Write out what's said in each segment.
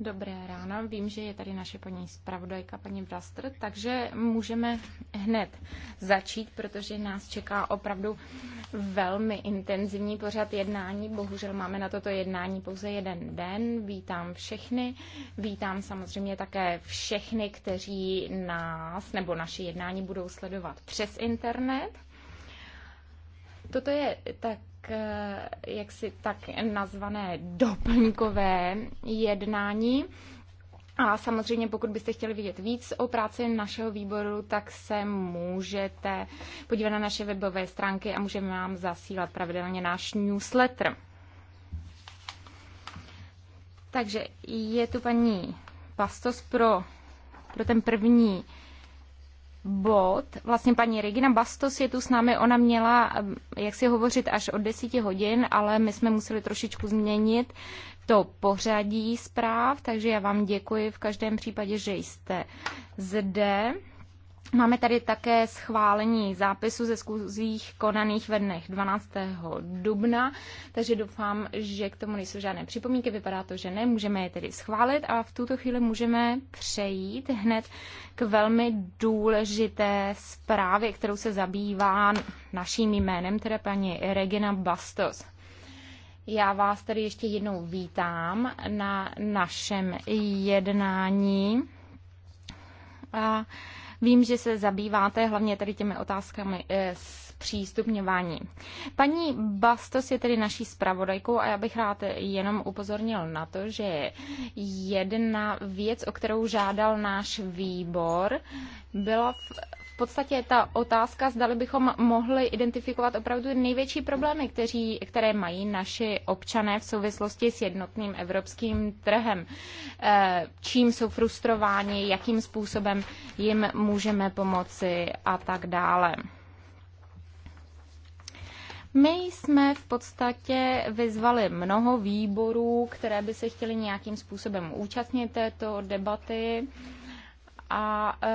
Dobré ráno, vím, že je tady naše paní zpravodajka, paní Bastr, takže můžeme hned začít, protože nás čeká opravdu velmi intenzivní pořad jednání. Bohužel máme na toto jednání pouze jeden den. Vítám všechny, vítám samozřejmě také všechny, kteří nás nebo naše jednání budou sledovat přes internet. Toto je tak Eh, jaksi tak nazvané doplňkové jednání. A samozřejmě, pokud byste chtěli vidět víc o práci našeho výboru, tak se můžete podívat na naše webové stránky a můžeme vám zasílat pravidelně náš newsletter. Takže je tu paní Pastos pro, pro ten první bod. Vlastně paní Regina Bastos je tu s námi, ona měla, eh, jak si hovořit, až od 10 hodin, ale my jsme museli trošičku změnit to pořadí zpráv, takže já vám děkuji v každém případě, že jste zde. Máme tady také schválení zápisu ze zkuzích konaných ve dnech 12. dubna, takže doufám, že k tomu nejsou žádné připomínky. Vypadá to, že ne, můžeme je tedy schválit a v tuto chvíli můžeme přejít hned k velmi důležité zprávě, kterou se zabývá naším jménem, teda paní Regina Bastos. Já vás tady ještě jednou vítám na našem jednání. A Vím, že se zabýváte hlavně tady těmi otázkami s eh, přístupňování. Paní Bastos je tedy naší zpravodajkou a já bych rád jenom upozornil na to, že jedna věc, o kterou žádal náš výbor, byla v podstatě ta otázka, zdali bychom mohli identifikovat opravdu největší problémy, kteří, které mají naši občané v souvislosti s jednotným evropským trhem. Eh, čím jsou frustrováni, jakým způsobem jim můžeme pomoci a tak dále. My jsme v podstatě vyzvali mnoho výborů, které by se chtěly nějakým způsobem účastnit této debaty a e,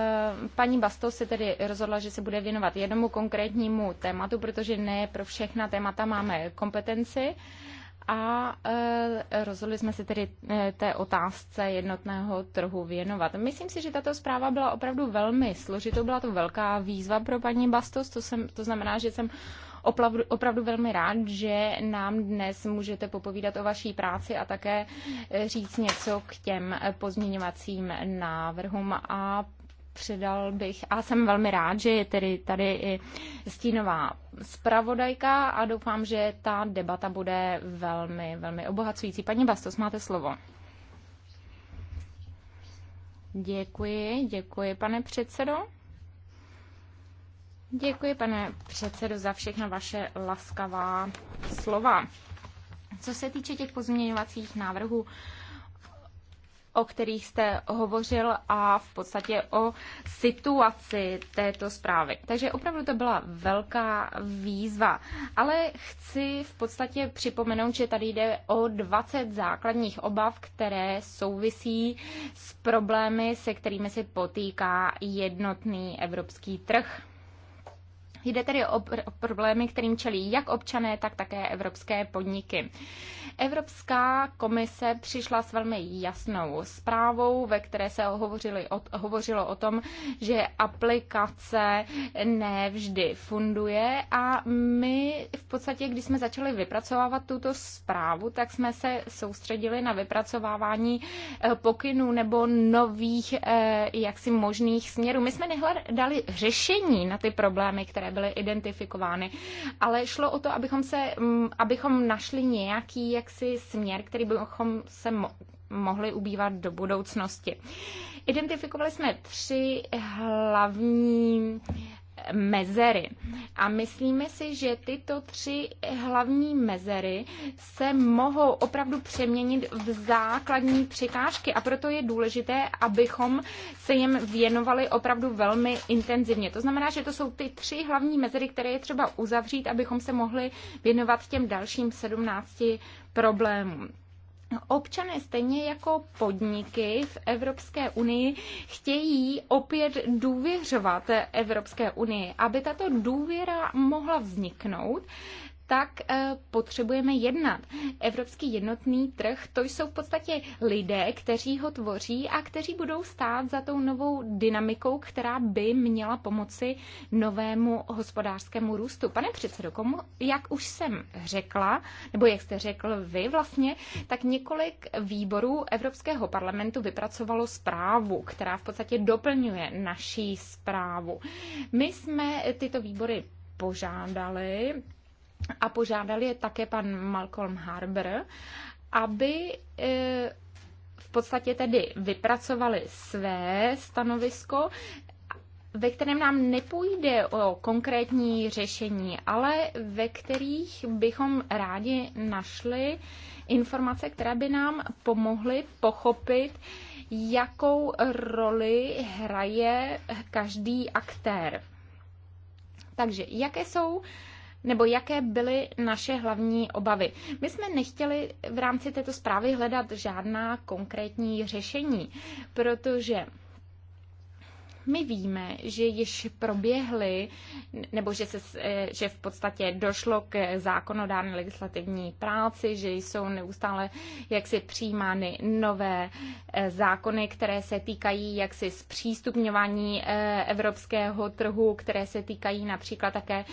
paní Bastos se tedy rozhodla, že se bude věnovat jednomu konkrétnímu tématu, protože ne pro všechna témata máme kompetenci a e, rozhodli jsme se tedy e, té otázce jednotného trhu věnovat. Myslím si, že tato zpráva byla opravdu velmi složitou, byla to velká výzva pro paní Bastos, to, jsem, to znamená, že jsem opravdu, opravdu velmi rád, že nám dnes můžete popovídat o vaší práci a také eh, říct něco k těm pozměňovacím návrhům a předal bych, a jsem velmi rád, že je tedy tady i stínová zpravodajka a doufám, že ta debata bude velmi, velmi obohacující. Paní Bastos, máte slovo. Děkuji, děkuji, pane předsedo. Děkuji, pane předsedo, za všechna vaše laskavá slova. Co se týče těch pozměňovacích návrhů, o kterých jste hovořil a v podstatě o situaci této zprávy. Takže opravdu to byla velká výzva. Ale chci v podstatě připomenout, že tady jde o 20 základních obav, které souvisí s problémy, se kterými se potýká jednotný evropský trh. Jde tedy o, pr- o problémy, kterým čelí jak občané, tak také evropské podniky. Evropská komise přišla s velmi jasnou zprávou, ve které se hovořili o, hovořilo o tom, že aplikace nevždy funduje a my v podstatě, když jsme začali vypracovávat tuto zprávu, tak jsme se soustředili na vypracovávání eh, pokynů nebo nových eh, jaksi možných směrů. My jsme nehledali řešení na ty problémy, které byly identifikovány. Ale šlo o to, abychom, se, mm, abychom našli nějaký jaksi směr, který bychom se mohli ubývat do budoucnosti. Identifikovali jsme tři hlavní mezery. A myslíme si, že tyto tři hlavní mezery se mohou opravdu přeměnit v základní překážky a proto je důležité, abychom se jim věnovali opravdu velmi intenzivně. To znamená, že to jsou ty tři hlavní mezery, které je třeba uzavřít, abychom se mohli věnovat těm dalším 17 problémům. Občané stejně jako podniky v Evropské unii chtějí opět důvěřovat Evropské unii. Aby tato důvěra mohla vzniknout, tak eh, potřebujeme jednat. Evropský jednotný trh, to jsou v podstatě lidé, kteří ho tvoří a kteří budou stát za tou novou dynamikou, která by měla pomoci novému hospodářskému růstu. Pane předsedo, komu, jak už jsem řekla, nebo jak jste řekl vy vlastně, tak několik výborů Evropského parlamentu vypracovalo zprávu, která v podstatě doplňuje naší zprávu. My jsme tyto výbory požádali, a požádal je také pan Malcolm Harbour, aby e, v podstatě tedy vypracovali své stanovisko, ve kterém nám nepůjde o konkrétní řešení, ale ve kterých bychom rádi našli informace, které by nám pomohly pochopit, jakou roli hraje každý aktér. Takže jaké jsou nebo jaké byly naše hlavní obavy. My jsme nechtěli v rámci této zprávy hledat žádná konkrétní řešení, protože my víme, že již proběhly, nebo že, se, eh, že v podstatě došlo k zákonodárné legislativní práci, že jsou neustále jaksi přijímány nové eh, zákony, které se týkají jaksi zpřístupňování eh, evropského trhu, které se týkají například také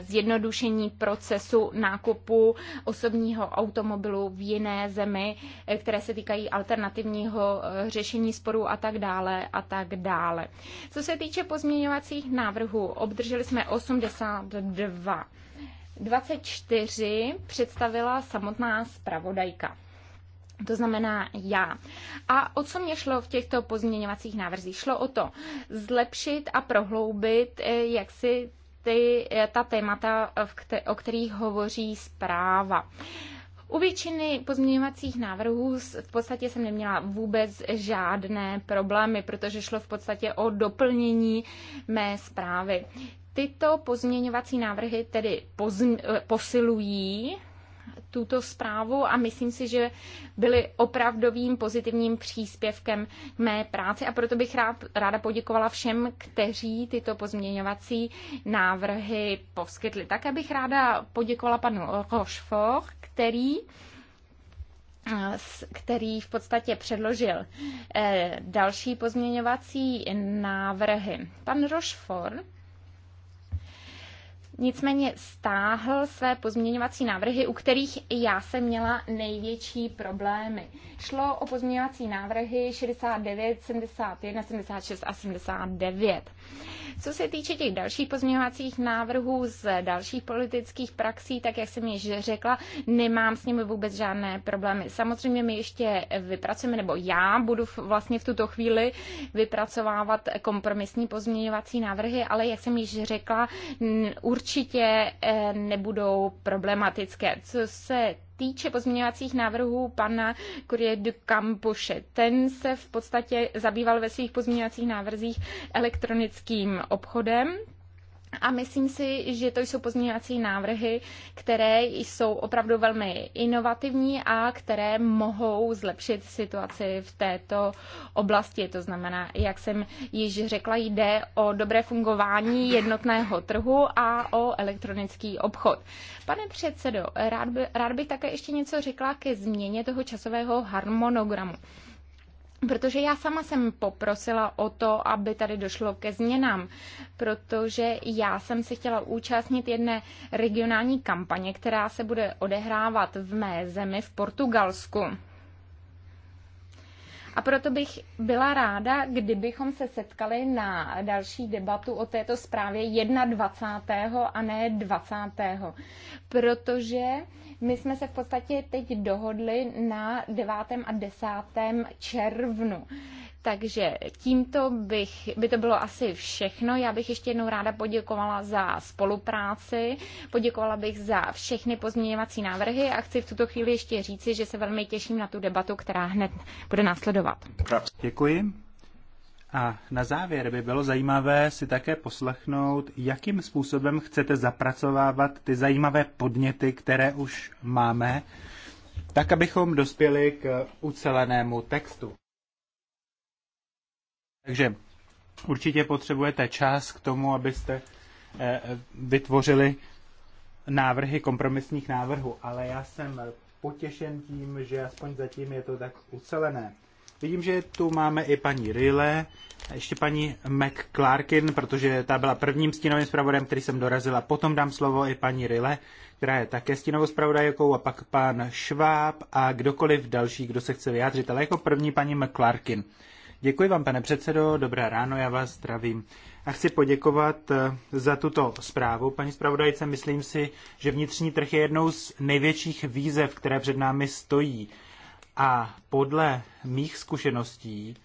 zjednodušení procesu nákupu osobního automobilu v jiné zemi, které se týkají alternativního řešení sporů a tak dále a tak dále. Co se týče pozměňovacích návrhů, obdrželi jsme 82. 24 představila samotná zpravodajka. To znamená já. A o co mě šlo v těchto pozměňovacích návrzích? Šlo o to zlepšit a prohloubit, eh, jak si ty, eh, ta témata, o kterých hovoří zpráva. U většiny pozměňovacích návrhů v podstatě jsem neměla vůbec žádné problémy, protože šlo v podstatě o doplnění mé zprávy. Tyto pozměňovací návrhy tedy pozm- eh, posilují tuto zprávu a myslím si, že byly opravdovým pozitivním příspěvkem mé práci a proto bych rád, ráda poděkovala všem, kteří tyto pozměňovací návrhy poskytli. Také bych ráda poděkovala panu Rochefort, který který v podstatě předložil eh, další pozměňovací návrhy. Pan Rochefort nicméně stáhl své pozměňovací návrhy, u kterých já jsem měla největší problémy. Šlo o pozměňovací návrhy 69, 71, 76 a 79. Co se týče těch dalších pozměňovacích návrhů z dalších politických praxí, tak jak jsem již řekla, nemám s nimi vůbec žádné problémy. Samozřejmě my ještě vypracujeme, nebo já budu vlastně v tuto chvíli vypracovávat kompromisní pozměňovací návrhy, ale jak jsem již řekla, určitě eh, nebudou problematické. Co se týče pozměňovacích návrhů pana Kurie de Kampoše Ten se v podstatě zabýval ve svých pozměňovacích návrzích elektronickým obchodem, a myslím si, že to jsou pozměňovací návrhy, které jsou opravdu velmi inovativní a které mohou zlepšit situaci v této oblasti. To znamená, jak jsem již řekla, jde o dobré fungování jednotného trhu a o elektronický obchod. Pane předsedo, rád, by, rád bych také ještě něco řekla ke změně toho časového harmonogramu. Protože já sama jsem poprosila o to, aby tady došlo ke změnám, protože já jsem se chtěla účastnit jedné regionální kampaně, která se bude odehrávat v mé zemi v Portugalsku. A proto bych byla ráda, kdybychom se setkali na další debatu o této zprávě 21. a ne 20. Protože my jsme se v podstatě teď dohodli na 9. a 10. červnu. Takže tímto bych, by to bylo asi všechno. Já bych ještě jednou ráda poděkovala za spolupráci, poděkovala bych za všechny pozměňovací návrhy a chci v tuto chvíli ještě říci, že se velmi těším na tu debatu, která hned bude následovat. Děkuji. A na závěr by bylo zajímavé si také poslechnout, jakým způsobem chcete zapracovávat ty zajímavé podněty, které už máme, tak abychom dospěli k ucelenému textu. Takže určitě potřebujete čas k tomu, abyste eh, vytvořili návrhy kompromisních návrhů, ale já jsem potěšen tím, že aspoň zatím je to tak ucelené. Vidím, že tu máme i paní Rille, ještě paní McClarkin, protože ta byla prvním stínovým zpravodem, který jsem dorazila. Potom dám slovo i paní Rille, která je také stínovou zpravodajkou, a pak pan Šváb a kdokoliv další, kdo se chce vyjádřit. Ale jako první paní McClarkin. Děkuji vám, pane předsedo, dobré ráno, já vás zdravím. A chci poděkovat eh, za tuto zprávu. Paní zpravodajce, myslím si, že vnitřní trh je jednou z největších výzev, které před námi stojí. A podle mých zkušeností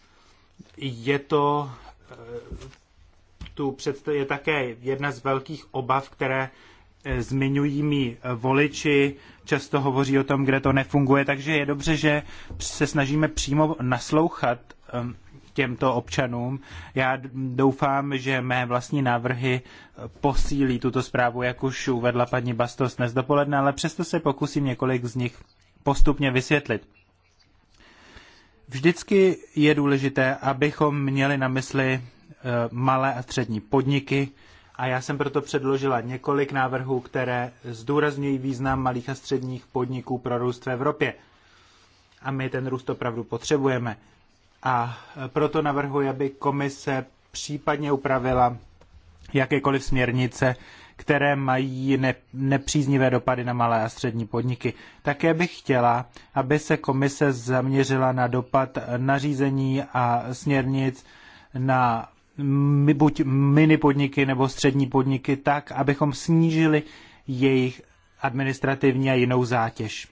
je to eh, tu je také jedna z velkých obav, které eh, zmiňují mi voliči, často hovoří o tom, kde to nefunguje, takže je dobře, že se snažíme přímo naslouchat ehm, těmto občanům. Já doufám, že mé vlastní návrhy posílí tuto zprávu, jak už uvedla paní Bastos dnes dopoledne, ale přesto se pokusím několik z nich postupně vysvětlit. Vždycky je důležité, abychom měli na mysli e, malé a střední podniky, a já jsem proto předložila několik návrhů, které zdůrazňují význam malých a středních podniků pro růst v Evropě. A my ten růst opravdu potřebujeme a proto navrhuji, aby komise případně upravila jakékoliv směrnice, které mají nepříznivé dopady na malé a střední podniky. Také bych chtěla, aby se komise zaměřila na dopad nařízení a směrnic na buď mini podniky nebo střední podniky tak, abychom snížili jejich administrativní a jinou zátěž.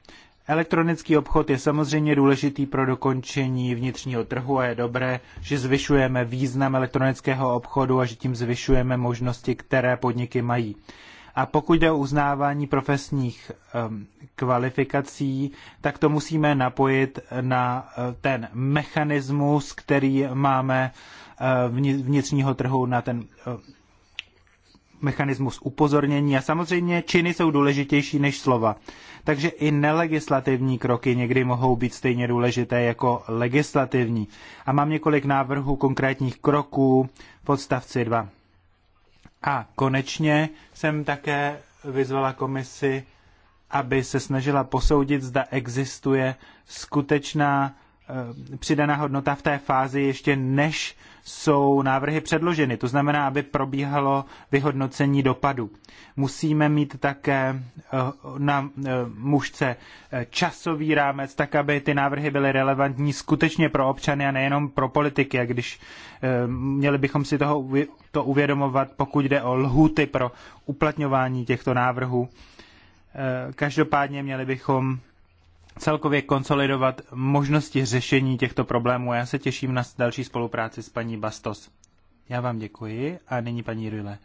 Elektronický obchod je samozřejmě důležitý pro dokončení vnitřního trhu a je dobré, že zvyšujeme význam elektronického obchodu a že tím zvyšujeme možnosti, které podniky mají. A pokud jde o uznávání profesních um, kvalifikací, tak to musíme napojit na eh, ten mechanismus, který máme eh, vnitřního trhu, na ten eh, mechanismus upozornění a samozřejmě činy jsou důležitější než slova. Takže i nelegislativní kroky někdy mohou být stejně důležité jako legislativní. A mám několik návrhů konkrétních kroků v odstavci 2. A konečně jsem také vyzvala komisi, aby se snažila posoudit, zda existuje skutečná eh, přidaná hodnota v té fázi ještě než jsou návrhy předloženy. To znamená, aby probíhalo vyhodnocení dopadu. Musíme mít také eh, na eh, mužce eh, časový rámec, tak aby ty návrhy byly relevantní skutečně pro občany a nejenom pro politiky. A když měli bychom si toho, to uvědomovat, pokud jde o lhuty pro uplatňování těchto návrhů. Každopádně měli bychom celkově konsolidovat možnosti řešení těchto problémů já se těším na další spolupráci s paní Bastos. Já vám děkuji a nyní paní Rüle.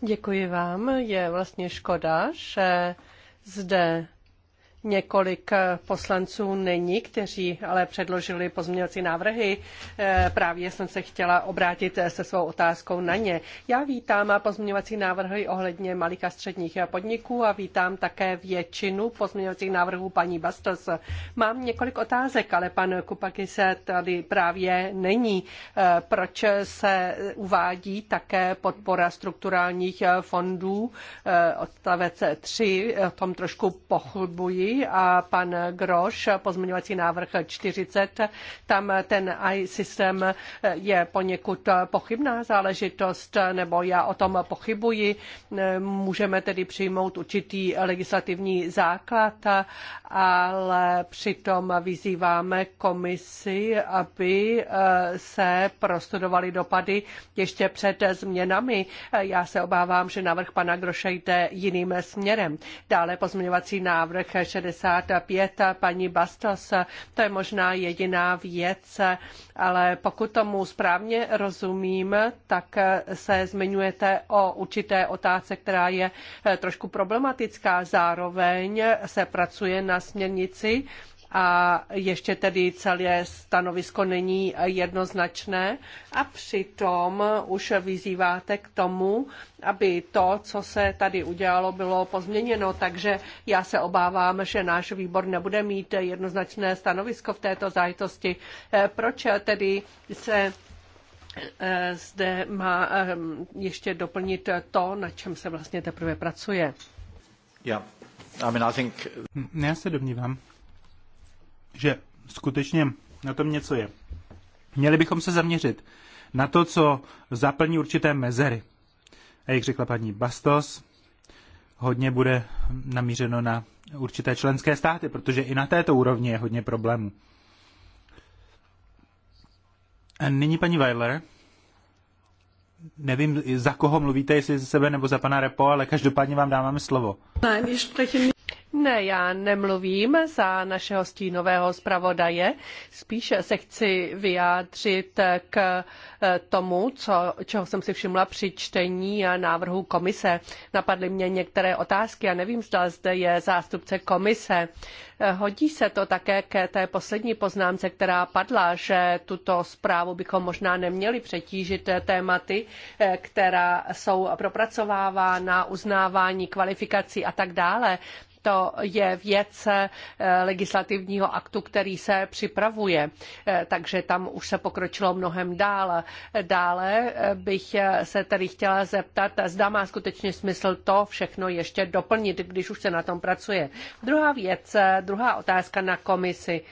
Děkuji vám. Je vlastně škoda, že zde Několik eh, poslanců není, kteří ale předložili pozměňovací návrhy. Eh, právě jsem se chtěla obrátit eh, se svou otázkou na ně. Já vítám pozměňovací návrhy ohledně malých a středních podniků a vítám také většinu pozměňovacích návrhů paní Bastos. Mám několik otázek, ale pan Kupaky se tady právě není. Proč se uvádí také podpora strukturálních fondů? Odstavec 3, o tom trošku pochybuji a pan Groš, pozměňovací návrh 40, tam ten AI systém je poněkud pochybná záležitost, nebo já o tom pochybuji. Můžeme tedy přijmout určitý legislativní základ, ale přitom vyzýváme komisi, aby se prostudovaly dopady ještě před změnami. Já se obávám, že návrh pana Groše jde jiným směrem. Dále pozměňovací návrh 65 paní Bastos. To je možná jediná věc, ale pokud tomu správně rozumím, tak se zmiňujete o určité otázce, která je trošku problematická. Zároveň se pracuje na směrnici, a ještě tedy celé stanovisko není jednoznačné a přitom už vyzýváte k tomu, aby to, co se tady udělalo, bylo pozměněno. Takže já se obávám, že náš výbor nebude mít jednoznačné stanovisko v této zájitosti. Eh, proč tedy se eh, zde má eh, ještě doplnit to, na čem se vlastně teprve pracuje? Yeah. I mean, I think... Hm, já se domnívám, že skutečně na tom něco je. Měli bychom se zaměřit na to, co zaplní určité mezery. A jak řekla paní Bastos, hodně bude namířeno na určité členské státy, protože i na této úrovni je hodně problémů. A nyní paní Weiler. Nevím, za koho mluvíte, jestli za sebe nebo za pana Repo, ale každopádně vám dáváme slovo. Ne, já nemluvím za našeho stínového zpravodaje. Spíše se chci vyjádřit k eh, tomu, co, čeho jsem si všimla při čtení a návrhu komise. Napadly mě některé otázky a nevím, zda zde je zástupce komise. Eh, hodí se to také ke té poslední poznámce, která padla, že tuto zprávu bychom možná neměli přetížit eh, tématy, která jsou propracovávána, uznávání kvalifikací a tak dále. To je věc eh, legislativního aktu, který se připravuje, eh, takže tam už se pokročilo mnohem dál. Dále eh, bych se tedy chtěla zeptat, zda má skutečně smysl to všechno ještě doplnit, když už se na tom pracuje. Druhá věc, druhá otázka na komisi.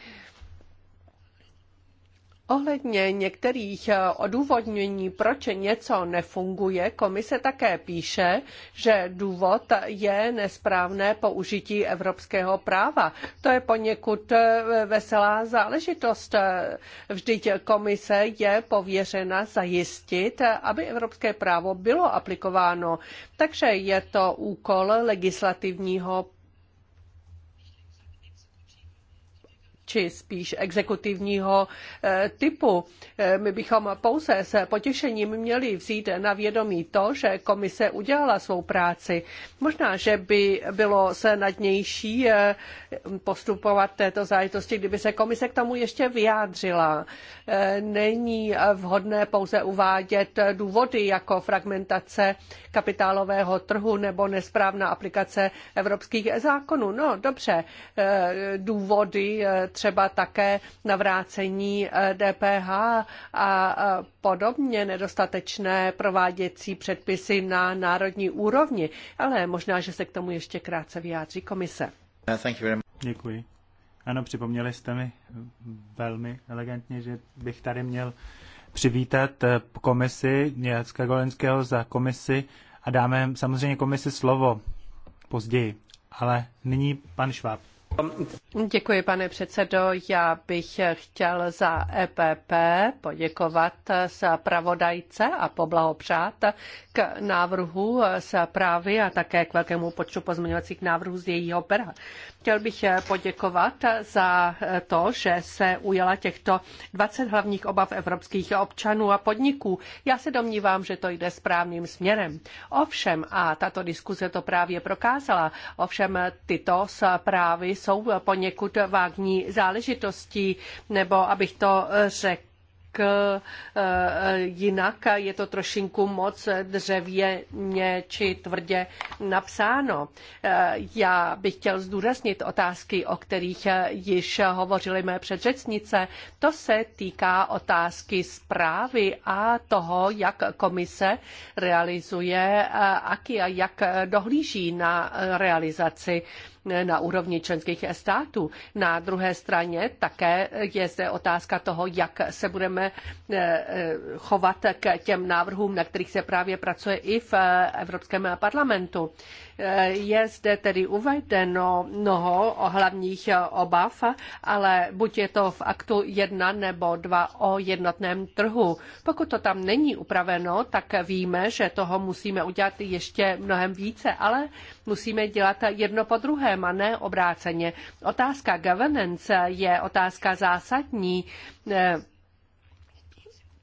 Ohledně některých eh, odůvodnění, proč něco nefunguje, komise také píše, že důvod je nesprávné použití evropského práva. To je poněkud eh, veselá záležitost. Vždyť komise je pověřena zajistit, aby evropské právo bylo aplikováno. Takže je to úkol legislativního či spíš exekutivního eh, typu. Eh, my bychom pouze s potěšením měli vzít na vědomí to, že komise udělala svou práci. Možná, že by bylo se nadnější eh, postupovat této zájitosti, kdyby se komise k tomu ještě vyjádřila. Není vhodné pouze uvádět důvody jako fragmentace kapitálového trhu nebo nesprávná aplikace evropských zákonů. No dobře, důvody třeba také navrácení DPH eh, a eh, podobně nedostatečné prováděcí předpisy na národní úrovni, ale možná, že se k tomu ještě krátce vyjádří komise. Uh, Děkuji. Ano, připomněli jste mi velmi elegantně, že bych tady měl přivítat eh, komisi Nějacka Golenského za komisi a dáme samozřejmě komisi slovo později. Ale nyní pan Šváb. Děkuji, pane předsedo. Já bych chtěl za EPP poděkovat zpravodajce a poblahopřát k návrhu zprávy a také k velkému počtu pozměňovacích návrhů z jejího pera. Chtěl bych poděkovat za to, že se ujala těchto 20 hlavních obav evropských občanů a podniků. Já se domnívám, že to jde správným směrem. Ovšem, a tato diskuze to právě prokázala, ovšem tyto zprávy jsou jsou poněkud vágní záležitostí, nebo abych to řekl, eh, jinak je to trošinku moc dřevěně či tvrdě napsáno. Eh, já bych chtěl zdůraznit otázky, o kterých již hovořili mé předřecnice. To se týká otázky zprávy a toho, jak komise realizuje eh, a jak dohlíží na realizaci na úrovni členských států. Na druhé straně také je zde otázka toho, jak se budeme eh, eh, chovat k těm návrhům, na kterých se právě pracuje i v eh, Evropském parlamentu. Je zde tedy uvedeno mnoho hlavních obav, ale buď je to v aktu 1 nebo 2 o jednotném trhu. Pokud to tam není upraveno, tak víme, že toho musíme udělat ještě mnohem více, ale musíme dělat jedno po druhém a ne obráceně. Otázka governance je otázka zásadní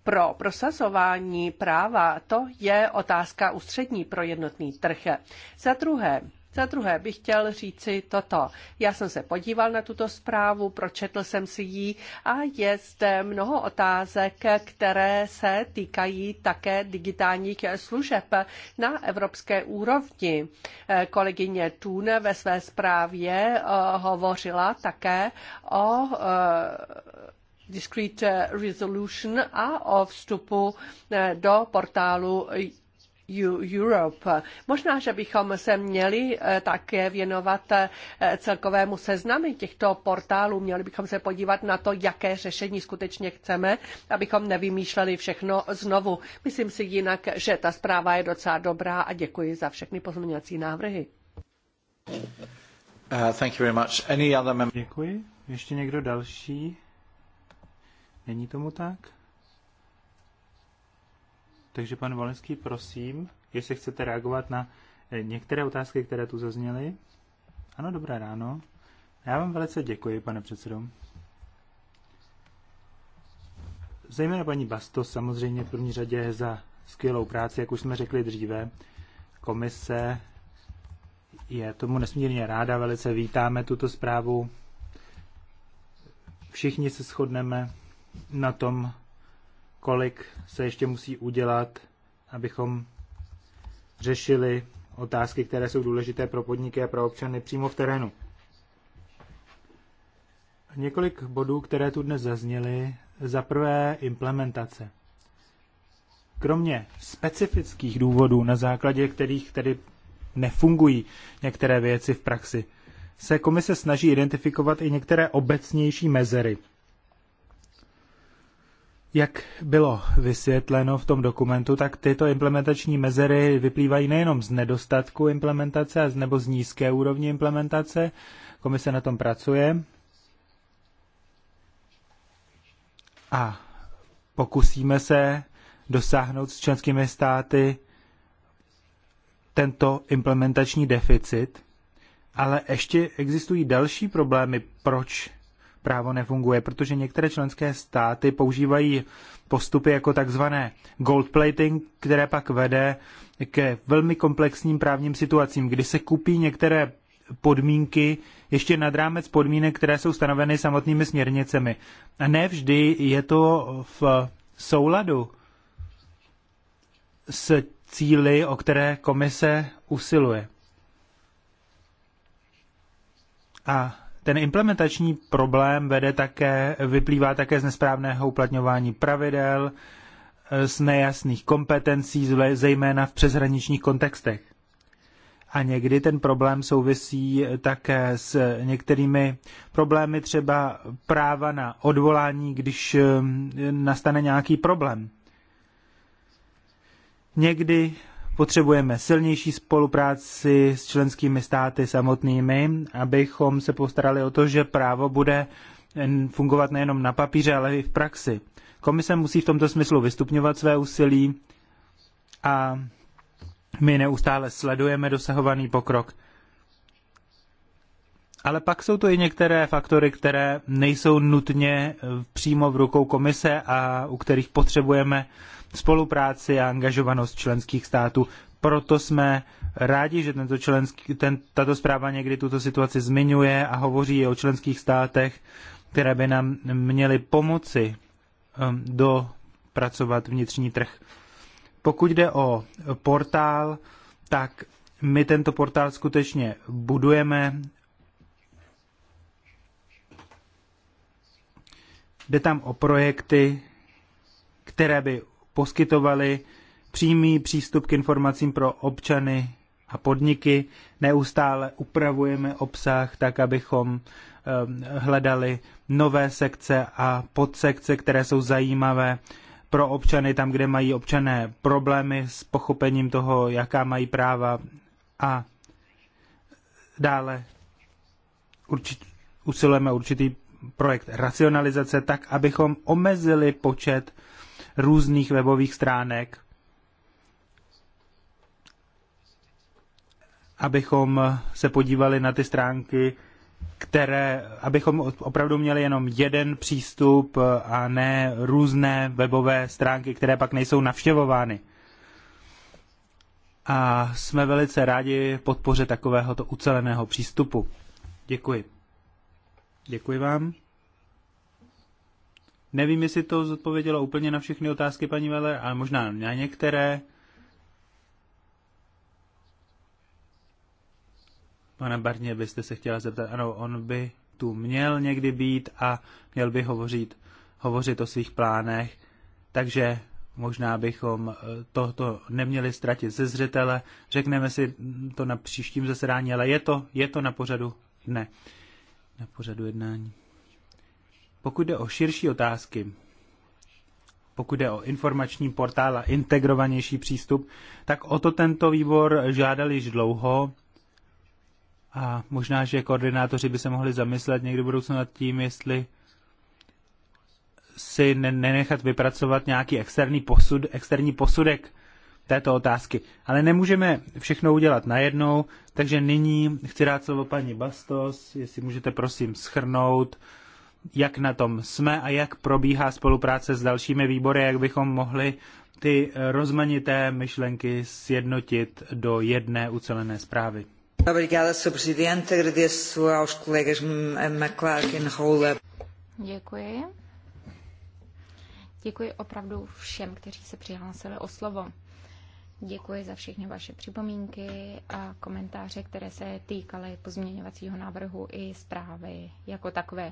pro prosazování práva, to je otázka ústřední pro jednotný trh. Za druhé, za druhé bych chtěl říci toto. Já jsem se podíval na tuto zprávu, pročetl jsem si ji a je zde mnoho otázek, které se týkají také digitálních služeb na evropské úrovni. Kolegyně Thun ve své zprávě eh, hovořila také o eh, Discrete eh, Resolution a o vstupu eh, do portálu e Europe. Možná, že bychom se měli eh, také věnovat celkovému seznamu těchto portálů. Měli bychom se podívat na to, jaké řešení skutečně chceme, abychom nevymýšleli všechno znovu. Myslím si jinak, že ta zpráva je docela dobrá a děkuji za všechny pozměňovací návrhy. Uh, thank you very much. Any other Děkuji. Ještě někdo další? Není tomu tak? Takže pan Valenský, prosím, jestli chcete reagovat na eh, některé otázky, které tu zazněly. Ano, dobré ráno. Já vám velice děkuji, pane předsedo. Zejména paní Basto samozřejmě v první řadě za skvělou práci, jak už jsme řekli dříve. Komise je tomu nesmírně ráda, velice vítáme tuto zprávu. Všichni se shodneme na tom, kolik se ještě musí udělat, abychom řešili otázky, které jsou důležité pro podniky a pro občany přímo v terénu. Několik bodů, které tu dnes zazněly. Za prvé implementace. Kromě specifických důvodů, na základě kterých tedy nefungují některé věci v praxi, se komise snaží identifikovat i některé obecnější mezery – jak bylo vysvětleno v tom dokumentu, tak tyto implementační mezery vyplývají nejenom z nedostatku implementace nebo z nízké úrovně implementace. Komise na tom pracuje. A pokusíme se dosáhnout s členskými státy tento implementační deficit, ale ještě existují další problémy, proč právo nefunguje, protože některé členské státy používají postupy jako takzvané gold plating, které pak vede ke velmi komplexním právním situacím, kdy se kupí některé podmínky ještě nad rámec podmínek, které jsou stanoveny samotnými směrnicemi. A ne vždy je to v souladu s cíly, o které komise usiluje. A ten implementační problém vede také, vyplývá také z nesprávného uplatňování pravidel, z nejasných kompetencí, zejména v přeshraničních kontextech. A někdy ten problém souvisí také s některými problémy, třeba práva na odvolání, když eh, nastane nějaký problém. Někdy Potřebujeme silnější spolupráci s členskými státy samotnými, abychom se postarali o to, že právo bude fungovat nejenom na papíře, ale i v praxi. Komise musí v tomto smyslu vystupňovat své úsilí a my neustále sledujeme dosahovaný pokrok. Ale pak jsou to i některé faktory, které nejsou nutně přímo v rukou komise a u kterých potřebujeme spolupráci a angažovanost členských států. Proto jsme rádi, že tento členský, ten, tato zpráva někdy tuto situaci zmiňuje a hovoří o členských státech, které by nám měly pomoci um, dopracovat vnitřní trh. Pokud jde o portál, tak my tento portál skutečně budujeme. Jde tam o projekty, které by poskytovali přímý přístup k informacím pro občany a podniky. Neustále upravujeme obsah tak, abychom ehm, hledali nové sekce a podsekce, které jsou zajímavé pro občany tam, kde mají občané problémy s pochopením toho, jaká mají práva a dále určit, usilujeme určitý projekt racionalizace tak, abychom omezili počet různých webových stránek, abychom se podívali na ty stránky, které, abychom opravdu měli jenom jeden přístup a ne různé webové stránky, které pak nejsou navštěvovány. A jsme velice rádi podpoře takovéhoto uceleného přístupu. Děkuji. Děkuji vám. Nevím, jestli to zodpovědělo úplně na všechny otázky paní Veller, ale možná na některé. Pana Barně byste se chtěla zeptat, ano, on by tu měl někdy být a měl by hovořit, hovořit o svých plánech, takže možná bychom eh, tohoto neměli ztratit ze zřetele. Řekneme si to na příštím zasedání, ale je to, je to na pořadu dne, na pořadu jednání. Pokud jde o širší otázky, pokud jde o informační portál a integrovanější přístup, tak o to tento výbor žádal již dlouho a možná, že koordinátoři by se mohli zamyslet někdy v budoucnu nad tím, jestli si nenechat vypracovat nějaký externí, posud, externí posudek této otázky. Ale nemůžeme všechno udělat najednou, takže nyní chci dát slovo paní Bastos, jestli můžete prosím schrnout jak na tom jsme a jak probíhá spolupráce s dalšími výbory, jak bychom mohli ty rozmanité myšlenky sjednotit do jedné ucelené zprávy. E Děkuji. Děkuji opravdu všem, kteří se přihlásili o slovo. Děkuji za všechny vaše připomínky a komentáře, které se týkaly pozměňovacího návrhu i zprávy jako takové.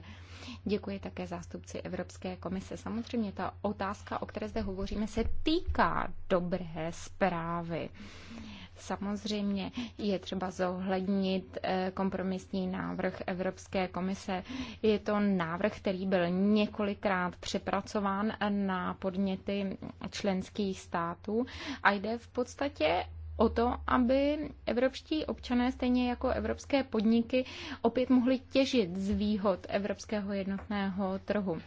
Děkuji také zástupci Evropské komise. Samozřejmě ta otázka, o které zde hovoříme, se týká dobré zprávy. Uh, Samozřejmě je třeba zohlednit eh, kompromisní návrh Evropské komise. Je to návrh, který byl několikrát přepracován na podněty členských států a jde v podstatě o to, aby evropští občané, stejně jako evropské podniky, opět mohli těžit z výhod evropského jednotného trhu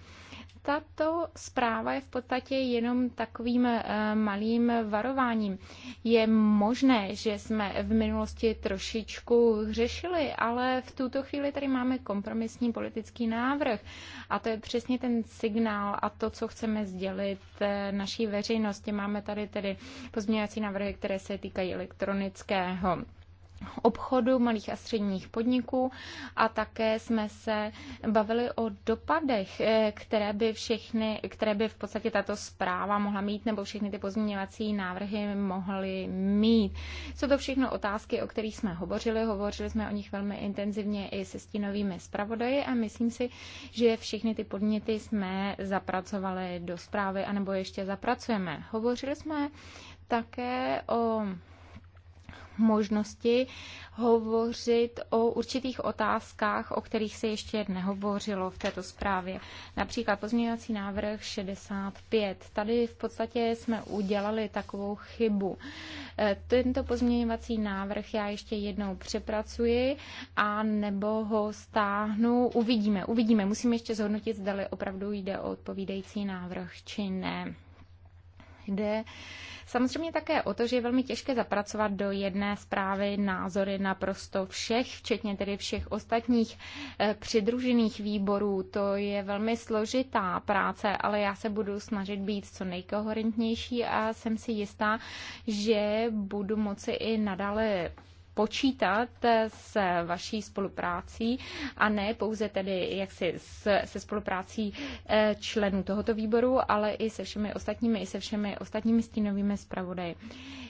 tato zpráva je v podstatě jenom takovým eh, malým varováním. Je možné, že jsme v minulosti trošičku hřešili, ale v tuto chvíli tady máme kompromisní politický návrh. A to je přesně ten signál a to, co chceme sdělit eh, naší veřejnosti. Máme tady tedy pozměňovací návrhy, které se týkají elektronického obchodu malých a středních podniků a také jsme se bavili o dopadech, eh, které by všechny, které by v podstatě tato zpráva mohla mít nebo všechny ty pozměňovací návrhy mohly mít. Jsou to všechno otázky, o kterých jsme hovořili. Hovořili jsme o nich velmi intenzivně i se stínovými zpravodaji a myslím si, že všechny ty podněty jsme zapracovali do zprávy anebo ještě zapracujeme. Hovořili jsme také o možnosti hovořit o určitých otázkách, o kterých se ještě nehovořilo v této zprávě. Například pozměňovací návrh 65. Tady v podstatě jsme udělali takovou chybu. E, tento pozměňovací návrh já ještě jednou přepracuji a nebo ho stáhnu. Uvidíme, uvidíme. Musím ještě zhodnotit, zda opravdu jde o odpovídající návrh či ne. Jde Samozřejmě také o to, že je velmi těžké zapracovat do jedné zprávy názory naprosto všech, včetně tedy všech ostatních eh, přidružených výborů. To je velmi složitá práce, ale já se budu snažit být co nejkoherentnější a jsem si jistá, že budu moci i nadále počítat s vaší spoluprácí a ne pouze tedy jaksi se spoluprácí eh, členů tohoto výboru, ale i se všemi ostatními, i se všemi ostatními stínovými zpravodaji.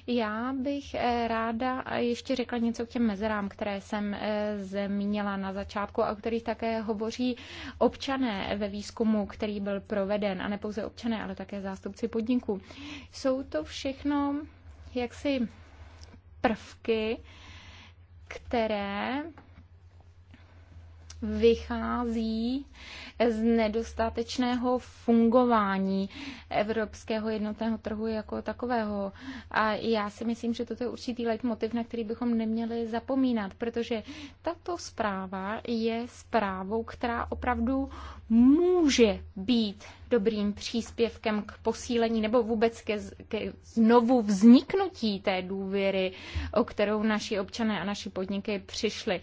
Já bych eh, ráda ještě řekla něco k těm mezerám, které jsem eh, zmínila na začátku a o kterých také hovoří občané ve výzkumu, který byl proveden, a ne pouze občané, ale také zástupci podniků. Jsou to všechno jaksi prvky, které vychází z nedostatečného fungování evropského jednotného trhu jako takového. A já si myslím, že toto je určitý leitmotiv, na který bychom neměli zapomínat, protože tato zpráva je zprávou, která opravdu může být dobrým příspěvkem k posílení nebo vůbec ke, ke znovu vzniknutí té důvěry, o kterou naši občané a naši podniky přišli.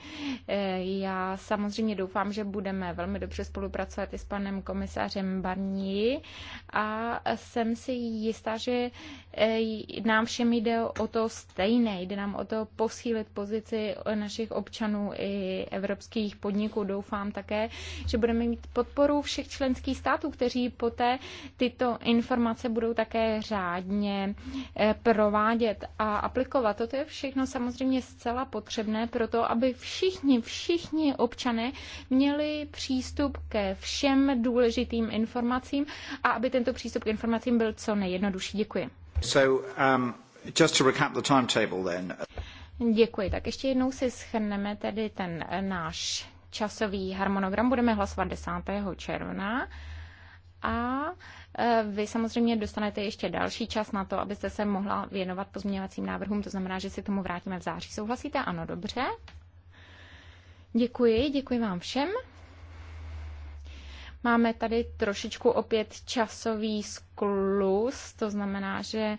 Eh, já samozřejmě doufám, že budeme velmi dobře spolupracovat i s panem komisařem Barní a jsem si jistá, že eh, nám všem jde o to stejné, jde nám o to posílit pozici našich občanů i evropských podniků. Doufám také, že budeme mít pod podporu všech členských států, kteří poté tyto informace budou také řádně eh, provádět a aplikovat. Toto je všechno samozřejmě zcela potřebné pro to, aby všichni, všichni občané měli přístup ke všem důležitým informacím a aby tento přístup k informacím byl co nejjednodušší. Děkuji. So, um, just to recap the timetable then. Děkuji. Tak ještě jednou si schrneme tedy ten eh, náš časový harmonogram. Budeme hlasovat 10. června a e, vy samozřejmě dostanete ještě další čas na to, abyste se mohla věnovat pozměňovacím návrhům, to znamená, že si tomu vrátíme v září. Souhlasíte? Ano, dobře. Děkuji, děkuji vám všem. Máme tady trošičku opět časový sklus, to znamená, že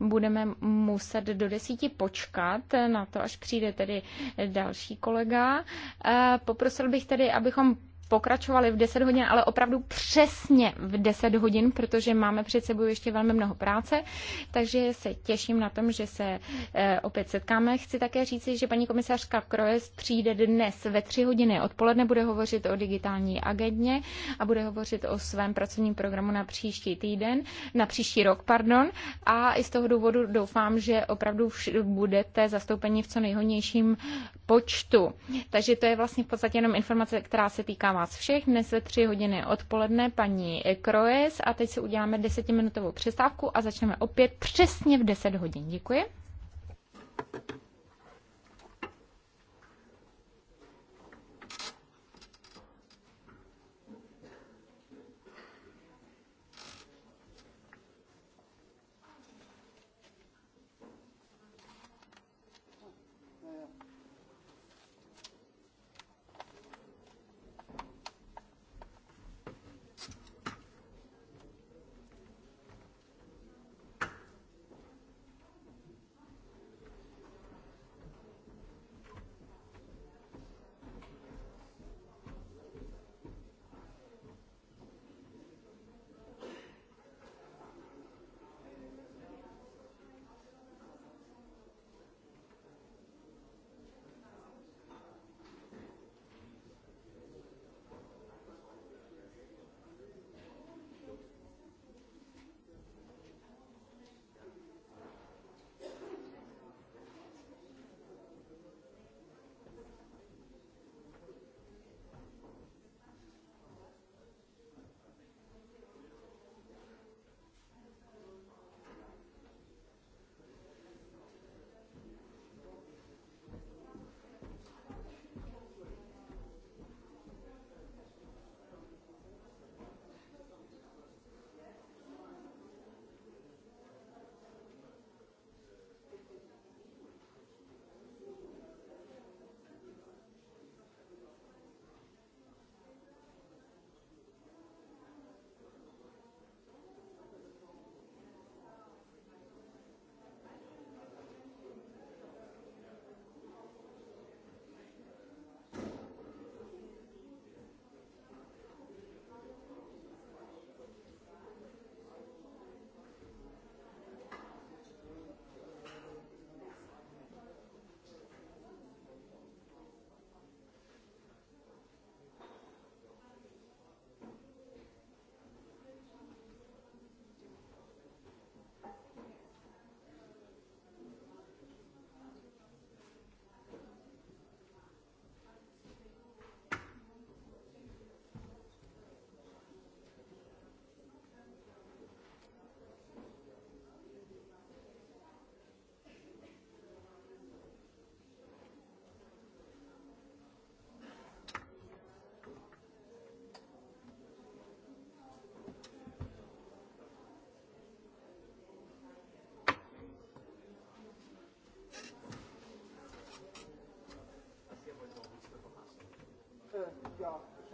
budeme muset do desíti počkat na to, až přijde tedy další kolega. Eh, poprosil bych tedy, abychom pokračovali v 10 hodin, ale opravdu přesně v 10 hodin, protože máme před sebou ještě velmi mnoho práce, takže se těším na tom, že se eh, opět setkáme. Chci také říci, že paní komisařka Kroes přijde dnes ve 3 hodiny odpoledne, bude hovořit o digitální agendě a bude hovořit o svém pracovním programu na příští týden, na příští rok, pardon, a i z toho důvodu doufám, že opravdu budete zastoupeni v co nejhodnějším počtu. Takže to je vlastně v podstatě jenom informace, která se týká vás všech dnes ve tři hodiny odpoledne paní Kroes a teď si uděláme desetiminutovou přestávku a začneme opět přesně v 10 hodin. Děkuji.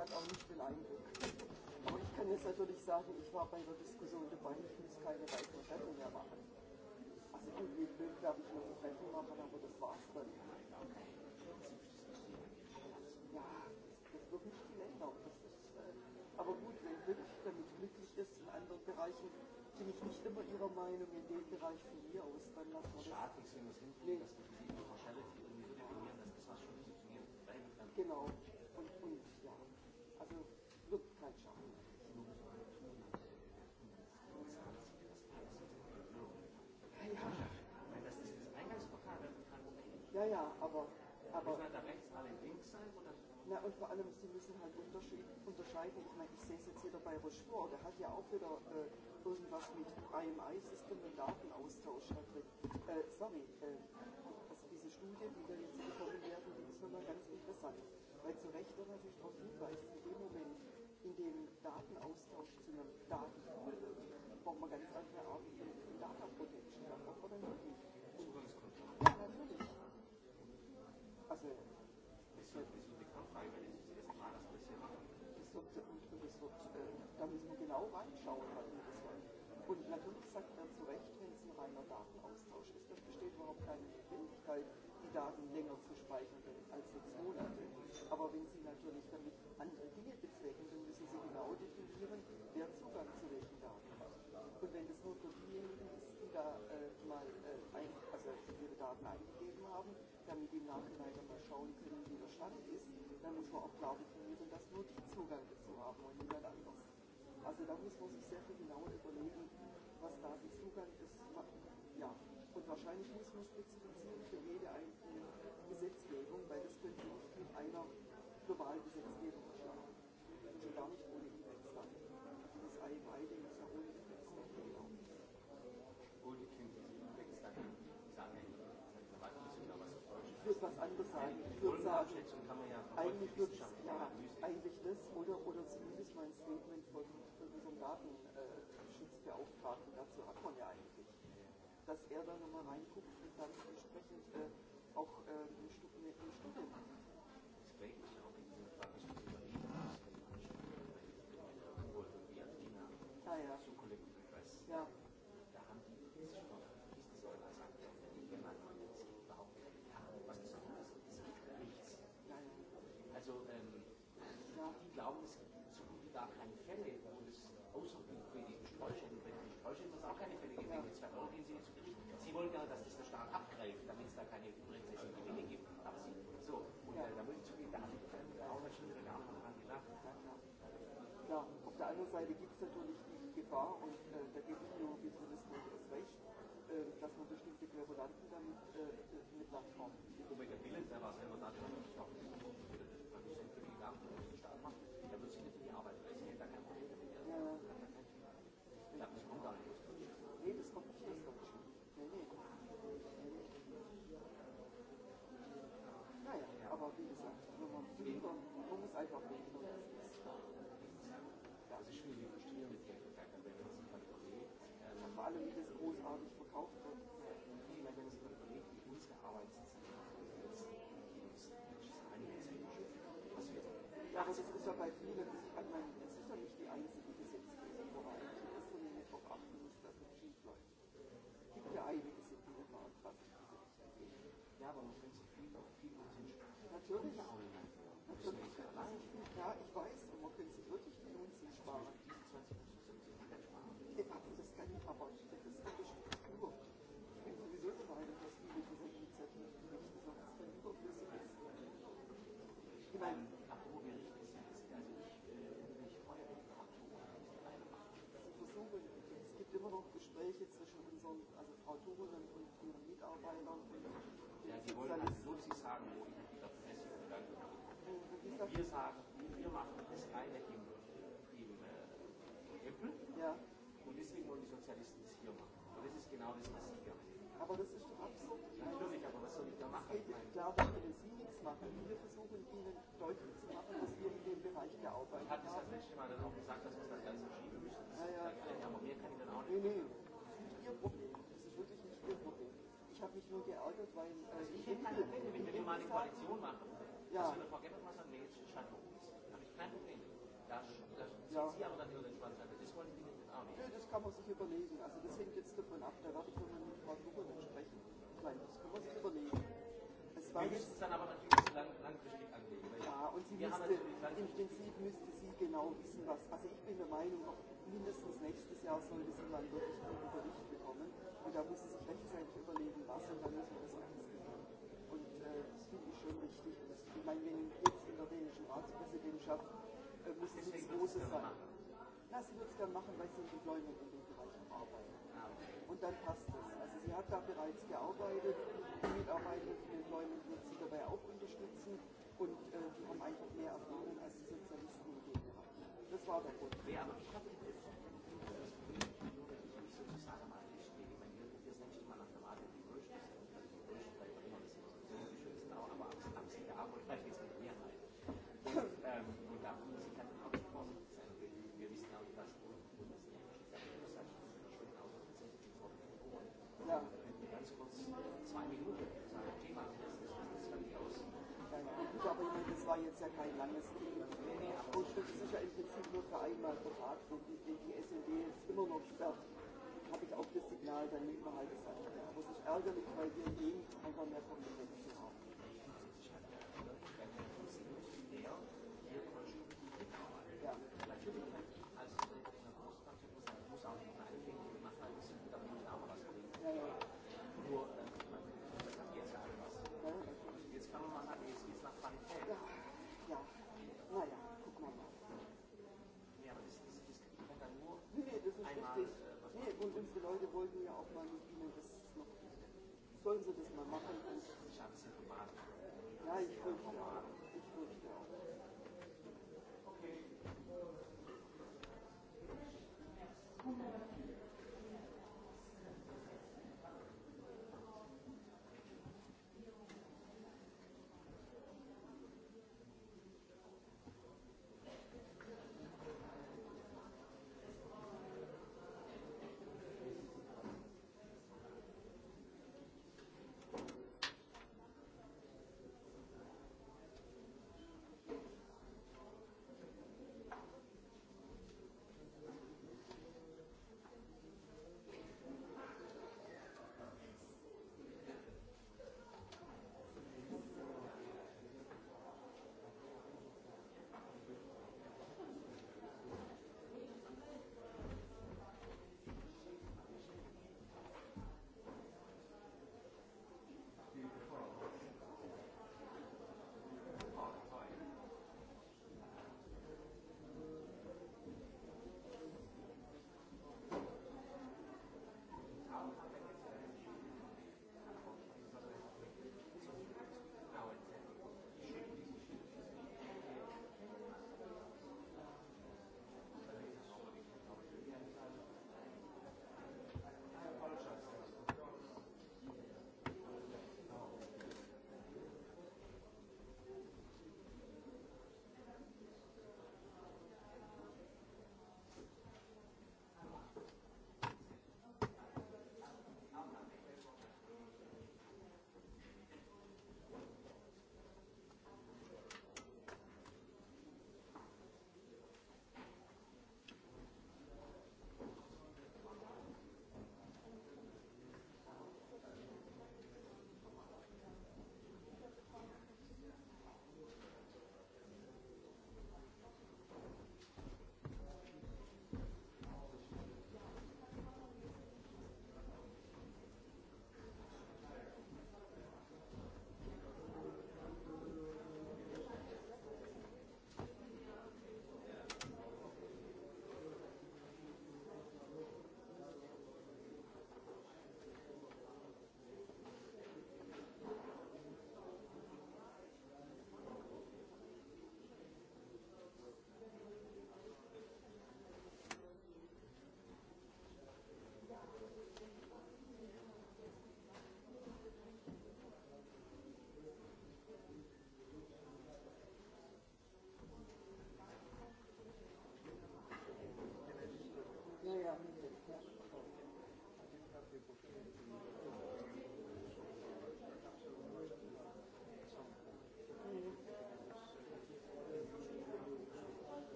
hat auch nicht den Eindruck. Aber ich kann jetzt natürlich sagen, ich war bei der Diskussion dabei, ich muss keine weiteren Treffen mehr machen. Also gut, wie blöd glaube ich, noch ein Treffen machen, aber das war's dann. Ja, das wird nicht viel ändern. Das ist, äh, aber gut, wenn wirklich damit glücklich ist in anderen Bereichen, bin ich nicht immer ihrer Meinung in dem Bereich von mir aus, dann lassen wir das. Schade, sehen wir es hinkriegen, nee. dass die Universality irgendwie definieren, dass das was schon funktioniert. Genau. Na, und vor allem, sie müssen halt unterscheiden. Ich meine, ich sehe es jetzt wieder bei Rochefort, der hat ja auch wieder äh, irgendwas mit IMI-System und Datenaustausch da drin. Äh, sorry, äh, also diese Studie, die wir jetzt bekommen werden, die ist nochmal ganz interessant, weil zu Recht da natürlich darauf hinweist, in dem Moment, in dem Datenaustausch zu einem Datenpool wird, braucht man ganz andere Arten von Data Protection. Da braucht man dann wirklich da müssen wir genau reinschauen bei jedes Land. Und natürlich sagt er zu Recht, wenn es ein reiner Datenaustausch ist, dann besteht überhaupt keine Notwendigkeit, die Daten länger zu speichern als sechs Monate. Aber wenn Sie natürlich damit andere Dinge bezwecken, dann müssen Sie genau definieren, wer Zugang zu welchen Daten hat. Und wenn das nur für diejenigen ist, die da äh, mal äh, ein, also ihre Daten eingegeben haben, damit die Nachhinein dann mal schauen können, wie der Stand ist, dann muss man auch klar definieren, dass nur die Zugang dazu haben und niemand anderes. Also da muss man sich sehr viel genauer überlegen, was Zugang ist. Ja, und wahrscheinlich muss man spezifizieren für jede einzelne Gesetzgebung, weil das könnte nicht mit einer globalen Gesetzgebung erschlagen. Schon gar nicht ohne Index dann. Das imi ist ja ohne Index dann genau. ich würde was anderes sagen. Ich würde sagen, eigentlich, ja, eigentlich das oder, oder zumindest mein Statement Datenschutzbeauftragten, äh, dazu hat man ja eigentlich, dass er da nochmal reinguckt und dann entsprechend äh, auch äh, Studien. Studien. Das ist natürlich auch. Natürlich, ich bin klar, man könnte sich wirklich Minuten sparen. Ich habe das kann ich aber Das ist eine bestimmte Ich bin sowieso der Meinung, dass die mit dieser Initiative nicht besonders viel ist. Ich meine, es gibt immer noch Gespräche zwischen unseren, also Frau Turunen und ihren Mitarbeitern und den Sozialisten. wir sagen, wir machen das reine im, im äh, Apple ja. und deswegen wollen die Sozialisten es hier machen. Und das ist genau das, was sie hier machen. Aber das ist doch absolut. Natürlich, aber was soll ich da machen? Ich meine, klar, Sie nichts machen. Wir versuchen Ihnen deutlich zu machen, dass wir in dem Bereich gearbeitet haben. Ich hatte es das letzte Mal dann auch gesagt, dass wir das Ganze schieben müssen. ja, ja. Ist er, aber mehr kann ich dann auch nicht. Nee, nee. Ich habe mich nur geärgert, weil. Äh, also ich hätte keine Probleme, wenn wir mal eine Koalition machen. Ja. das wir Frau Gebhardt Ja. Sie aber dann irgendwann sagen, das wollen die nicht Army. Ja, das kann man sich überlegen. Also das hängt jetzt davon ab, da werde ich von Frau Gruber dann sprechen. Ich meine, das kann man sich überlegen. Es war Wir müssen es dann aber natürlich lang, langfristig anlegen. Ja, und sie müsste, im Prinzip müsste sie genau wissen, was. Also ich bin der Meinung, auch mindestens nächstes Jahr sollte sie mal wirklich einen Bericht bekommen. Und da muss sie sich rechtzeitig überlegen, was und dann müssen wir das ernst Und äh, das finde ich schon richtig. ich meine, wenn jetzt in der dänischen Ratspräsidentschaft äh, muss nicht eine große Na, sie wird es dann machen, weil sie in Deployment in dem Bereich auch arbeitet. Und dann passt es. Also sie hat da bereits gearbeitet, die Mitarbeiter von Deployment wird sie dabei auch unterstützen und äh, die haben einfach mehr Erfahrung als die Sozialisten in dem Bereich. Das war der Grund. Ja, aber ich schafft ihr das? Verein mal gefragt, so die SED jetzt immer noch statt, habe ich auch das Signal, dann nehmen wir halt das andere. Aber es ist ärgerlich, weil wir eh einfach mehr Kompetenzen haben. sollen Sie das mal machen und schaffen Sie mal. Ja,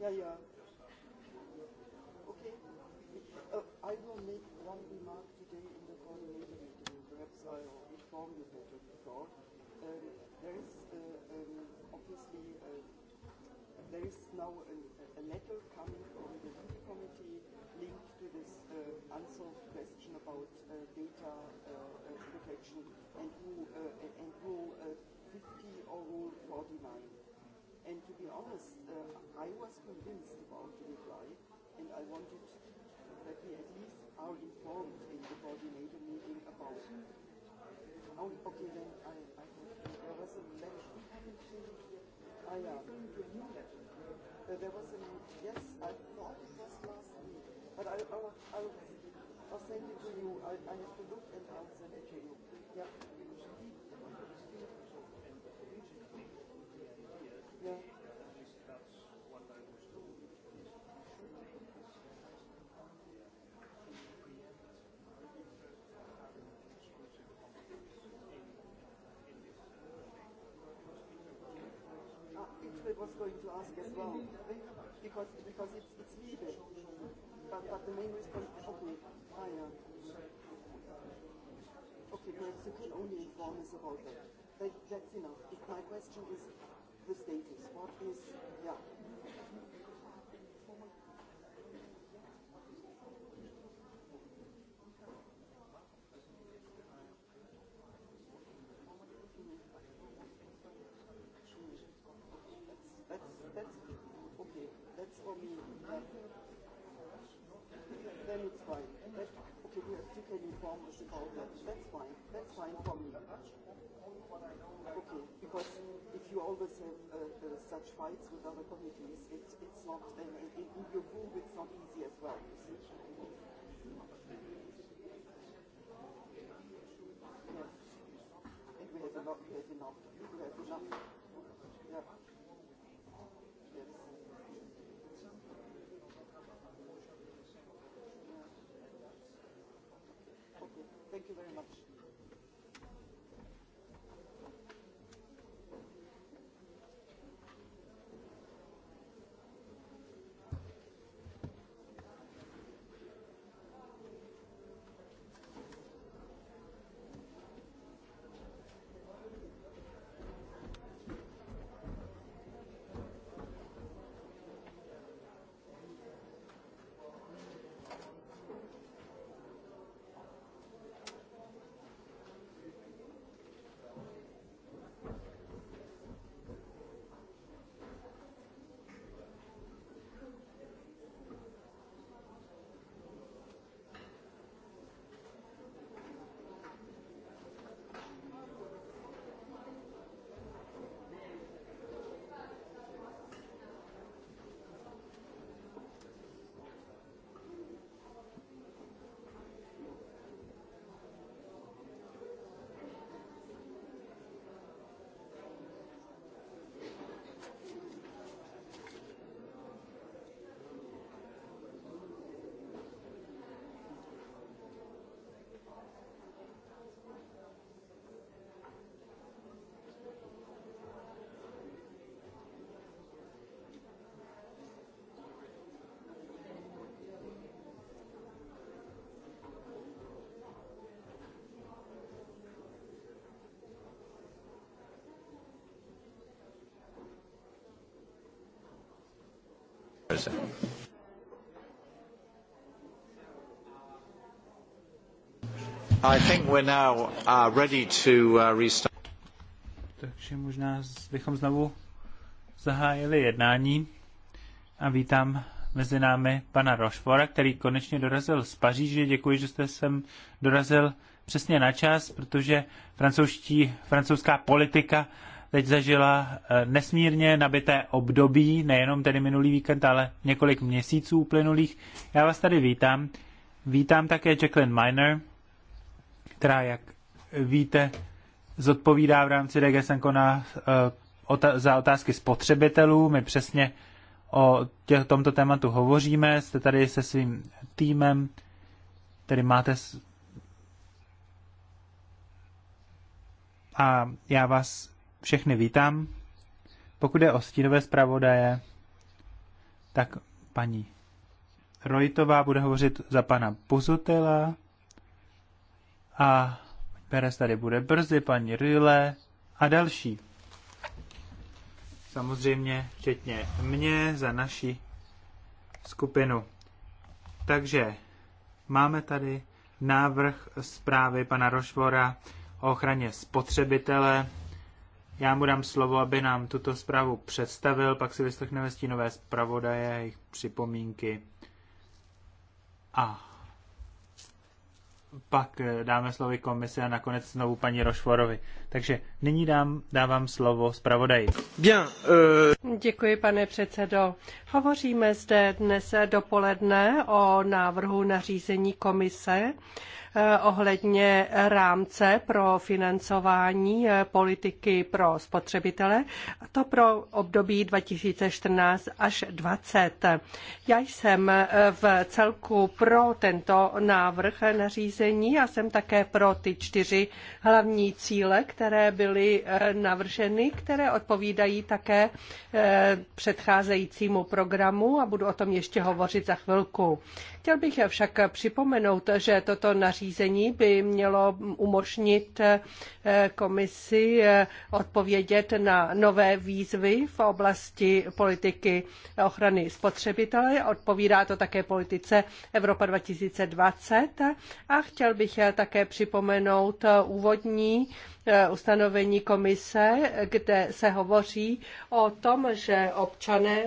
Ja, ja. honest, uh, I was convinced about the reply, and I wanted that we at least are informed in the coordinator meeting about it. Oh, okay, then I, I think there was a letter. I am. Um, uh, there was a, yes, I thought it was last week, but I, I, I, I'll send it to you. I, I have to look and I'll send it to you. Yeah. well, because because it's it's needed. But but the main responsibility. Okay, ah, yeah. Okay, perhaps you can only inform us about that. that that's enough. If my question is the status. What is yeah. fights with other committees, it, it's not, in, in your group it's not easy as well, you see. Yes. we have enough, we have enough, we have enough. Yeah. Thank you very much. verse. I think we're now uh, ready to uh, restart. Takže možná bychom znovu zahájili jednání a vítám mezi námi pana Rošfora, který konečně dorazil z Paříže. Děkuji, že jste sem dorazil přesně na čas, protože francouzští, francouzská politika uh, teď zažila eh, nesmírně nabité období, nejenom tedy minulý víkend, ale několik měsíců uplynulých. Já vás tady vítám. Vítám také Jacqueline Miner, která, jak víte, zodpovídá v rámci DG Sankona eh, za otázky spotřebitelů. My přesně o tomto tématu hovoříme, jste tady se svým týmem, tedy máte... S... A já vás všechny vítám. Pokud je o stínové zpravodaje, tak paní Rojtová bude hovořit za pana Pozutela a Perez tady bude brzy, paní Ryle a další. Samozřejmě včetně mě za naši skupinu. Takže máme tady návrh zprávy pana Rošvora o ochraně spotřebitele já mu dám slovo, aby nám tuto zprávu představil, pak si vyslechneme stínové zpravodaje, jejich připomínky a pak eh, dáme slovy komise a nakonec znovu paní Rošvorovi. Takže nyní dám, dávám slovo zpravodaji. Bien, eh, Děkuji, pane předsedo. Hovoříme zde dnes dopoledne o návrhu nařízení komise Eh, ohledně rámce pro financování eh, politiky pro spotřebitele, a to pro období 2014 až 2020. Já jsem eh, v celku pro tento návrh nařízení a jsem také pro ty čtyři hlavní cíle, které byly navrženy, které odpovídají také předcházejícímu programu a budu o tom ještě hovořit za chvilku. Chtěl bych však připomenout, že toto nařízení řízení by mělo umožnit eh, komisi eh, odpovědět na nové výzvy v oblasti politiky ochrany spotřebitele. Odpovídá to také politice Evropa 2020 a chtěl bych eh, také připomenout úvodní Eh, ustanovení komise, kde se hovoří o tom, že občané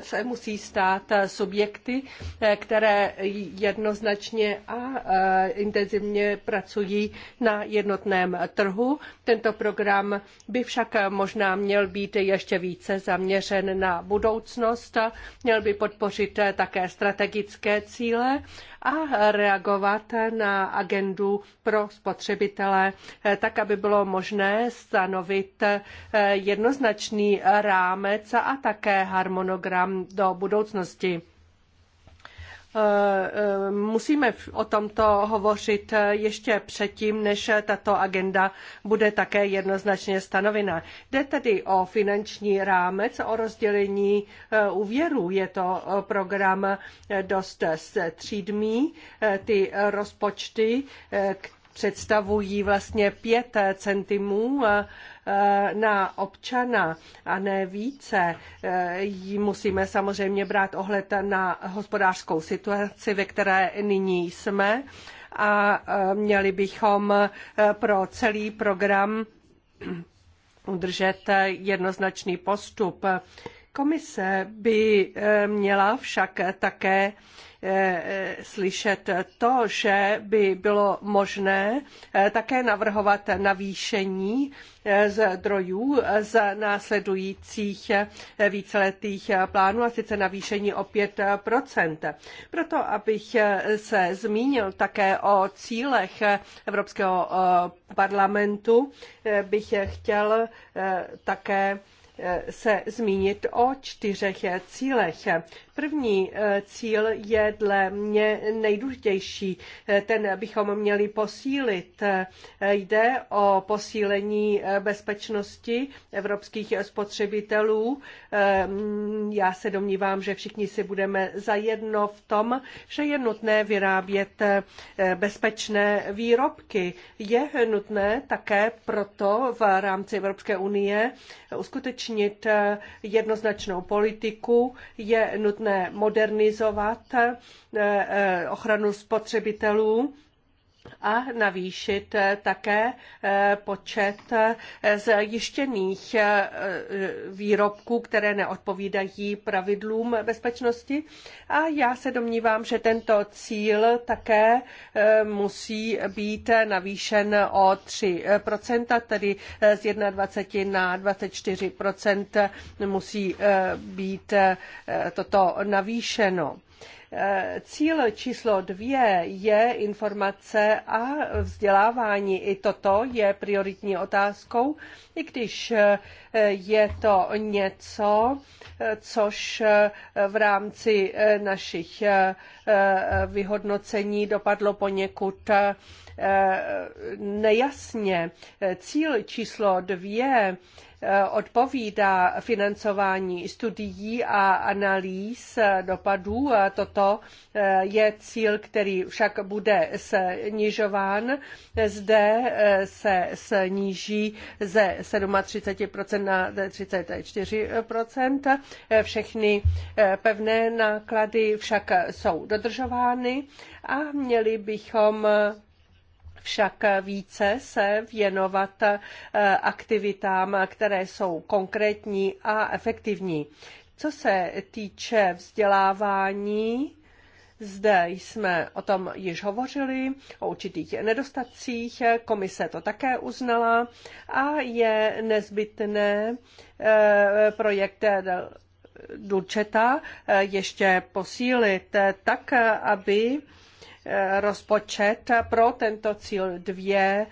se musí stát subjekty, eh, které jednoznačně a eh, intenzivně pracují na jednotném trhu. Tento program by však možná měl být ještě více zaměřen na budoucnost, měl by podpořit také strategické cíle a reagovat na agendu pro spotřebitele, eh, tak aby bylo možné stanovit eh, jednoznačný rámec a také harmonogram do budoucnosti. Eh, eh, musíme o tomto hovořit eh, ještě předtím, než tato agenda bude také jednoznačně stanovena. Jde tedy o finanční rámec, o rozdělení úvěrů. Je to program dost střídmý. Ty rozpočty, které představují vlastně 5 centimů eh, eh, na občana a ne více. Eh, musíme samozřejmě brát ohled na hospodářskou situaci, ve které nyní jsme a měli bychom pro celý program udržet jednoznačný postup. Komise by měla však také Eh, eh, slyšet to, že by bylo možné eh, také navrhovat navýšení zdrojů z následujících víceletých plánů, a sice navýšení o 5 Proto, abych se zmínil také o cílech Evropského parlamentu, bych chtěl také se zmínit o čtyřech cílech. První eh, cíl je dle mě nejdůležitější. Eh, ten bychom měli posílit. Eh, jde o posílení bezpečnosti evropských spotřebitelů. Mm, já se domnívám, že všichni si budeme zajedno v tom, že je nutné vyrábět bezpečné výrobky. Je nutné také proto v rámci Evropské unie uskutečnit jednoznačnou politiku. Je nutné nutné modernizovat eh, eh, ochranu spotřebitelů a navýšit také eh, počet eh, zjištěných eh, výrobků, které neodpovídají pravidlům bezpečnosti. A já se domnívám, že tento cíl také musí být navýšen o 3 tedy z 21 na 24 musí být toto navýšeno. Eh, cíl číslo dvě je informace a vzdělávání. I toto je prioritní otázkou, i když eh, je to něco, eh, což v rámci našich vyhodnocení dopadlo poněkud nejasně. Cíl číslo dvě Eh, odpovídá financování studií a analýz dopadů. Eh, toto eh, je cíl, který však bude snižován. Zde se sníží ze 37% na 34%. Všechny pevné náklady však jsou dodržovány a měli bychom však více se věnovat eh, aktivitám, které jsou konkrétní a efektivní. Co se týče vzdělávání, zde jsme o tom již hovořili, o určitých nedostatcích, komise to také uznala a je nezbytné eh, projekt eh, Durčeta ještě posílit tak, aby rozpočet pro tento cíl 2 eh,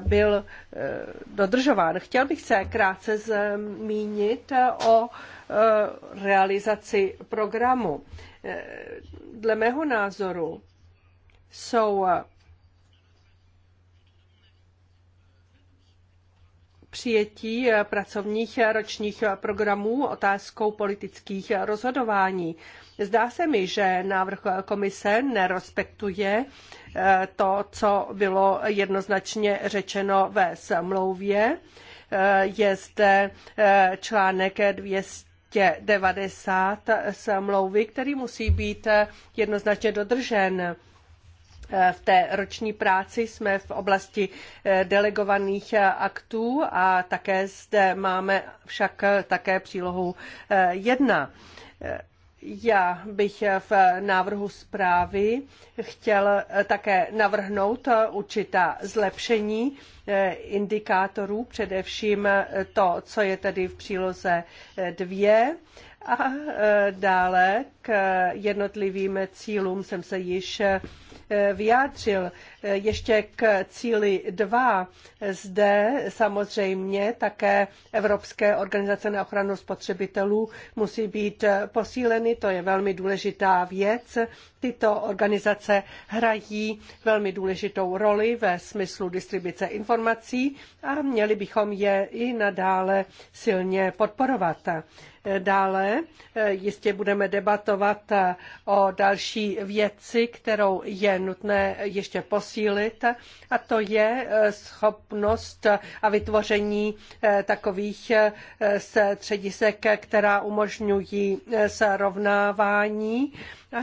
byl eh, dodržován. Chtěl bych se krátce zmínit o eh, realizaci programu. Dle mého názoru jsou přijetí pracovních ročních programů otázkou politických rozhodování. Zdá se mi, že návrh komise nerespektuje eh, to, co bylo jednoznačně řečeno ve smlouvě. Eh, je zde eh, článek 200 90 smlouvy, který musí být jednoznačně dodržen. V té roční práci jsme v oblasti eh, delegovaných eh, aktů a také zde máme však eh, také přílohu jedna. Já bych v návrhu zprávy chtěl také navrhnout určitá zlepšení indikátorů, především to, co je tedy v příloze dvě. A e, dále k jednotlivým cílům jsem se již e, vyjádřil. E, ještě k cíli 2. Zde samozřejmě také Evropské organizace na ochranu spotřebitelů musí být posíleny. To je velmi důležitá věc. Tyto organizace hrají velmi důležitou roli ve smyslu distribuce informací a měli bychom je i nadále silně podporovat. Dále eh, jistě budeme debatovat eh, o další věci, kterou je nutné ještě posílit, a to je eh, schopnost a vytvoření takových středisek, která umožňují srovnávání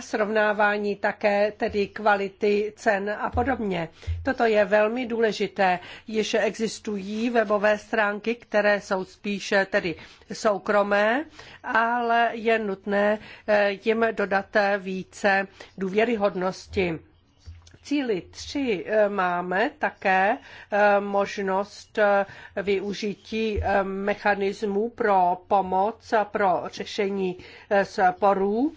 srovnávání také tedy kvality cen a podobně. Toto je velmi důležité. Již existují webové stránky, které jsou spíše eh, tedy soukromé, ale je nutné eh, jim dodat eh, více důvěryhodnosti cíli 3 eh, máme také eh, možnost eh, využití mechanismů pro pomoc a pro řešení sporů.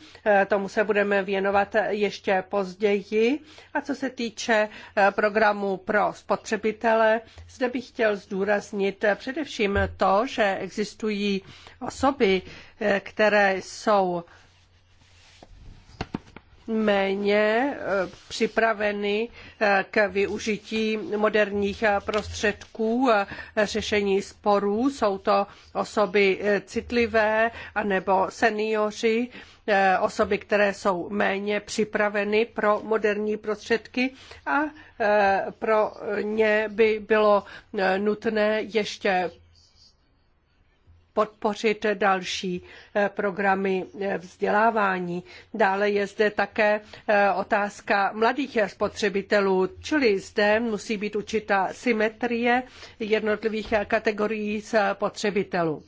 Tomu se budeme věnovat ještě později. A co se týče programu pro spotřebitele, zde bych chtěl zdůraznit především to, že existují osoby, které jsou méně eh, připraveny eh, k využití moderních eh, prostředků řešení sporů. Jsou to osoby citlivé anebo seniori, osoby, které jsou méně připraveny pro moderní prostředky a pro ně by bylo nutné ještě podpořit další eh, programy eh, vzdělávání. Dále je zde také eh, otázka mladých spotřebitelů, čili zde musí být určitá symetrie jednotlivých kategorií spotřebitelů.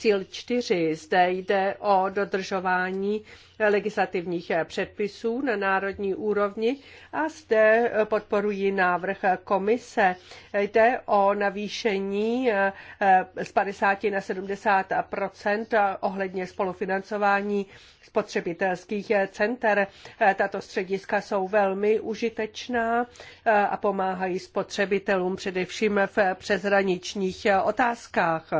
Cíl 4. Zde jde o dodržování legislativních předpisů na národní úrovni a zde podporuji návrh komise. Jde o navýšení eh, z 50 na 70 ohledně spolufinancování spotřebitelských center. Eh, tato střediska jsou velmi užitečná eh, a pomáhají spotřebitelům především v přeshraničních otázkách.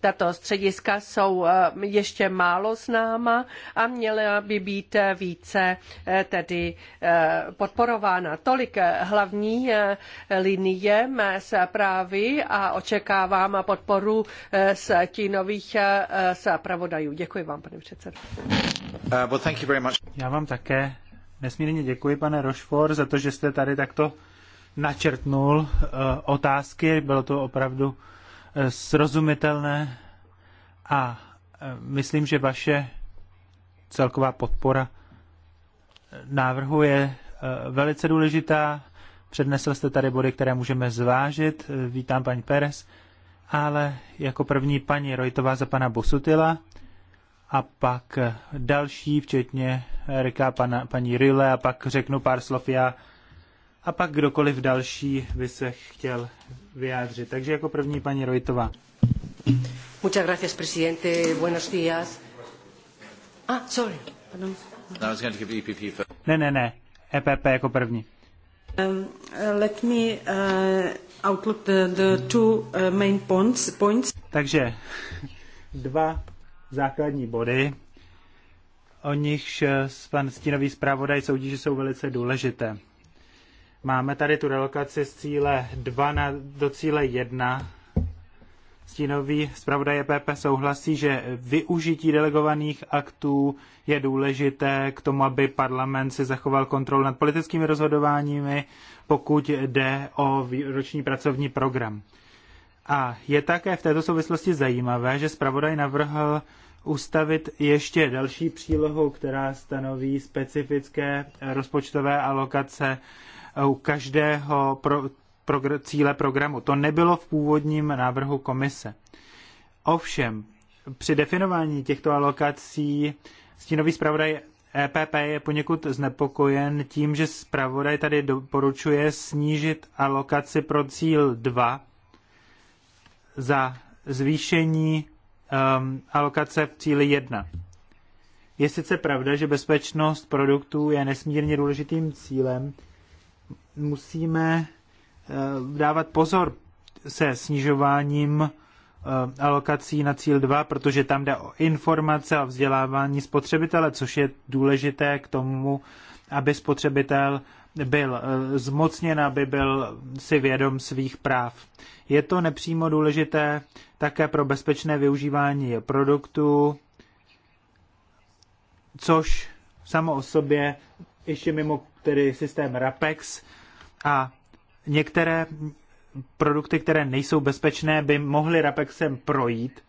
Tato střediska jsou eh, ještě málo známa a měla by být více eh, tedy eh, podporována. Tolik hlavní linie mé zprávy a očekávám podporu z tínových zpravodajů. Děkuji vám, pane předsedo. Uh, Já vám také nesmírně děkuji, pane Rošfor, za to, že jste tady takto načrtnul otázky. Bylo to opravdu Eh, srozumitelné a eh, myslím, že vaše celková podpora eh, návrhu je velice důležitá. Přednesl jste tady body, které můžeme zvážit. Vítám paní Perez, ale jako první paní Rojtová za pana Bosutila a pak další, včetně Erika, pana, paní Rille a pak řeknu pár slov já a pak kdokoliv další by se chtěl vyjádřit. Takže jako první paní Rojtová. Muchas gracias, presidente. Buenos días. Ah, sorry. Pardon. No, e ne, ne, ne. EPP jako první. Um, uh, let me uh, outlook the, the two uh, main points, points. Takže dva základní body, o nichž eh, pan stínový zpravodaj soudí, že jsou velice důležité. Máme tady tu relokaci z cíle 2 na, do cíle 1. Stínový zpravodaj EPP souhlasí, že využití delegovaných aktů je důležité k tomu, aby parlament si zachoval kontrolu nad politickými rozhodováními, pokud jde o výroční pracovní program. A je také v této souvislosti zajímavé, že zpravodaj navrhl ustavit ještě další přílohu, která stanoví specifické rozpočtové alokace u každého pro, pro, cíle programu. To nebylo v původním návrhu komise. Ovšem, při definování těchto alokací stínový zpravodaj EPP je poněkud znepokojen tím, že zpravodaj tady doporučuje snížit alokaci pro cíl 2 za zvýšení um, alokace v cíli 1. Je sice pravda, že bezpečnost produktů je nesmírně důležitým cílem, musíme eh, dávat pozor se snižováním eh, alokací na cíl 2, protože tam jde o informace a vzdělávání spotřebitele, což je důležité k tomu, aby spotřebitel byl eh, zmocněn, aby byl si vědom svých práv. Je to nepřímo důležité také pro bezpečné využívání produktu, což samo o sobě ještě mimo tedy systém RAPEX a některé produkty, které nejsou bezpečné, by mohly Rapexem projít.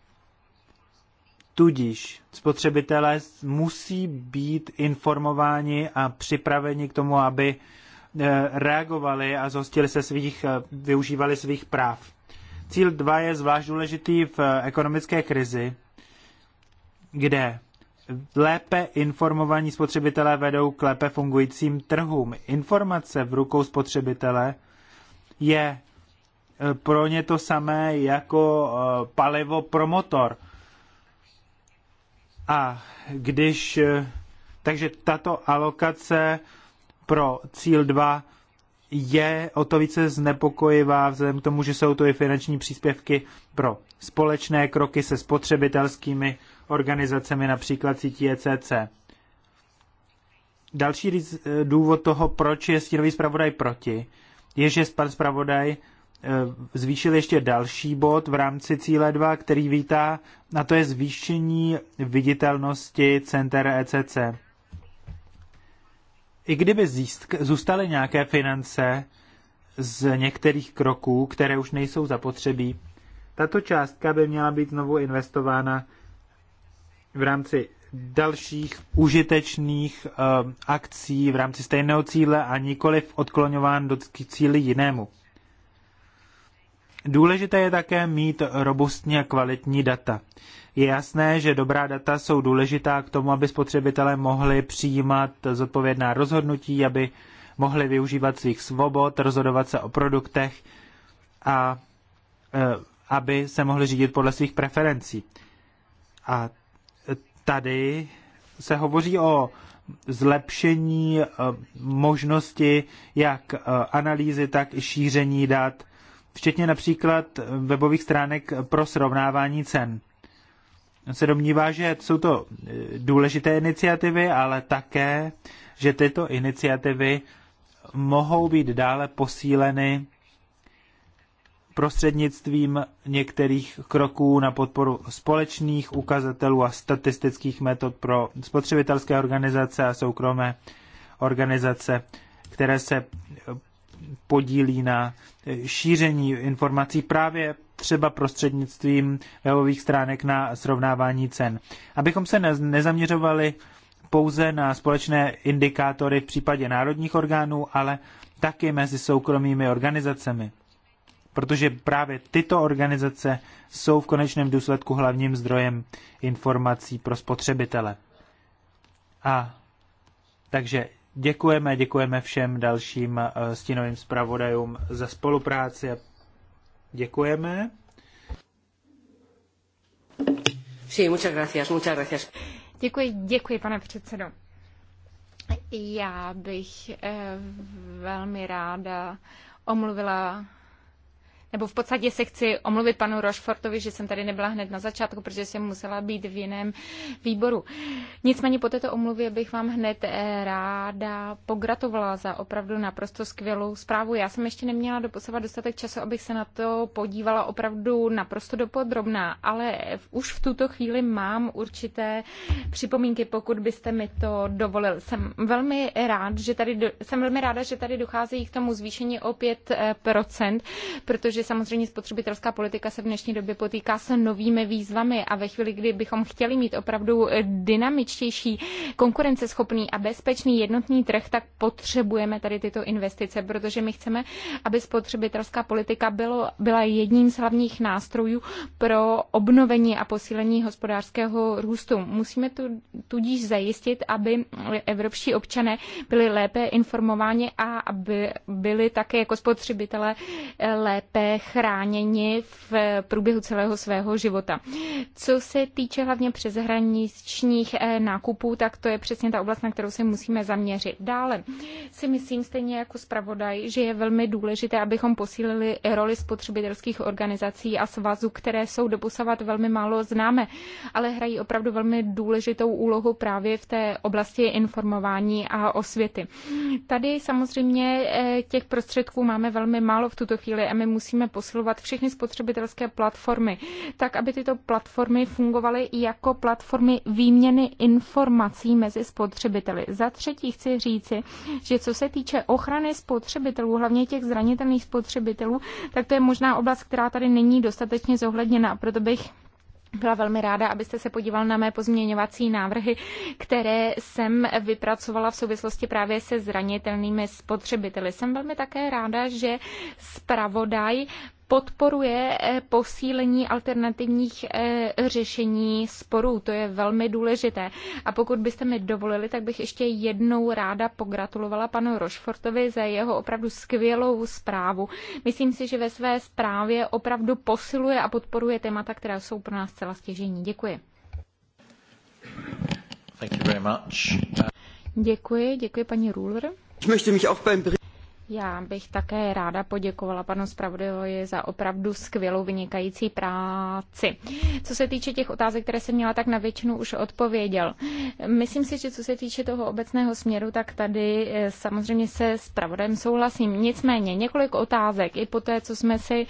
Tudíž spotřebitelé musí být informováni a připraveni k tomu, aby eh, reagovali a zhostili se svých, eh, využívali svých práv. Cíl 2 je zvlášť důležitý v eh, ekonomické krizi, kde lépe informovaní spotřebitelé vedou k lépe fungujícím trhům. Informace v rukou spotřebitele je e, pro ně to samé jako e, palivo pro motor. A když, e, takže tato alokace pro cíl 2 je o to více znepokojivá vzhledem k tomu, že jsou to i finanční příspěvky pro společné kroky se spotřebitelskými organizacemi, například sítí ECC. Další důvod toho, proč je stínový zpravodaj proti, je, že pan zpravodaj e, zvýšil ještě další bod v rámci cíle 2, který vítá, a to je zvýšení viditelnosti center ECC. I kdyby zůstaly nějaké finance z některých kroků, které už nejsou zapotřebí, tato částka by měla být znovu investována v rámci dalších užitečných uh, akcí v rámci stejného cíle a nikoliv odkloňován do cíli jinému. Důležité je také mít robustní a kvalitní data. Je jasné, že dobrá data jsou důležitá k tomu, aby spotřebitelé mohli přijímat zodpovědná rozhodnutí, aby mohli využívat svých svobod, rozhodovat se o produktech a e, aby se mohli řídit podle svých preferencí. A tady se hovoří o zlepšení eh, možnosti jak eh, analýzy, tak i šíření dat, včetně například webových stránek pro srovnávání cen. Se domnívá, že jsou to eh, důležité iniciativy, ale také, že tyto iniciativy mohou být dále posíleny prostřednictvím některých kroků na podporu společných ukazatelů a statistických metod pro spotřebitelské organizace a soukromé organizace, které se eh, podílí na eh, šíření informací právě třeba prostřednictvím webových stránek na srovnávání cen. Abychom se nezaměřovali pouze na společné indikátory v případě národních orgánů, ale taky mezi soukromými organizacemi protože právě tyto organizace jsou v konečném důsledku hlavním zdrojem informací pro spotřebitele. A takže děkujeme, děkujeme všem dalším eh, stínovým zpravodajům za spolupráci děkujeme. Sí, muchas gracias, muchas gracias. Děkuji, děkuji, pane předsedo. Já bych eh, velmi ráda omluvila nebo v podstatě se chci omluvit panu Rošfortovi, že jsem tady nebyla hned na začátku, protože jsem musela být v jiném výboru. Nicméně po této omluvě bych vám hned eh, ráda pogratulovala za opravdu naprosto skvělou zprávu. Já jsem ještě neměla doposovat dostatek času, abych se na to podívala opravdu naprosto dopodrobná, ale už v tuto chvíli mám určité připomínky, pokud byste mi to dovolil. Jsem velmi rád, že tady, jsem velmi ráda, že tady dochází k tomu zvýšení o 5%, eh, protože že samozřejmě spotřebitelská politika se v dnešní době potýká s novými výzvami a ve chvíli, kdy bychom chtěli mít opravdu eh, dynamičtější, konkurenceschopný a bezpečný jednotný trh, tak potřebujeme tady tyto investice, protože my chceme, aby spotřebitelská politika bylo, byla jedním z hlavních nástrojů pro obnovení a posílení hospodářského růstu. Musíme tu, tudíž zajistit, aby evropští občané byli lépe informováni a aby byli také jako spotřebitelé eh, lépe chráněni v průběhu celého svého života. Co se týče hlavně přeshraničních eh, nákupů, tak to je přesně ta oblast, na kterou se musíme zaměřit. Dále si myslím stejně jako zpravodaj, že je velmi důležité, abychom posílili roli spotřebitelských organizací a svazů, které jsou doposavat velmi málo známe, ale hrají opravdu velmi důležitou úlohu právě v té oblasti informování a osvěty. Tady samozřejmě eh, těch prostředků máme velmi málo v tuto chvíli a my musíme musíme posilovat všechny spotřebitelské platformy, tak aby tyto platformy fungovaly jako platformy výměny informací mezi spotřebiteli. Za třetí chci říci, že co se týče ochrany spotřebitelů, hlavně těch zranitelných spotřebitelů, tak to je možná oblast, která tady není dostatečně zohledněna. Proto bych byla velmi ráda, abyste se podíval na mé pozměňovací návrhy, které jsem vypracovala v souvislosti právě se zranitelnými spotřebiteli. Jsem velmi také ráda, že zpravodaj podporuje eh, posílení alternativních eh, řešení sporů. To je velmi důležité. A pokud byste mi dovolili, tak bych ještě jednou ráda pogratulovala panu Rošfortovi za jeho opravdu skvělou zprávu. Myslím si, že ve své zprávě opravdu posiluje a podporuje témata, která jsou pro nás celá stěžení. Děkuji. Thank you very much. Děkuji, děkuji paní Ruler. Ich möchte mich auch beim já bych také ráda poděkovala panu zpravodajovi za opravdu skvělou vynikající práci. Co se týče těch otázek, které jsem měla, tak na většinu už odpověděl. Myslím si, že co se týče toho obecného směru, tak tady eh, samozřejmě se s Pravodem souhlasím. Nicméně několik otázek i po té, co jsme si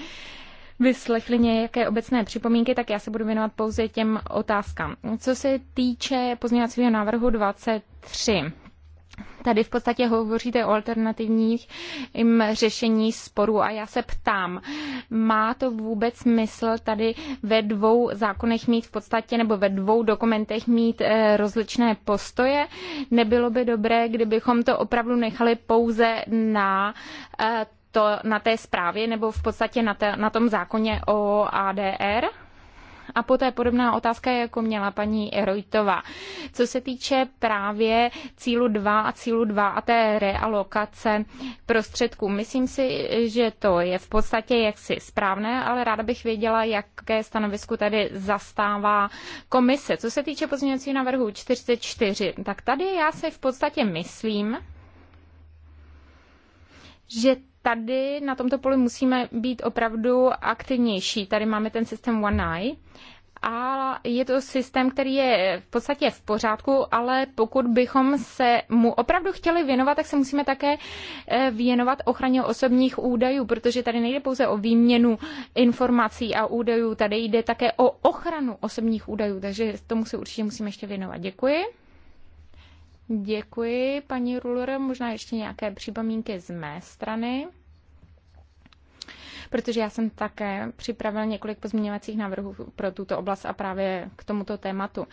vyslechli nějaké obecné připomínky, tak já se budu věnovat pouze těm otázkám. Co se týče pozměňovacího návrhu 23, Tady v podstatě hovoříte o alternativních řešení sporů a já se ptám, má to vůbec smysl tady ve dvou zákonech mít v podstatě nebo ve dvou dokumentech mít e, rozličné postoje? Nebylo by dobré, kdybychom to opravdu nechali pouze na e, to na té zprávě nebo v podstatě na, te, na tom zákoně o ADR? A poté podobná otázka, jako měla paní Erojtová. Co se týče právě cílu 2 a cílu 2 a té realokace prostředků, myslím si, že to je v podstatě jaksi správné, ale ráda bych věděla, jaké stanovisko tady zastává komise. Co se týče pozměňovacího návrhu 44, tak tady já si v podstatě myslím, že tady na tomto poli musíme být opravdu aktivnější. Tady máme ten systém One Eye a je to systém, který je v podstatě v pořádku, ale pokud bychom se mu opravdu chtěli věnovat, tak se musíme také eh, věnovat ochraně osobních údajů, protože tady nejde pouze o výměnu informací a údajů, tady jde také o ochranu osobních údajů, takže tomu se určitě musíme ještě věnovat. Děkuji. Děkuji, paní Rulore, Možná ještě nějaké připomínky z mé strany protože já jsem také připravil několik pozměňovacích návrhů pro tuto oblast a právě k tomuto tématu.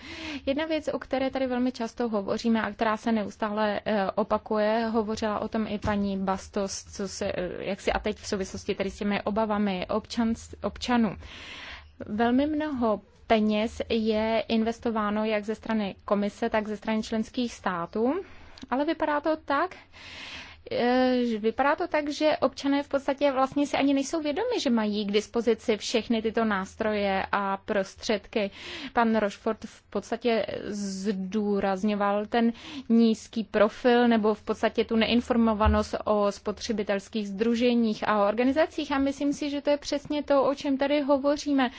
Jedna věc, o které tady velmi často hovoříme a která se neustále eh, opakuje, hovořila o tom i paní Bastos, co se, eh, jak si a teď v souvislosti tady s těmi obavami občan, občanů. Velmi mnoho peněz je investováno jak ze strany komise, tak ze strany členských států, ale vypadá to tak, Eh, vypadá to tak, že občané v podstatě vlastně si ani nejsou vědomi, že mají k dispozici všechny tyto nástroje a prostředky. Pan Rošford v podstatě zdůrazňoval ten nízký profil nebo v podstatě tu neinformovanost o spotřebitelských združeních a o organizacích a myslím si, že to je přesně to, o čem tady hovoříme,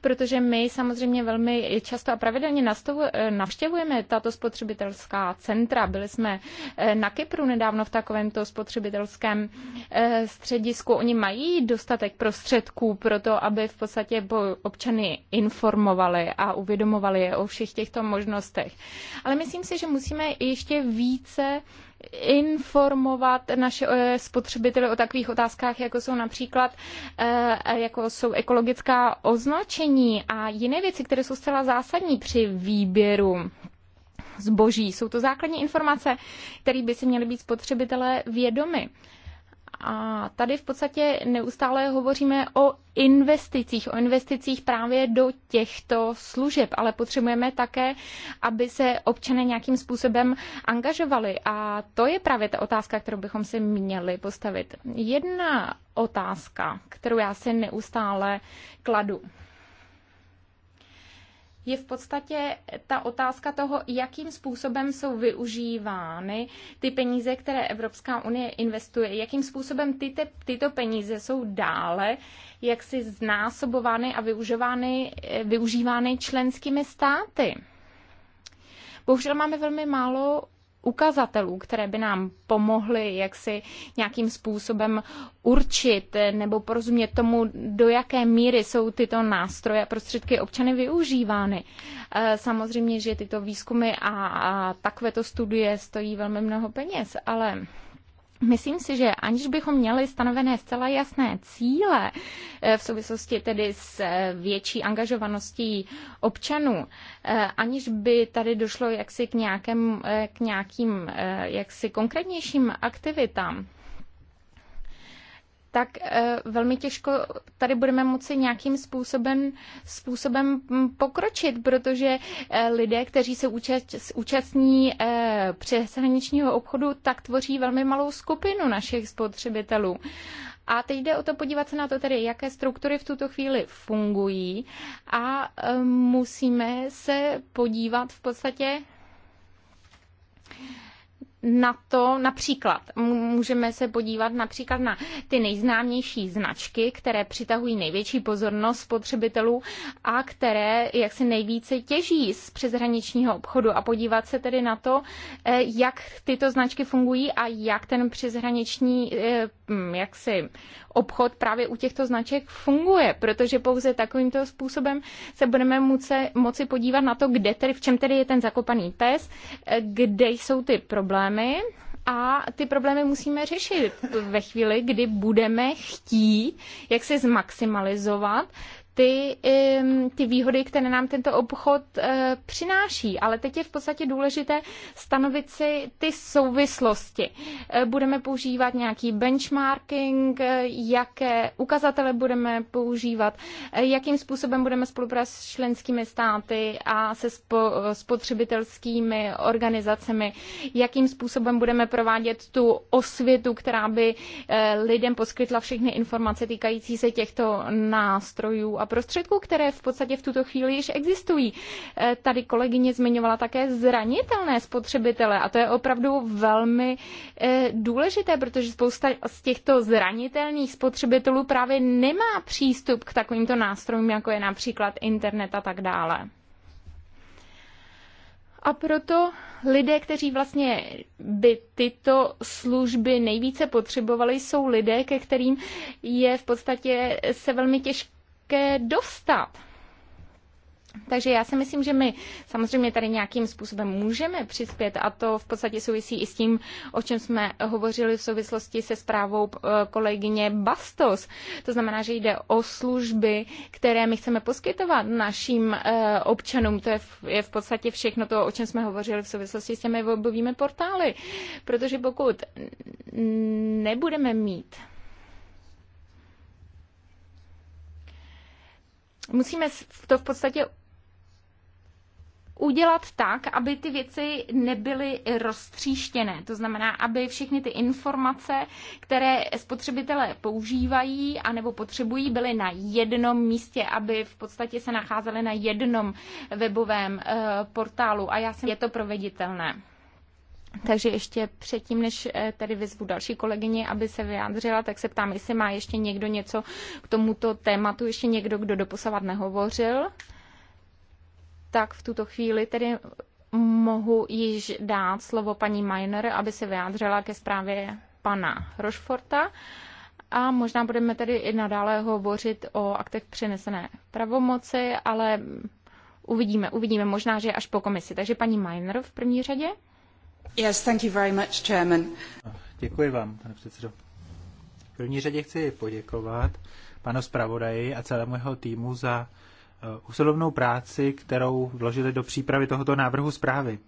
protože my samozřejmě velmi často a pravidelně eh, navštěvujeme tato spotřebitelská centra. Byli jsme eh, na Kypru nedávno v takovém tomto spotřebitelském eh, středisku, oni mají dostatek prostředků pro to, aby v podstatě občany informovali a uvědomovali je o všech těchto možnostech. Ale myslím si, že musíme ještě více informovat naše eh, spotřebitele o takových otázkách, jako jsou například eh, jako jsou ekologická označení a jiné věci, které jsou zcela zásadní při výběru zboží. Jsou to základní informace, které by si měly být spotřebitelé vědomy. A tady v podstatě neustále hovoříme o investicích, o investicích právě do těchto služeb, ale potřebujeme také, aby se občané nějakým způsobem angažovali. A to je právě ta otázka, kterou bychom si měli postavit. Jedna otázka, kterou já si neustále kladu je v podstatě ta otázka toho, jakým způsobem jsou využívány ty peníze, které Evropská unie investuje, jakým způsobem ty, te, tyto peníze jsou dále jak si znásobovány a využívány, využívány členskými státy. Bohužel máme velmi málo ukazatelů, které by nám pomohly jak si nějakým způsobem určit nebo porozumět tomu, do jaké míry jsou tyto nástroje a prostředky občany využívány. Eh, samozřejmě, že tyto výzkumy a takovéto studie stojí velmi mnoho peněz, ale Myslím si, že aniž bychom měli stanovené zcela jasné cíle eh, v souvislosti tedy s eh, větší angažovaností občanů, eh, aniž by tady došlo jaksi k, nějakém, k nějakým jaksi konkrétnějším aktivitám, tak eh, velmi těžko tady budeme moci nějakým způsobem, způsobem mm, pokročit, protože eh, lidé, kteří se účastní eh, přeshraničního obchodu, tak tvoří velmi malou skupinu našich spotřebitelů. A teď jde o to podívat se na to tedy, jaké struktury v tuto chvíli fungují a musíme se podívat v podstatě na to například, můžeme se podívat například na ty nejznámější značky, které přitahují největší pozornost spotřebitelů a které jaksi nejvíce těží z přeshraničního obchodu a podívat se tedy na to, eh, jak tyto značky fungují a jak ten přeshraniční eh, mm, jaksi obchod právě u těchto značek funguje, protože pouze takovýmto způsobem se budeme moci, moci podívat na to, kde tedy, v čem tedy je ten zakopaný pes, eh, kde jsou ty problémy, problémy a ty problémy musíme řešit ve chvíli, kdy budeme chtít, jak se zmaximalizovat ty, ty výhody, které nám tento obchod eh, přináší. Ale teď je v podstatě důležité stanovit si ty souvislosti. Eh, budeme používat nějaký benchmarking, eh, jaké ukazatele budeme používat, jakým způsobem budeme spolupracovat s členskými státy a se spo, spotřebitelskými organizacemi, jakým způsobem budeme provádět tu osvětu, která by lidem poskytla všechny informace týkající se těchto nástrojů a prostředků, které v podstatě v tuto chvíli již existují. Eh, tady kolegyně zmiňovala také zranitelné spotřebitele a to je opravdu velmi eh, důležité, protože spousta z těchto zranitelných spotřebitelů právě nemá přístup k takovýmto nástrojům, jako je například internet a tak dále. A proto lidé, kteří vlastně by tyto služby nejvíce potřebovali, jsou lidé, ke kterým je v podstatě se velmi těžké také dostat. Takže já si myslím, že my samozřejmě tady nějakým způsobem můžeme přispět a to v podstatě souvisí i s tím, o čem jsme hovořili v souvislosti se zprávou eh, kolegyně Bastos. To znamená, že jde o služby, které my chceme poskytovat našim eh, občanům. To je v podstatě všechno to, o čem jsme hovořili v souvislosti s těmi webovými portály. Protože pokud nebudeme mít musíme to v podstatě udělat tak, aby ty věci nebyly roztříštěné. To znamená, aby všechny ty informace, které spotřebitelé používají a nebo potřebují, byly na jednom místě, aby v podstatě se nacházely na jednom webovém eh, portálu. A já jsem, je to proveditelné. Takže ještě předtím, než eh, tady vyzvu další kolegyně, aby se vyjádřila, tak se ptám, jestli má ještě někdo něco k tomuto tématu, ještě někdo, kdo doposavat nehovořil. Tak v tuto chvíli tedy mohu již dát slovo paní Miner, aby se vyjádřila ke zprávě pana Rošforta. A možná budeme tedy i nadále hovořit o aktech přenesené pravomoci, ale uvidíme, uvidíme možná, že až po komisi. Takže paní Miner v první řadě. Yes, thank you very much, Chairman. Děkuji vám, pane předsedo. V první řadě chci poděkovat panu zpravodaji a celému jeho týmu za eh, usilovnou práci, kterou vložili do přípravy tohoto návrhu zprávy.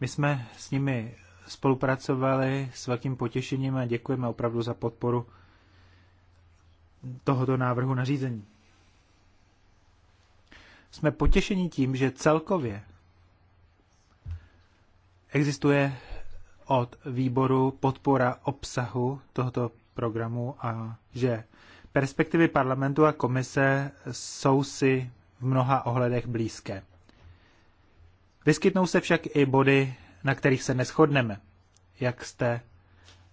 My jsme s nimi spolupracovali s velkým potěšením a děkujeme opravdu za podporu tohoto návrhu nařízení. Jsme potěšeni tím, že celkově Existuje od výboru podpora obsahu tohoto programu a že perspektivy parlamentu a komise jsou si v mnoha ohledech blízké. Vyskytnou se však i body, na kterých se neschodneme, jak jste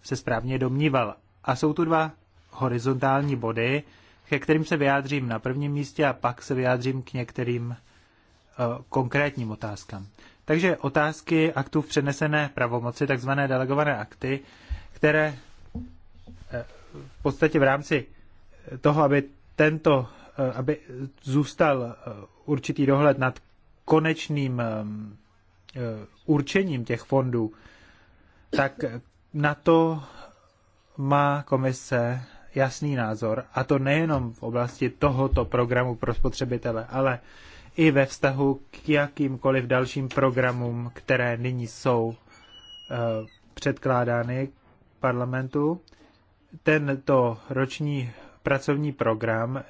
se správně domníval. A jsou tu dva horizontální body, ke kterým se vyjádřím na prvním místě a pak se vyjádřím k některým eh, konkrétním otázkám. Takže otázky aktů v přenesené pravomoci, takzvané delegované akty, které eh, v podstatě v rámci eh, toho, aby tento, eh, aby zůstal určitý dohled nad konečným určením těch fondů, tak na to má komise jasný názor, a to nejenom v oblasti tohoto programu pro spotřebitele, ale i ve vztahu k jakýmkoliv dalším programům, které nyní jsou eh, předkládány parlamentu. Tento roční pracovní program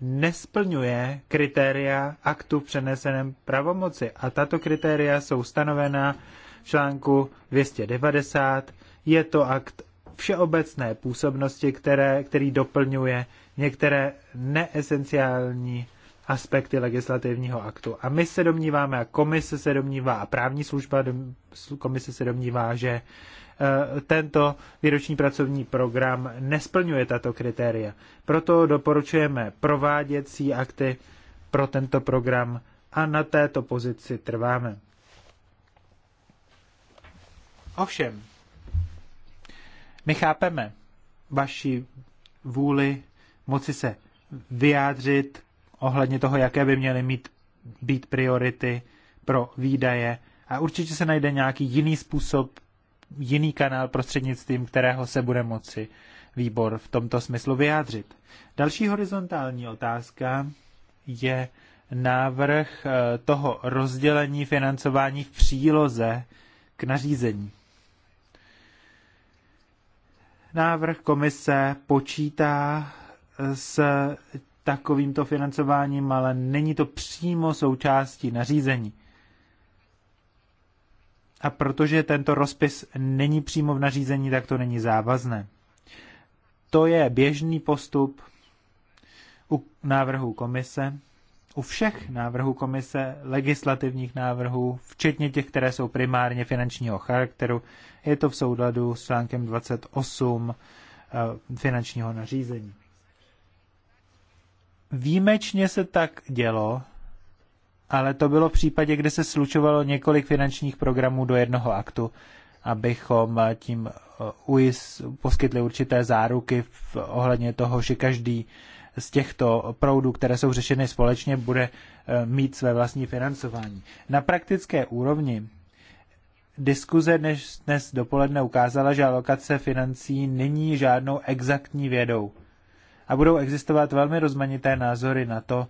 nesplňuje kritéria aktu v přeneseném pravomoci a tato kritéria jsou stanovena v článku 290. Je to akt všeobecné působnosti, které, který doplňuje některé neesenciální aspekty legislativního aktu. A my se domníváme, a komise se domnívá, a právní služba dom, komise se domnívá, že e, tento výroční pracovní program nesplňuje tato kritéria. Proto doporučujeme prováděcí akty pro tento program a na této pozici trváme. Ovšem, my chápeme vaši vůli moci se vyjádřit ohledně toho, jaké by měly mít být priority pro výdaje a určitě se najde nějaký jiný způsob, jiný kanál prostřednictvím, kterého se bude moci výbor v tomto smyslu vyjádřit. Další horizontální otázka je návrh eh, toho rozdělení financování v příloze k nařízení. Návrh komise počítá s takovýmto financováním, ale není to přímo součástí nařízení. A protože tento rozpis není přímo v nařízení, tak to není závazné. To je běžný postup u návrhů komise, u všech návrhů komise, legislativních návrhů, včetně těch, které jsou primárně finančního charakteru, je to v souladu s článkem 28 eh, finančního nařízení. Výjimečně se tak dělo, ale to bylo v případě, kde se slučovalo několik finančních programů do jednoho aktu, abychom tím eh, UIS poskytli určité záruky v ohledně toho, že každý z těchto proudů, které jsou řešeny společně, bude eh, mít své vlastní financování. Na praktické úrovni diskuze dnes, dnes dopoledne ukázala, že alokace financí není žádnou exaktní vědou a budou existovat velmi rozmanité názory na to,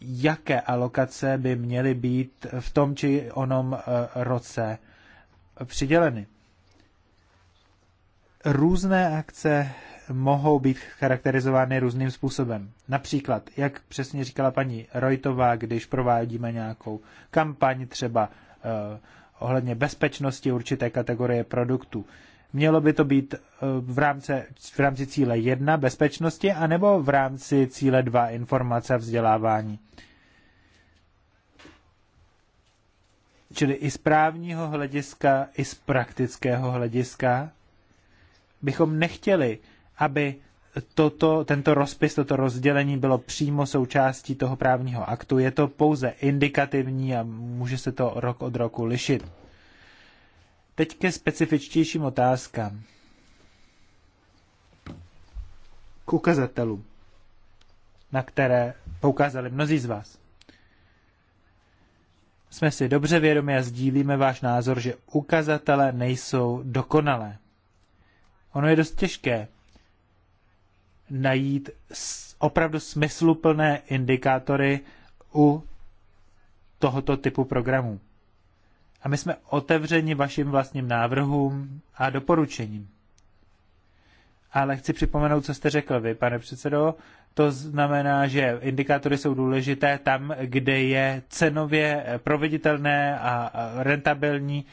jaké alokace by měly být v tom či onom eh, roce přiděleny. Různé akce mohou být charakterizovány různým způsobem. Například, jak přesně říkala paní Rojtová, když provádíme nějakou kampaň třeba eh, ohledně bezpečnosti určité kategorie produktů. Eh, Mělo by to být eh, v rámci, v rámci cíle 1 bezpečnosti anebo v rámci cíle 2 informace a vzdělávání. Čili i z právního hlediska, i z praktického hlediska bychom nechtěli, aby toto, tento rozpis, toto rozdělení bylo přímo součástí toho právního aktu. Je to pouze indikativní a může se to rok od roku lišit. Teď ke specifičtějším otázkám. K ukazatelům, na které poukázali mnozí z vás. Jsme si dobře vědomi a sdílíme váš názor, že ukazatele nejsou dokonalé. Ono je dost těžké najít opravdu smysluplné indikátory u tohoto typu programů. A my jsme otevřeni vašim vlastním návrhům a doporučením. Ale chci připomenout, co jste řekl vy, pane předsedo. To znamená, že indikátory jsou důležité tam, kde je cenově proveditelné a rentabilní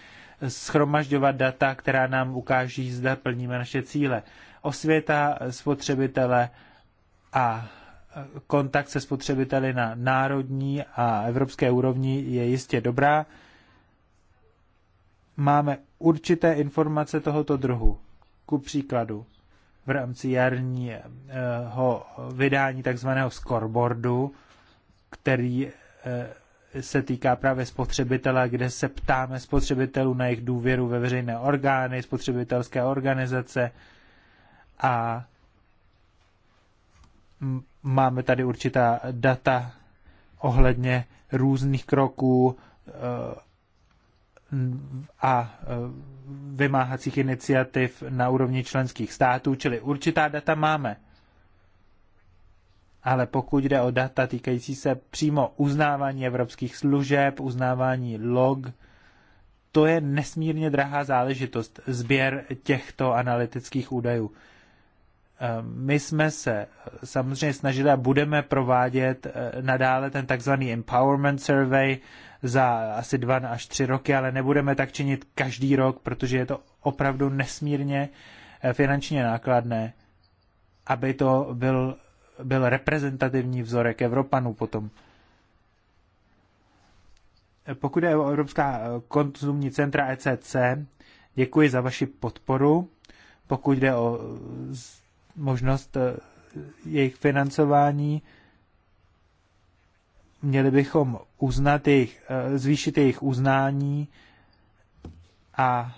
schromažďovat data, která nám ukáží, zda plníme naše cíle. Osvěta spotřebitele a kontakt se spotřebiteli na národní a evropské úrovni je jistě dobrá máme určité informace tohoto druhu. Ku příkladu, v rámci jarního vydání takzvaného scoreboardu, který eh, se týká právě spotřebitele, kde se ptáme spotřebitelů na jejich důvěru ve veřejné orgány, spotřebitelské organizace a máme tady určitá data ohledně různých kroků eh, a e, vymáhacích iniciativ na úrovni členských států, čili určitá data máme. Ale pokud jde o data týkající se přímo uznávání evropských služeb, uznávání log, to je nesmírně drahá záležitost, sběr těchto analytických údajů. E, my jsme se samozřejmě snažili a budeme provádět e, nadále ten takzvaný empowerment survey, za asi dva až tři roky, ale nebudeme tak činit každý rok, protože je to opravdu nesmírně eh, finančně nákladné, aby to byl, byl reprezentativní vzorek Evropanů potom. Eh, pokud je Evropská eh, konzumní centra ECC, děkuji za vaši podporu. Pokud jde o možnost jejich financování, měli bychom uznat jejich, eh, zvýšit jejich uznání a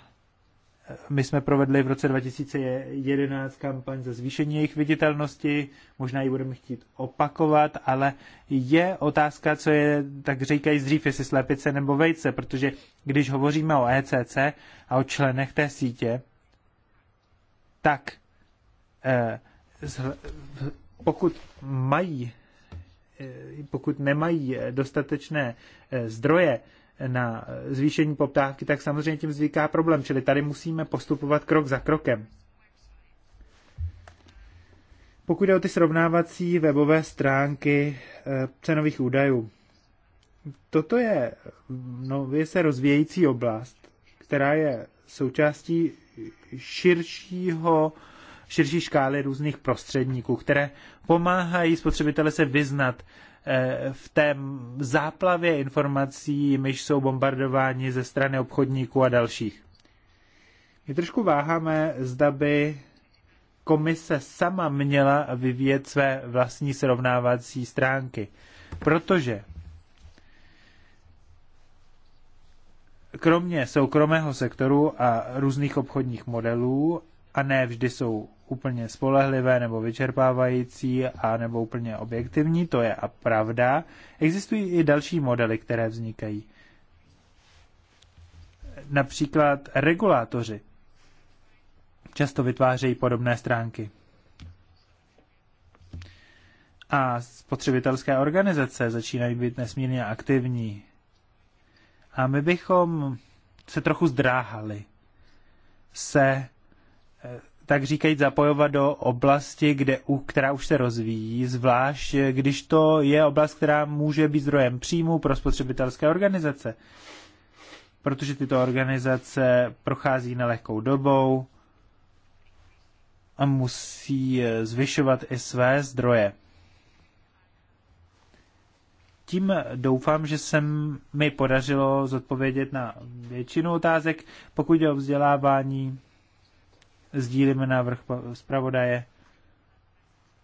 eh, my jsme provedli v roce 2011 kampaň za zvýšení jejich viditelnosti, možná ji budeme chtít opakovat, ale je otázka, co je, tak říkají dřív, jestli slepice nebo vejce, protože když hovoříme o ECC a o členech té sítě, tak eh, pokud mají Eh, pokud nemají eh, dostatečné eh, zdroje na zvýšení poptávky, tak samozřejmě tím vzniká problém. Čili tady musíme postupovat krok za krokem. Pokud jde o ty srovnávací webové stránky cenových údajů, toto je mm, nově se rozvíjející oblast, která je součástí širšího širší škály různých prostředníků, které pomáhají spotřebitele se vyznat eh, v té záplavě informací, myž jsou bombardováni ze strany obchodníků a dalších. My trošku váháme, zda by komise sama měla vyvíjet své vlastní srovnávací stránky, protože kromě soukromého sektoru a různých obchodních modelů a ne vždy jsou úplně spolehlivé nebo vyčerpávající a nebo úplně objektivní, to je a pravda. Existují i další modely, které vznikají. Například regulátoři často vytvářejí podobné stránky. A spotřebitelské organizace začínají být nesmírně aktivní. A my bychom se trochu zdráhali se tak říkají zapojovat do oblasti, kde, která už se rozvíjí, zvlášť eh, když to je oblast, která může být zdrojem příjmu pro spotřebitelské organizace. Protože tyto organizace prochází nelehkou dobou a musí eh, zvyšovat i své zdroje. Tím eh, doufám, že se mi podařilo zodpovědět na většinu otázek. Pokud jde o vzdělávání, sdílíme návrh zpravodaje,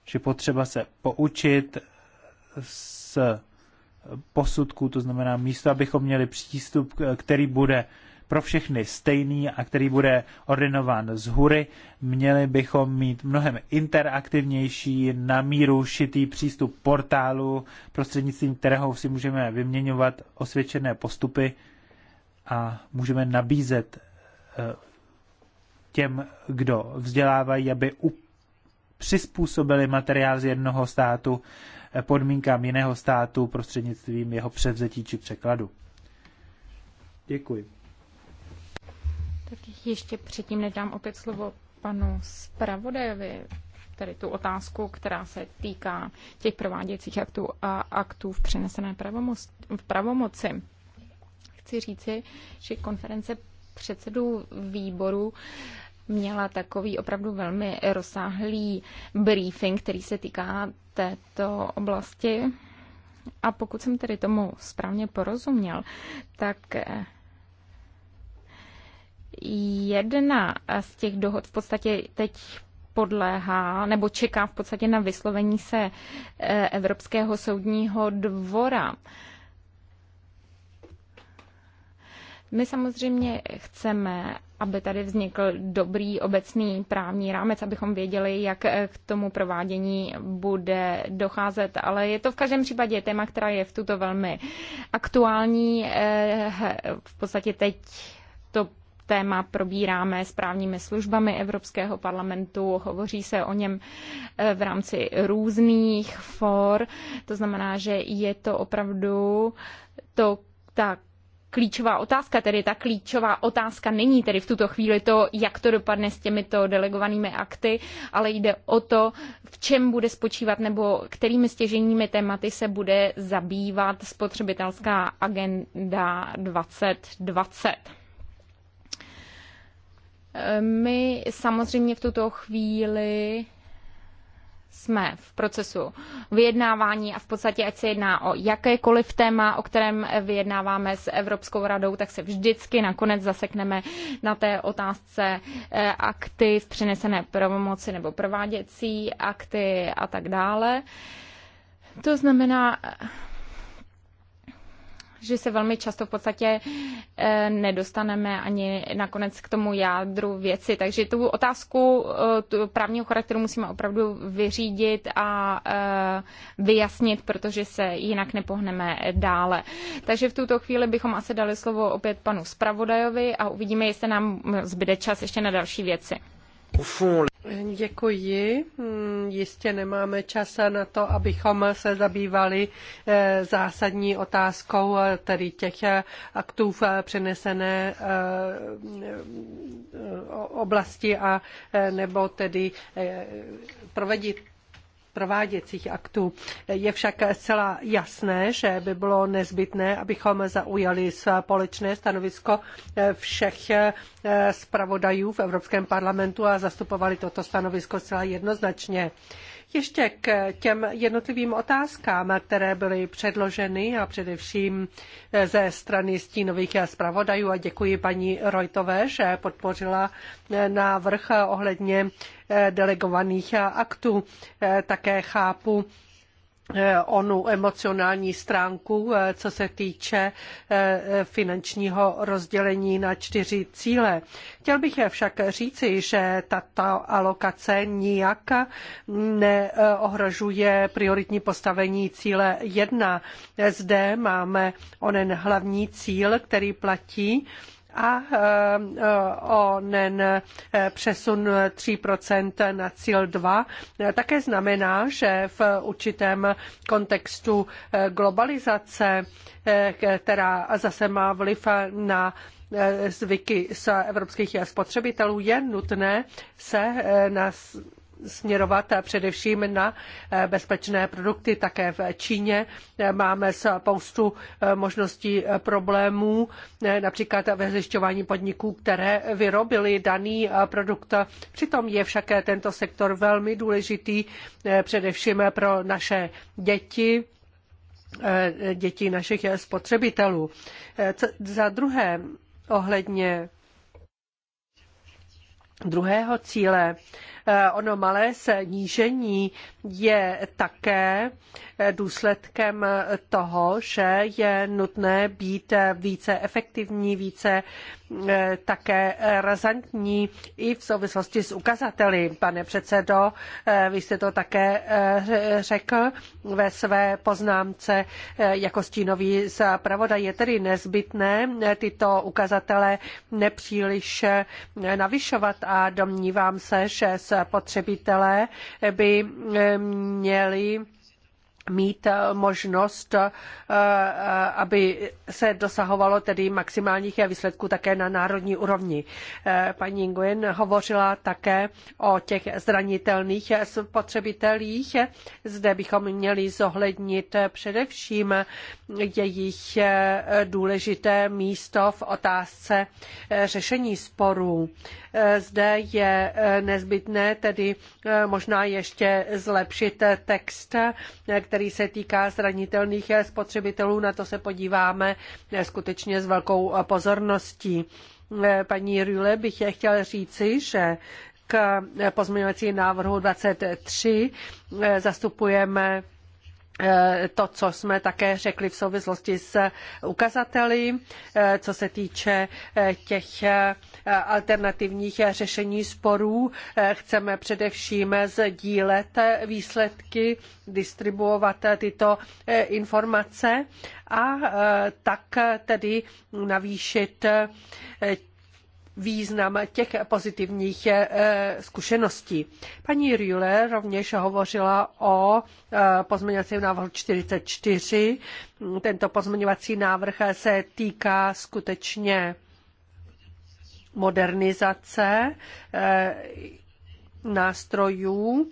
že potřeba se poučit z posudků, to znamená místo, abychom měli přístup, který bude pro všechny stejný a který bude ordinován z hůry, měli bychom mít mnohem interaktivnější, na míru šitý přístup portálu, prostřednictvím kterého si můžeme vyměňovat osvědčené postupy a můžeme nabízet eh, těm, kdo vzdělávají, aby u, přizpůsobili materiál z jednoho státu eh, podmínkám jiného státu prostřednictvím jeho převzetí či překladu. Děkuji. Tak ještě předtím nedám opět slovo panu zpravodajovi, tedy tu otázku, která se týká těch prováděcích aktů a aktů v přenesené pravomoc, v pravomoci. Chci říci, že konference předsedů výboru měla takový opravdu velmi rozsáhlý briefing, který se týká této oblasti. A pokud jsem tedy tomu správně porozuměl, tak eh, jedna z těch dohod v podstatě teď podléhá nebo čeká v podstatě na vyslovení se eh, Evropského soudního dvora. My samozřejmě chceme, aby tady vznikl dobrý obecný právní rámec, abychom věděli, jak eh, k tomu provádění bude docházet. Ale je to v každém případě téma, která je v tuto velmi aktuální. Eh, v podstatě teď to téma probíráme s právními službami Evropského parlamentu, hovoří se o něm eh, v rámci různých for, to znamená, že je to opravdu to, ta klíčová otázka, tedy ta klíčová otázka není tedy v tuto chvíli to, jak to dopadne s těmito delegovanými akty, ale jde o to, v čem bude spočívat nebo kterými stěženími tématy se bude zabývat spotřebitelská agenda 2020. Ehm, my samozřejmě v tuto chvíli jsme v procesu vyjednávání a v podstatě, ať se jedná o jakékoliv téma, o kterém vyjednáváme s Evropskou radou, tak se vždycky nakonec zasekneme na té otázce eh, akty v přinesené pravomoci nebo prováděcí akty a tak dále. To znamená, že se velmi často v podstatě eh, nedostaneme ani nakonec k tomu jádru věci. Takže tu otázku eh, tu právního charakteru musíme opravdu vyřídit a eh, vyjasnit, protože se jinak nepohneme dále. Takže v tuto chvíli bychom asi dali slovo opět panu zpravodajovi a uvidíme, jestli nám zbyde čas ještě na další věci. Děkuji. Hmm, jistě nemáme čas na to, abychom se zabývali eh, zásadní otázkou, eh, tedy těch eh, aktů v přenesené oblasti a nebo tedy proveditelnosti prováděcích aktů. Je však zcela jasné, že by bylo nezbytné, abychom zaujali společné stanovisko všech eh, zpravodajů v Evropském parlamentu a zastupovali toto stanovisko zcela jednoznačně. Ještě k těm jednotlivým otázkám, které byly předloženy a především eh, ze strany stínových zpravodajů a děkuji paní Rojtové, že podpořila eh, návrh eh, ohledně delegovaných aktů. Také chápu Eh, onu emocionální stránku, eh, co se týče eh, finančního rozdělení na čtyři cíle. Chtěl bych však říci, že tato alokace nijak neohrožuje prioritní postavení cíle 1. Zde máme onen hlavní cíl, který platí a eh, eh, onen eh, přesun 3% na cíl 2 také znamená, že v určitém kontextu globalizace, která zase má vliv na zvyky z evropských spotřebitelů, je nutné se na směrovat především na eh, bezpečné produkty. Také v Číně eh, máme spoustu eh, možností problémů, například ve zjišťování podniků, které vyrobily daný produkt. Přitom je však tento sektor velmi důležitý především pro naše děti děti našich spotřebitelů. Za druhé, ohledně druhého cíle Eh, ono malé snížení je také eh, důsledkem toho, že je nutné být více efektivní, více eh, také razantní i v souvislosti s ukazateli. Pane předsedo, vy jste to také řekl ve své poznámce jako stínový zpravodaj. Je tedy nezbytné tyto ukazatele nepříliš navyšovat a domnívám se, že s spotřebitelé by měli mít eh, možnost, eh, eh, aby se dosahovalo tedy maximálních výsledků také na národní úrovni. Paní Nguyen hovořila také o těch zranitelných spotřebitelích. Zde bychom měli zohlednit především jejich důležité místo v otázce řešení sporů. Zde je nezbytné tedy možná ještě zlepšit text, který který se týká zranitelných spotřebitelů. Na to se podíváme eh, skutečně s velkou eh, pozorností. Eh, paní Rüle bych chtěla říci, že k pozměňovací návrhu 23 zastupujeme Eh, to, co jsme také řekli v souvislosti s eh, ukazateli, eh, co se týče těch alternativních řešení sporů. Chceme především sdílet výsledky, distribuovat tyto informace a tak tedy navýšit význam těch pozitivních eh, zkušeností. Paní Rühle rovněž hovořila o eh, pozměňovacím návrhu 44. Tento pozměňovací návrh se týká skutečně modernizace eh, nástrojů,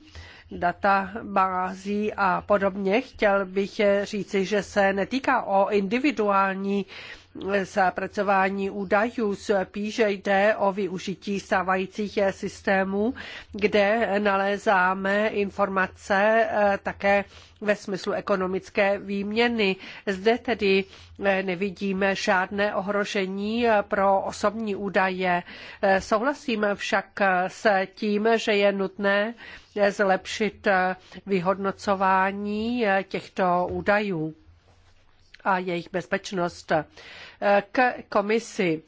databází a podobně. Chtěl bych říci, že se netýká o individuální uh, zapracování údajů, spíše jde o využití stávajících systémů, kde nalézáme informace eh, také ve smyslu ekonomické výměny. Zde tedy eh, nevidíme žádné ohrožení eh, pro osobní údaje. Souhlasím však s tím, že je nutné zlepšit vyhodnocování těchto údajů a jejich bezpečnost. K komisi.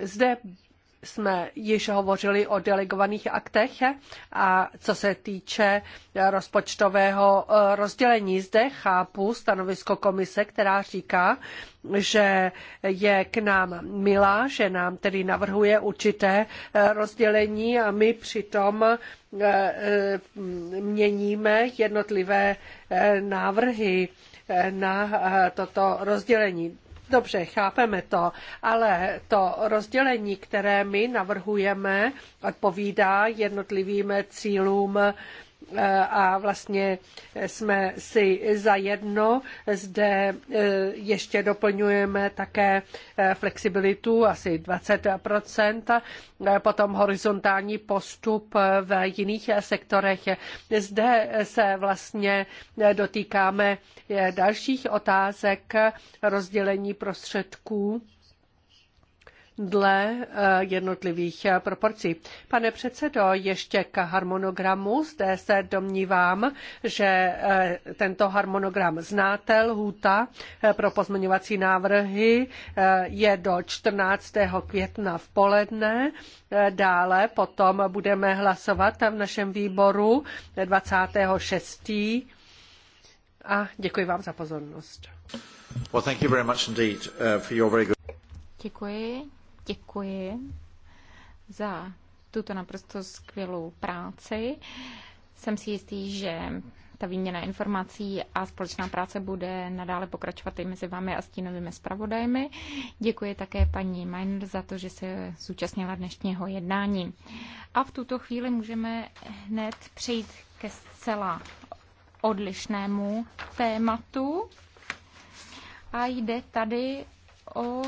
Zde jsme již hovořili o delegovaných aktech a co se týče rozpočtového eh, rozdělení, zde chápu stanovisko komise, která říká, že je k nám milá, že nám tedy navrhuje určité eh, rozdělení a my přitom eh, měníme jednotlivé návrhy na eh, toto rozdělení. Dobře, chápeme to, ale to rozdělení, které my navrhujeme, odpovídá jednotlivým cílům a vlastně jsme si zajedno. Zde e, ještě doplňujeme také e, flexibilitu asi 20 potom horizontální postup e, v jiných sektorech. Zde se vlastně dotýkáme dalších otázek rozdělení prostředků dle eh, jednotlivých eh, proporcí. Pane předsedo, ještě k harmonogramu. Zde se domnívám, že eh, tento harmonogram znáte. Lhůta pro pozměňovací návrhy je do 14. května v poledne. Dále potom budeme hlasovat v našem výboru 26. A děkuji vám za pozornost. Well, thank you very much indeed for your very good... Děkuji děkuji za tuto naprosto skvělou práci. Jsem si jistý, že ta výměna informací a společná práce bude nadále pokračovat i mezi vámi a stínovými zpravodajmi. Děkuji také paní Miner za to, že se zúčastnila dnešního jednání. A v tuto chvíli můžeme hned přejít ke zcela odlišnému tématu. A jde tady o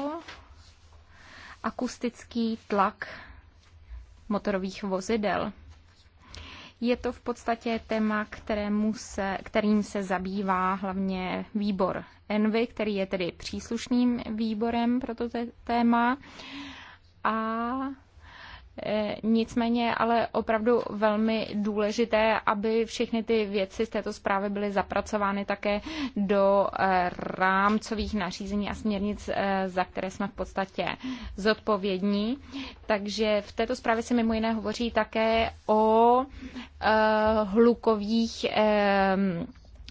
akustický tlak motorových vozidel. Je to v podstatě téma, kterému se, kterým se zabývá hlavně výbor ENVY, který je tedy příslušným výborem pro toto téma. A E, nicméně ale opravdu velmi důležité, aby všechny ty věci z této zprávy byly zapracovány také do e, rámcových nařízení a směrnic, e, za které jsme v podstatě zodpovědní. Takže v této zprávě se mimo jiné hovoří také o hlukových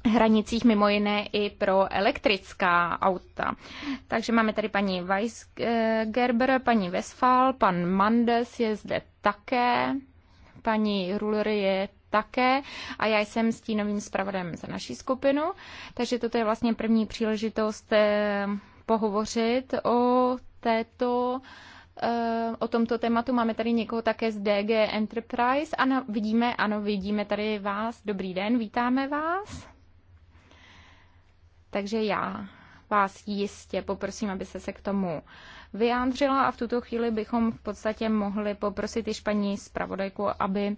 hranicích mimo jiné i pro elektrická auta. Takže máme tady paní Weisgerber, paní Westphal, pan Mandes je zde také, paní Ruller je také a já jsem stínovým zpravodem za naší skupinu, takže toto je vlastně první příležitost eh, pohovořit o této eh, o tomto tématu. Máme tady někoho také z DG Enterprise. Ano, vidíme, ano, vidíme tady vás. Dobrý den, vítáme vás. Takže já vás jistě poprosím, aby se se k tomu vyjádřila a v tuto chvíli bychom v podstatě mohli poprosit již paní zpravodajku, aby,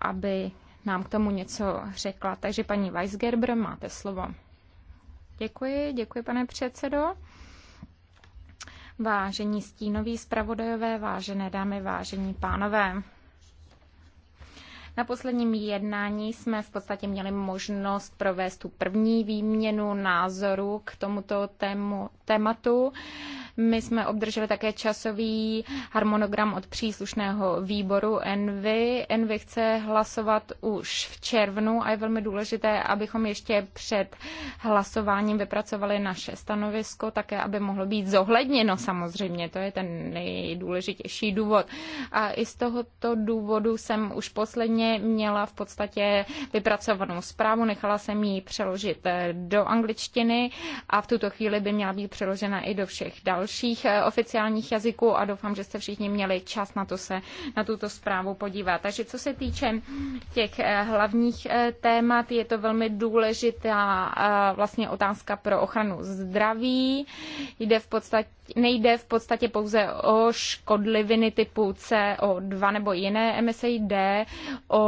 aby nám k tomu něco řekla. Takže paní Weisgerber, máte slovo. Děkuji, děkuji pane předsedo. Vážení stínoví zpravodajové, vážené dámy, vážení pánové. Na posledním jednání jsme v podstatě měli možnost provést tu první výměnu názoru k tomuto tému, tématu. My jsme obdrželi také časový harmonogram od příslušného výboru Envy. Envy chce hlasovat už v červnu a je velmi důležité, abychom ještě před hlasováním vypracovali naše stanovisko, také aby mohlo být zohledněno samozřejmě. To je ten nejdůležitější důvod. A i z tohoto důvodu jsem už posledně měla v podstatě vypracovanou zprávu, nechala jsem ji přeložit do angličtiny a v tuto chvíli by měla být přeložena i do všech dalších dalších eh, oficiálních jazyků a doufám, že jste všichni měli čas na to se na tuto zprávu podívat. Takže co se týče těch eh, hlavních eh, témat, je to velmi důležitá vlastně otázka pro ochranu zdraví. Jde v podstatě nejde v podstatě pouze o škodliviny typu CO2 nebo jiné emise, jde o,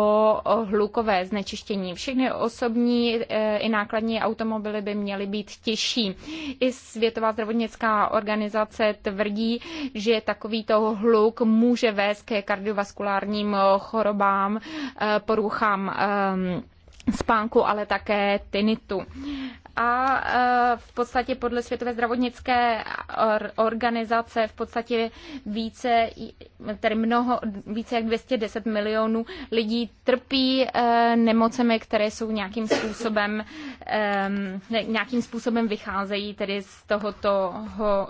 o hlukové znečištění. Všechny osobní e, i nákladní automobily by měly být těžší. I Světová zdravotnická organizace tvrdí, že takovýto hluk může vést ke kardiovaskulárním chorobám, e, poruchám e, spánku, ale také tinitu a e, v podstatě podle Světové zdravotnické organizace v podstatě více, tedy mnoho, více jak 210 milionů lidí trpí e, nemocemi, které jsou nějakým způsobem, e, nějakým způsobem vycházejí tedy z tohoto,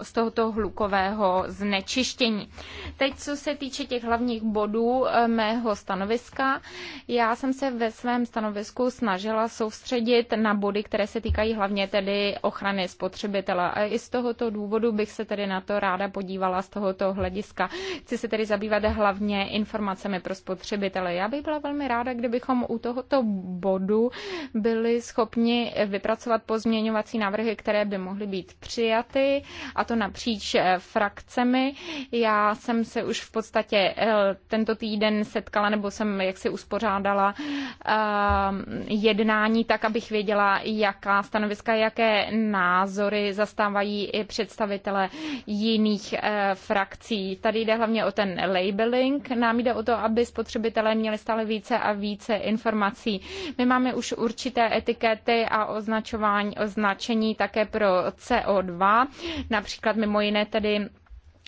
z tohoto hlukového znečištění. Teď, co se týče těch hlavních bodů mého stanoviska, já jsem se ve svém stanovisku snažila soustředit na body, které se týkají hlavně tedy ochrany spotřebitela. A i z tohoto důvodu bych se tedy na to ráda podívala z tohoto hlediska. Chci se tedy zabývat hlavně informacemi pro spotřebitele. Já bych byla velmi ráda, kdybychom u tohoto bodu byli schopni vypracovat pozměňovací návrhy, které by mohly být přijaty, a to napříč eh, frakcemi. Já jsem se už v podstatě eh, tento týden setkala, nebo jsem jak si uspořádala eh, jednání tak, abych věděla, jaká stanoviska stanoviska, jaké názory zastávají i představitele jiných eh, frakcí. Tady jde hlavně o ten labeling. Nám jde o to, aby spotřebitelé měli stále více a více informací. My máme už určité etikety a označování, označení také pro CO2, například mimo jiné tedy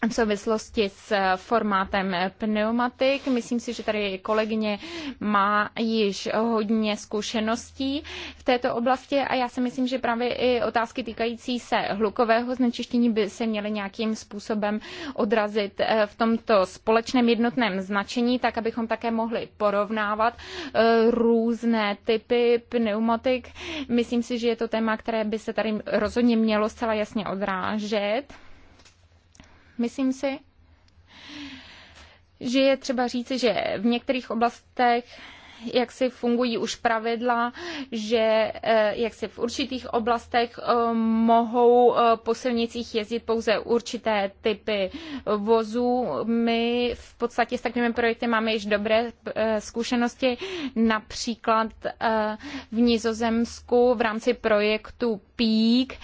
v souvislosti s eh, formátem eh, pneumatik. Myslím si, že tady kolegyně má již hodně zkušeností v této oblasti a já si myslím, že právě i otázky týkající se hlukového znečištění by se měly nějakým způsobem odrazit eh, v tomto společném jednotném značení, tak abychom také mohli porovnávat různé typy pneumatik. Myslím si, že je to téma, které by se tady rozhodně mělo zcela jasně odrážet. Myslím si, že je třeba říci, že v některých oblastech jak si fungují už pravidla, že eh, jak si v určitých oblastech eh, mohou eh, po silnicích jezdit pouze určité typy vozů. My v podstatě s takovými projekty máme již dobré zkušenosti, například v Nizozemsku v rámci projektu PEAK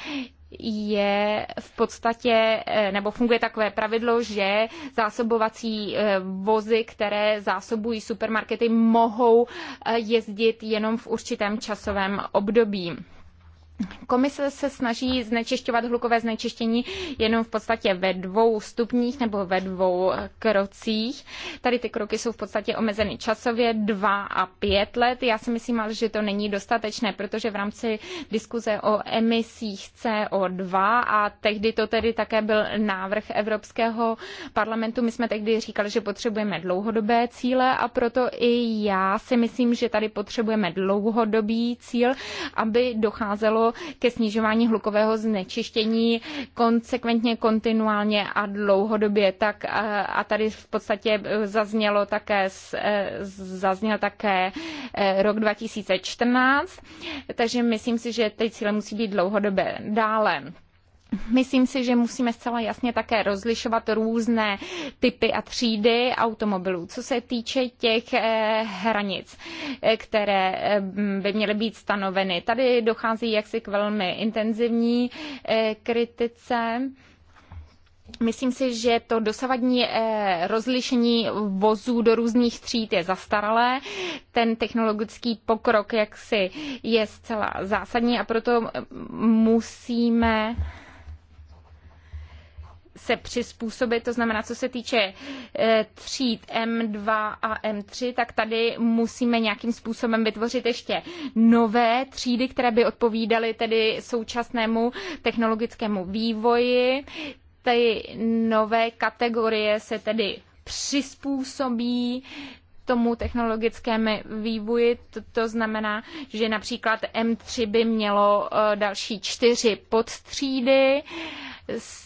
je v podstatě, eh, nebo funguje takové pravidlo, že zásobovací eh, vozy, které zásobují supermarkety, mohou eh, jezdit jenom v určitém časovém období. Komise se snaží znečišťovat hlukové znečištění jenom v podstatě ve dvou stupních nebo ve dvou eh, krocích. Tady ty kroky jsou v podstatě omezeny časově dva a pět let. Já si myslím ale, že to není dostatečné, protože v rámci diskuze o emisích CO2 a tehdy to tedy také byl návrh Evropského parlamentu. My jsme tehdy říkali, že potřebujeme dlouhodobé cíle a proto i já si myslím, že tady potřebujeme dlouhodobý cíl, aby docházelo ke snižování hlukového znečištění konsekventně, kontinuálně a dlouhodobě. Tak a tady v podstatě e, zaznělo také, e, zazněl také e, rok 2014, takže myslím si, že teď cíle musí být dlouhodobé. Dále Myslím si, že musíme zcela jasně také rozlišovat různé typy a třídy automobilů. Co se týče těch eh, hranic, eh, které eh, by měly být stanoveny, tady dochází jaksi k velmi intenzivní kritice. Myslím si, že to dosavadní rozlišení vozů do různých tříd je zastaralé. Ten technologický pokrok jaksi je zcela zásadní a proto musíme se přizpůsobit, to znamená, co se týče eh, tříd M2 a M3, tak tady musíme nějakým způsobem vytvořit ještě nové třídy, které by odpovídaly tedy současnému technologickému vývoji. Ty nové kategorie se tedy přizpůsobí tomu technologickému vývoji. To, to znamená, že například M3 by mělo eh, další čtyři podstřídy. S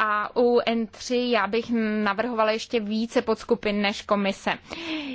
a u N3 já bych navrhovala ještě více podskupin než komise.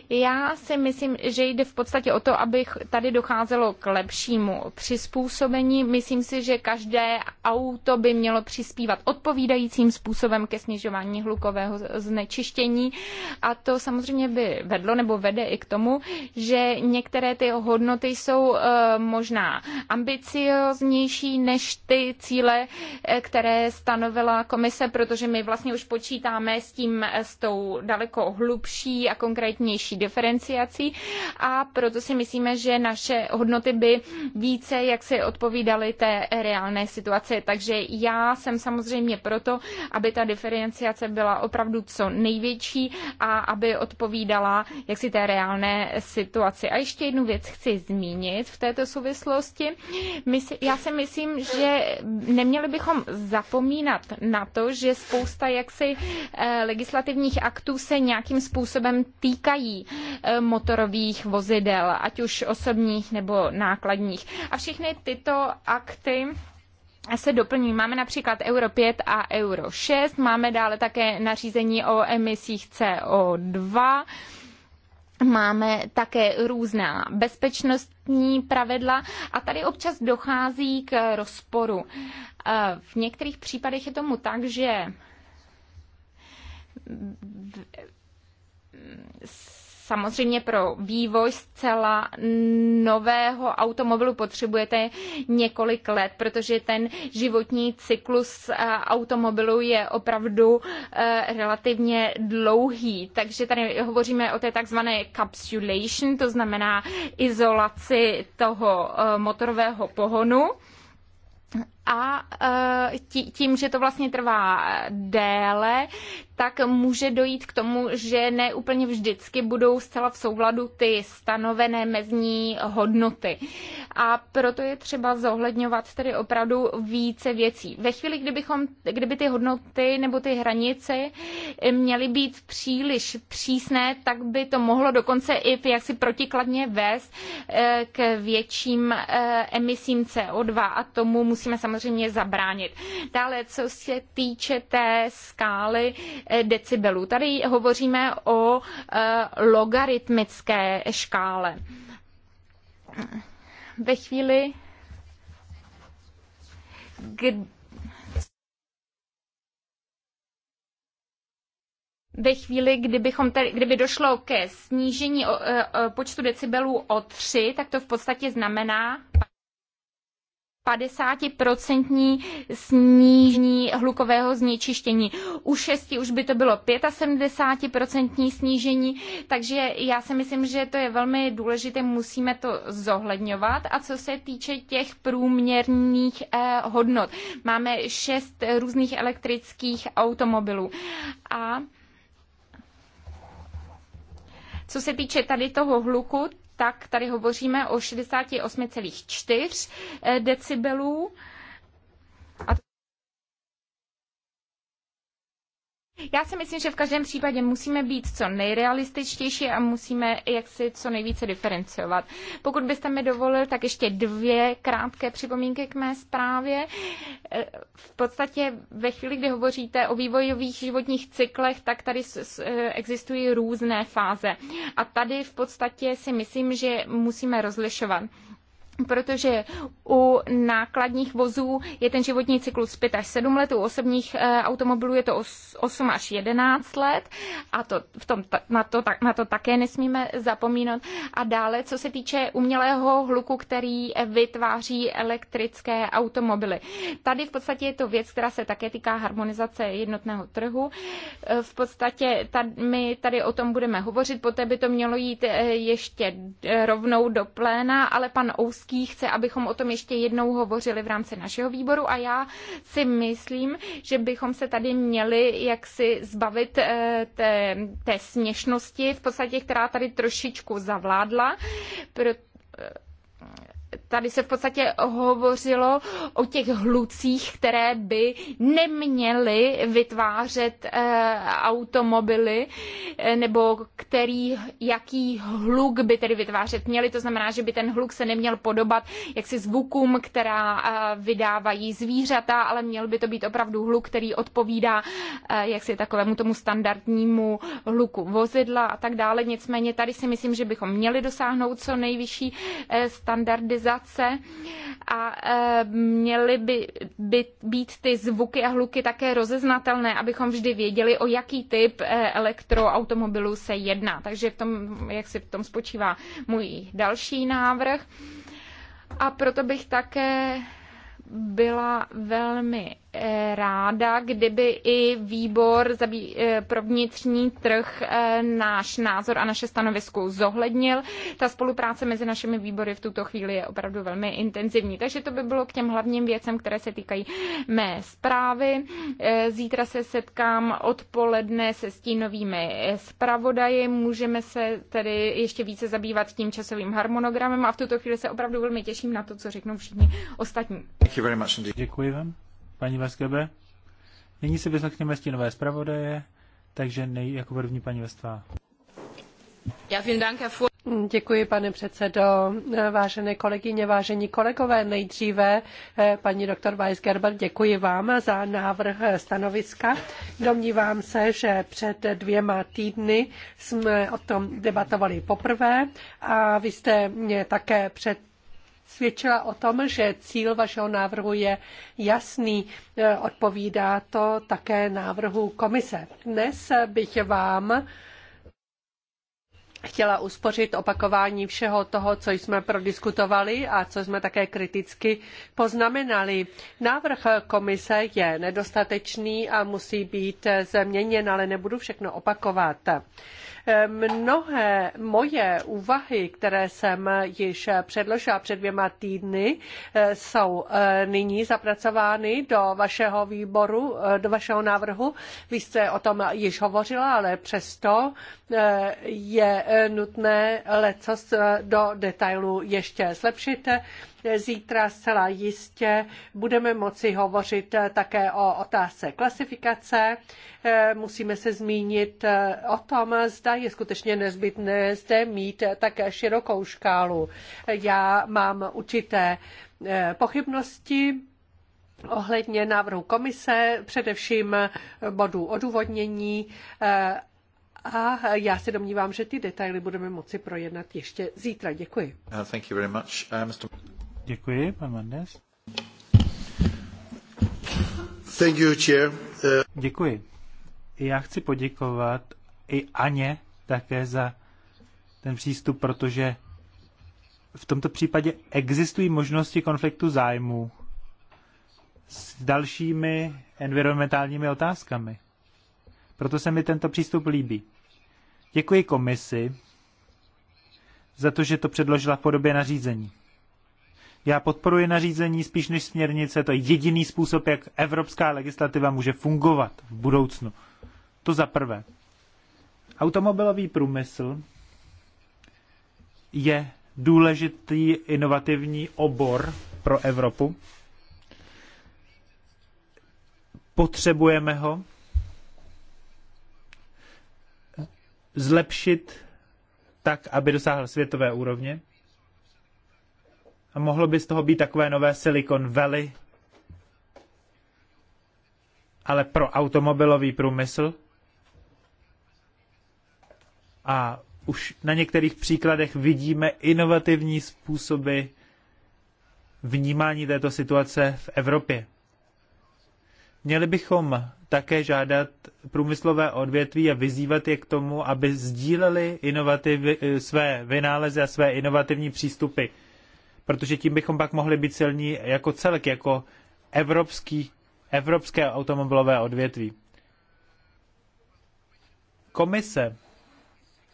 Já si myslím, že jde v podstatě o to, aby tady docházelo k lepšímu přizpůsobení. Myslím si, že každé auto by mělo přispívat odpovídajícím způsobem ke snižování hlukového znečištění a to samozřejmě by vedlo nebo vede i k tomu, že některé ty hodnoty jsou eh, možná ambicioznější než ty cíle, eh, které stanovila komise komise, protože my vlastně už počítáme s tím, s tou daleko hlubší a konkrétnější diferenciací a proto si myslíme, že naše hodnoty by více jak se odpovídaly té reálné situaci. Takže já jsem samozřejmě proto, aby ta diferenciace byla opravdu co největší a aby odpovídala jak si té reálné situaci. A ještě jednu věc chci zmínit v této souvislosti. já si myslím, že neměli bychom zapomínat na to, že spousta jaksi eh, legislativních aktů se nějakým způsobem týkají eh, motorových vozidel, ať už osobních nebo nákladních. A všechny tyto akty se doplňují. Máme například Euro 5 a Euro 6, máme dále také nařízení o emisích CO2, máme také různá bezpečnostní pravidla a tady občas dochází k rozporu. Eh, v některých případech je tomu tak, že samozřejmě pro vývoj zcela nového automobilu potřebujete několik let, protože ten životní cyklus eh, automobilu je opravdu eh, relativně dlouhý. Takže tady hovoříme o té takzvané capsulation, to znamená izolaci toho eh, motorového pohonu. A tím, že to vlastně trvá déle, tak může dojít k tomu, že ne úplně vždycky budou zcela v souladu ty stanovené mezní hodnoty. A proto je třeba zohledňovat tedy opravdu více věcí. Ve chvíli, kdybychom, kdyby ty hodnoty nebo ty hranice měly být příliš přísné, tak by to mohlo dokonce i jaksi protikladně vést eh, k větším eh, emisím CO2 a tomu musíme samozřejmě zabránit. Dále, co se týče té skály Eh, decibelů. Tady hovoříme o eh, logaritmické škále. Ve chvíli, kdy ve chvíli, kdybychom kdyby došlo ke snížení o, eh, o, počtu decibelů o 3, tak to v podstatě znamená 50% snížení hlukového znečištění. U 6 už by to bylo 75% snížení, takže já si myslím, že to je velmi důležité, musíme to zohledňovat. A co se týče těch průměrných eh, hodnot, máme 6 různých elektrických automobilů. A co se týče tady toho hluku, tak tady hovoříme o 68,4 decibelů Já si myslím, že v každém případě musíme být co nejrealističtější a musíme jaksi co nejvíce diferencovat. Pokud byste mi dovolil, tak ještě dvě krátké připomínky k mé zprávě. V podstatě ve chvíli, kdy hovoříte o vývojových životních cyklech, tak tady existují různé fáze. A tady v podstatě si myslím, že musíme rozlišovat protože u nákladních vozů je ten životní cyklus 5 až 7 let, u osobních eh, automobilů je to 8 až 11 let a to, v tom, na, to, na to také nesmíme zapomínat. A dále, co se týče umělého hluku, který vytváří elektrické automobily. Tady v podstatě je to věc, která se také týká harmonizace jednotného trhu. Eh, v podstatě tady, my tady o tom budeme hovořit, poté by to mělo jít eh, ještě rovnou do pléna, ale pan Ous Levandovský chce, abychom o tom ještě jednou hovořili v rámci našeho výboru a já si myslím, že bychom se tady měli jaksi zbavit eh, té, té směšnosti, v podstatě, která tady trošičku zavládla, Tady se v podstatě hovořilo o těch hlucích, které by neměly vytvářet eh, automobily, eh, nebo který, jaký hluk by tedy vytvářet měly. To znamená, že by ten hluk se neměl podobat jaksi zvukům, která eh, vydávají zvířata, ale měl by to být opravdu hluk, který odpovídá jaksi takovému tomu standardnímu hluku vozidla a tak dále. Nicméně tady si myslím, že bychom měli dosáhnout co nejvyšší standardizace práce a e, měly by, by být ty zvuky a hluky také rozeznatelné, abychom vždy věděli, o jaký typ e, elektroautomobilu se jedná. Takže v tom, jak si v tom spočívá můj další návrh. A proto bych také byla velmi ráda, kdyby i výbor eh, pro vnitřní trh eh, náš názor a naše stanovisko zohlednil. Ta spolupráce mezi našimi výbory v tuto chvíli je opravdu velmi intenzivní. Takže to by bylo k těm hlavním věcem, které se týkají mé zprávy. Eh, zítra se setkám odpoledne se stínovými zpravodaji. Můžeme se tedy ještě více zabývat tím časovým harmonogramem a v tuto chvíli se opravdu velmi těším na to, co řeknou všichni ostatní. Děkuji vám paní Veskebe. Nyní si vyslechneme stínové zpravodaje, takže nej, jako první paní Vestvá. Já vím, Dank, Herr Děkuji, pane předsedo. Vážené kolegyně, vážení kolegové, nejdříve eh, paní doktor Weisgerber, děkuji vám za návrh stanoviska. Domnívám se, že před dvěma týdny jsme o tom debatovali poprvé a vy jste mě také před svědčila o tom, že cíl vašeho návrhu je jasný. E, odpovídá to také návrhu komise. Dnes bych vám chtěla uspořit opakování všeho toho, co jsme prodiskutovali a co jsme také kriticky poznamenali. Návrh komise je nedostatečný a musí být změněn, ale nebudu všechno opakovat. Mnohé moje úvahy, které jsem již předložila před dvěma týdny, eh, jsou eh, nyní zapracovány do vašeho výboru, eh, do vašeho návrhu. Vy jste o tom již hovořila, ale přesto je nutné lecos do detailu ještě zlepšit. Zítra zcela jistě budeme moci hovořit eh, také o otázce klasifikace. Eh, musíme se zmínit eh, o tom, zda je skutečně nezbytné zde mít také širokou škálu. Já mám určité pochybnosti, ohledně návrhu komise, především bodů odůvodnění. A já se domnívám, že ty detaily budeme moci projednat ještě zítra. Děkuji. Uh, thank you very much. Uh, Mr. Děkuji, pan Mendes. Thank you, chair. Děkuji. Já chci poděkovat i Aně také za ten přístup, protože v tomto případě existují možnosti konfliktu zájmů s dalšími environmentálními otázkami. Proto se mi tento přístup líbí. Děkuji komisi za to, že to předložila v podobě nařízení. Já podporuji nařízení spíš než směrnice, to je jediný způsob, jak evropská legislativa může fungovat v budoucnu. To za prvé. Automobilový průmysl je důležitý inovativní obor pro Evropu. Potřebujeme ho zlepšit tak, aby dosáhl světové úrovně. A mohlo by z toho být takové nové Silicon Valley, ale pro automobilový průmysl. A už na některých příkladech vidíme inovativní způsoby vnímání této situace v Evropě. Měli bychom také žádat průmyslové odvětví a vyzývat je k tomu, aby sdíleli inovativ, své vynálezy a své inovativní přístupy protože tím bychom pak mohli být silní jako celek, jako evropský, evropské automobilové odvětví. Komise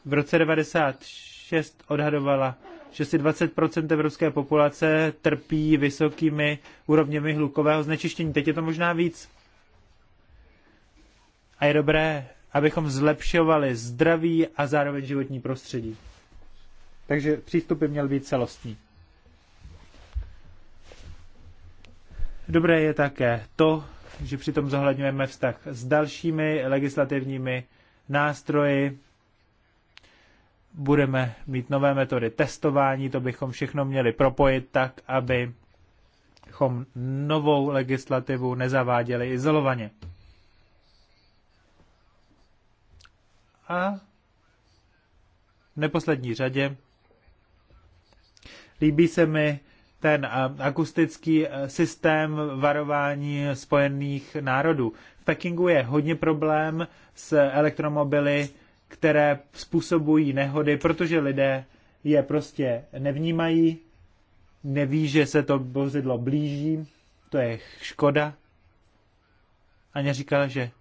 v roce 96 odhadovala, že si 20% evropské populace trpí vysokými úrovněmi hlukového znečištění. Teď je to možná víc. A je dobré, abychom zlepšovali zdraví a zároveň životní prostředí. Takže přístup by měl být celostní. Dobré je také to, že přitom zohledňujeme vztah s dalšími legislativními nástroji. Budeme mít nové metody testování, to bychom všechno měli propojit tak, abychom novou legislativu nezaváděli izolovaně. A v neposlední řadě líbí se mi ten akustický e, systém varování spojených národů. V Pekingu je hodně problém s elektromobily, které způsobují nehody, protože lidé je prostě nevnímají, neví, že se to vozidlo blíží, to je škoda. Aně říkala, že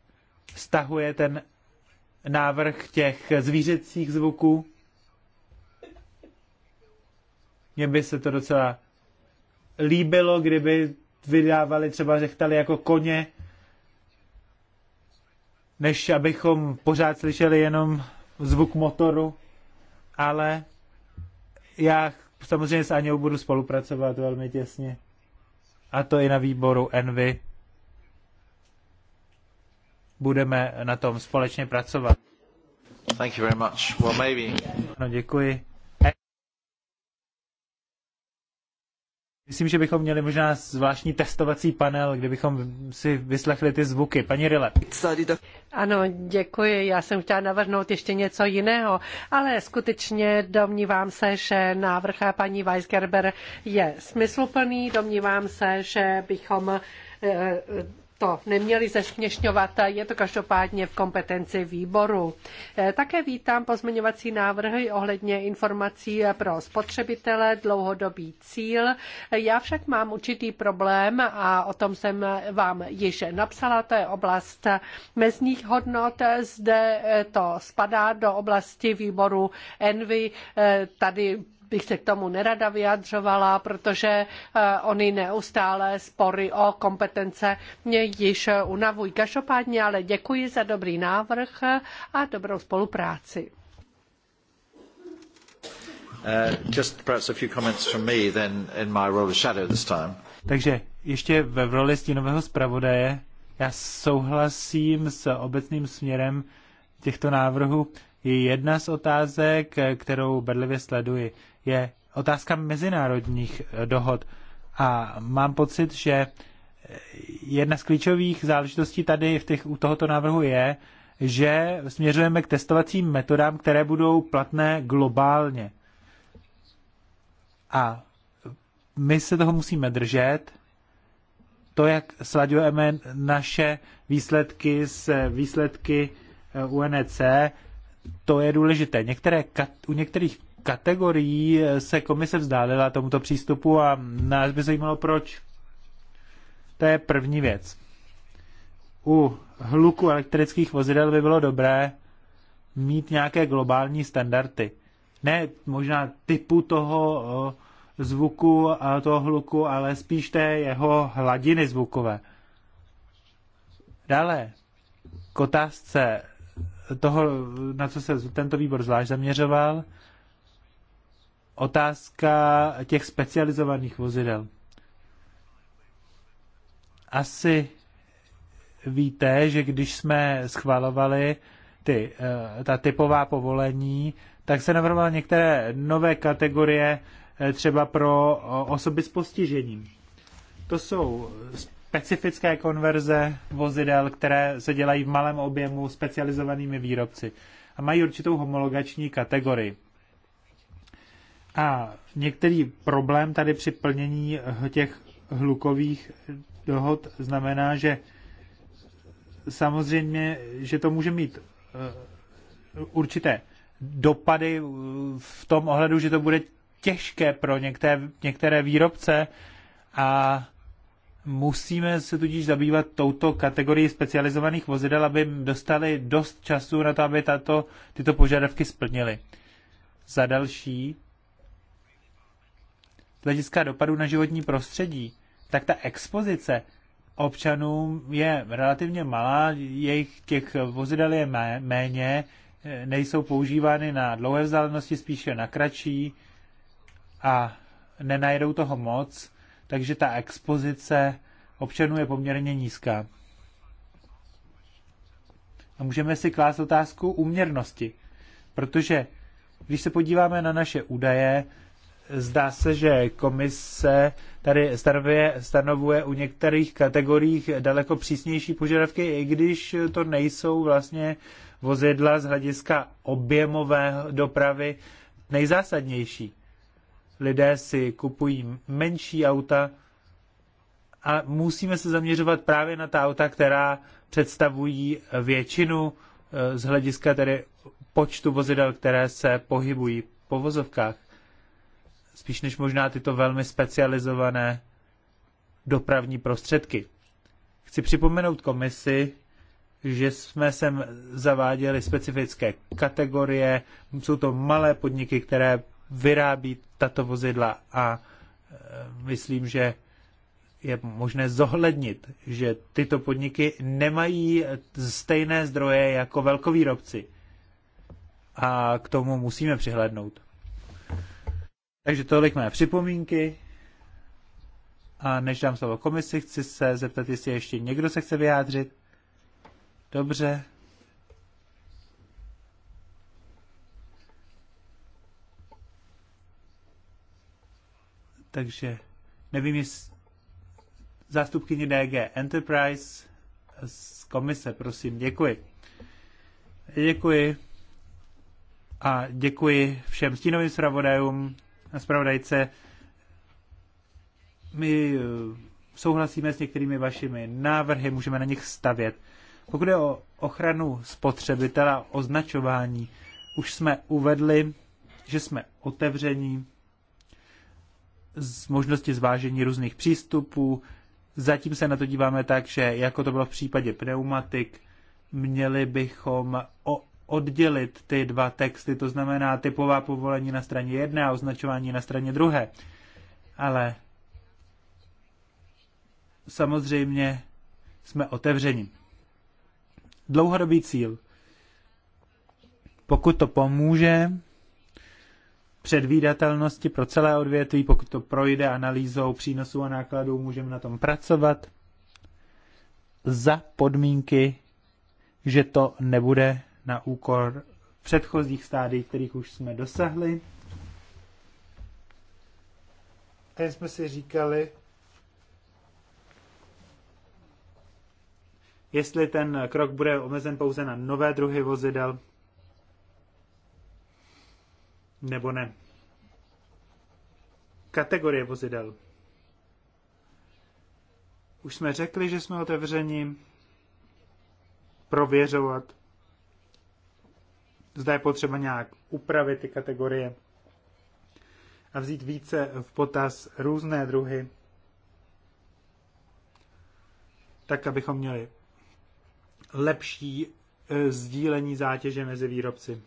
stahuje ten návrh těch zvířecích zvuků. Mně by se to docela líbilo, kdyby vydávali třeba řechtali jako koně, než abychom pořád slyšeli jenom zvuk motoru, ale já samozřejmě s Aněou budu spolupracovat velmi těsně. A to i na výboru Envy. Budeme na tom společně pracovat. Thank you very much. Well, maybe. No, děkuji. Myslím, že bychom měli možná zvláštní testovací panel, kde bychom si vyslechli ty zvuky. Paní Rile. Ano, děkuji. Já jsem chtěla navrhnout ještě něco jiného, ale skutečně domnívám se, že návrh paní Weisgerber je smysluplný. Domnívám se, že bychom eh, to neměli zesměšňovat, je to každopádně v kompetenci výboru. Eh, také vítám pozměňovací návrhy ohledně informací pro spotřebitele, dlouhodobý cíl. Eh, já však mám určitý problém a o tom jsem vám již napsala, to je oblast mezních hodnot. Zde eh, to spadá do oblasti výboru Envy. Tady bych se k tomu nerada vyjadřovala, protože eh, ony neustále spory o kompetence mě již eh, unavují. Každopádně ale děkuji za dobrý návrh eh, a dobrou spolupráci. Takže ještě ve roli stínového zpravodaje já souhlasím s obecným směrem těchto návrhů. Je jedna z otázek, kterou bedlivě sleduji je otázka mezinárodních eh, dohod. A mám pocit, že eh, jedna z klíčových záležitostí tady v těch, u tohoto návrhu je, že směřujeme k testovacím metodám, které budou platné globálně. A my se toho musíme držet. To, jak slaďujeme naše výsledky s eh, výsledky UNEC, to je důležité. Některé, u některých kategorií eh, se komise vzdálila tomuto přístupu a nás by zajímalo proč. To je první věc. U hluku elektrických vozidel by bylo dobré mít nějaké globální standardy. Ne možná typu toho eh, zvuku a toho hluku, ale spíš té jeho hladiny zvukové. Dále k otázce toho, na co se tento výbor zvlášť zaměřoval, otázka těch specializovaných vozidel. Asi víte, že když jsme schvalovali ty, eh, ta typová povolení, tak se navrhovaly některé nové kategorie eh, třeba pro osoby s postižením. To jsou specifické konverze vozidel, které se dělají v malém objemu specializovanými výrobci a mají určitou homologační kategorii. A některý problém tady při plnění těch hlukových dohod znamená, že samozřejmě, že to může mít eh, určité dopady v tom ohledu, že to bude těžké pro některé, některé výrobce a musíme se tudíž zabývat touto kategorii specializovaných vozidel, aby dostali dost času na to, aby tato, tyto požadavky splnili. Za další, z hlediska dopadu na životní prostředí, tak ta expozice občanům je relativně malá, jejich těch vozidel je méně, nejsou používány na dlouhé vzdálenosti, spíše na kratší a nenajdou toho moc, takže ta expozice občanů je poměrně nízká. A můžeme si klást otázku úměrnosti, protože když se podíváme na naše údaje, zdá se, že komise tady stanovuje, stanovuje u některých kategoriích daleko přísnější požadavky, i když to nejsou vlastně vozidla z hlediska objemové dopravy nejzásadnější. Lidé si kupují menší auta a musíme se zaměřovat právě na ta auta, která představují většinu eh, z hlediska tedy počtu vozidel, které se pohybují po vozovkách spíš než možná tyto velmi specializované dopravní prostředky. Chci připomenout komisi, že jsme sem zaváděli specifické kategorie. Jsou to malé podniky, které vyrábí tato vozidla a e, myslím, že je možné zohlednit, že tyto podniky nemají stejné zdroje jako velkovýrobci. A k tomu musíme přihlednout. Takže tolik mé připomínky. A než dám slovo komisi, chci se zeptat, jestli ještě někdo se chce vyjádřit. Dobře. Takže nevím, jestli zástupkyně DG Enterprise z komise, prosím, děkuji. Děkuji a děkuji všem stínovým zpravodajům, zpravodajce. My eh, souhlasíme s některými vašimi návrhy, můžeme na nich stavět. Pokud je o ochranu spotřebitela, označování, už jsme uvedli, že jsme otevření z možnosti zvážení různých přístupů. Zatím se na to díváme tak, že jako to bylo v případě pneumatik, měli bychom o oddělit ty dva texty, to znamená typová povolení na straně jedné a označování na straně druhé. Ale samozřejmě jsme otevřeni. Dlouhodobý cíl. Pokud to pomůže předvídatelnosti pro celé odvětví, pokud to projde analýzou přínosů a nákladů, můžeme na tom pracovat za podmínky, že to nebude na úkor předchozích stádií, kterých už jsme dosahli. A jsme si říkali, jestli ten krok bude omezen pouze na nové druhy vozidel, nebo ne. Kategorie vozidel. Už jsme řekli, že jsme otevřeni prověřovat zda je potřeba nějak upravit ty kategorie a vzít více v potaz různé druhy, tak abychom měli lepší e, sdílení zátěže mezi výrobci.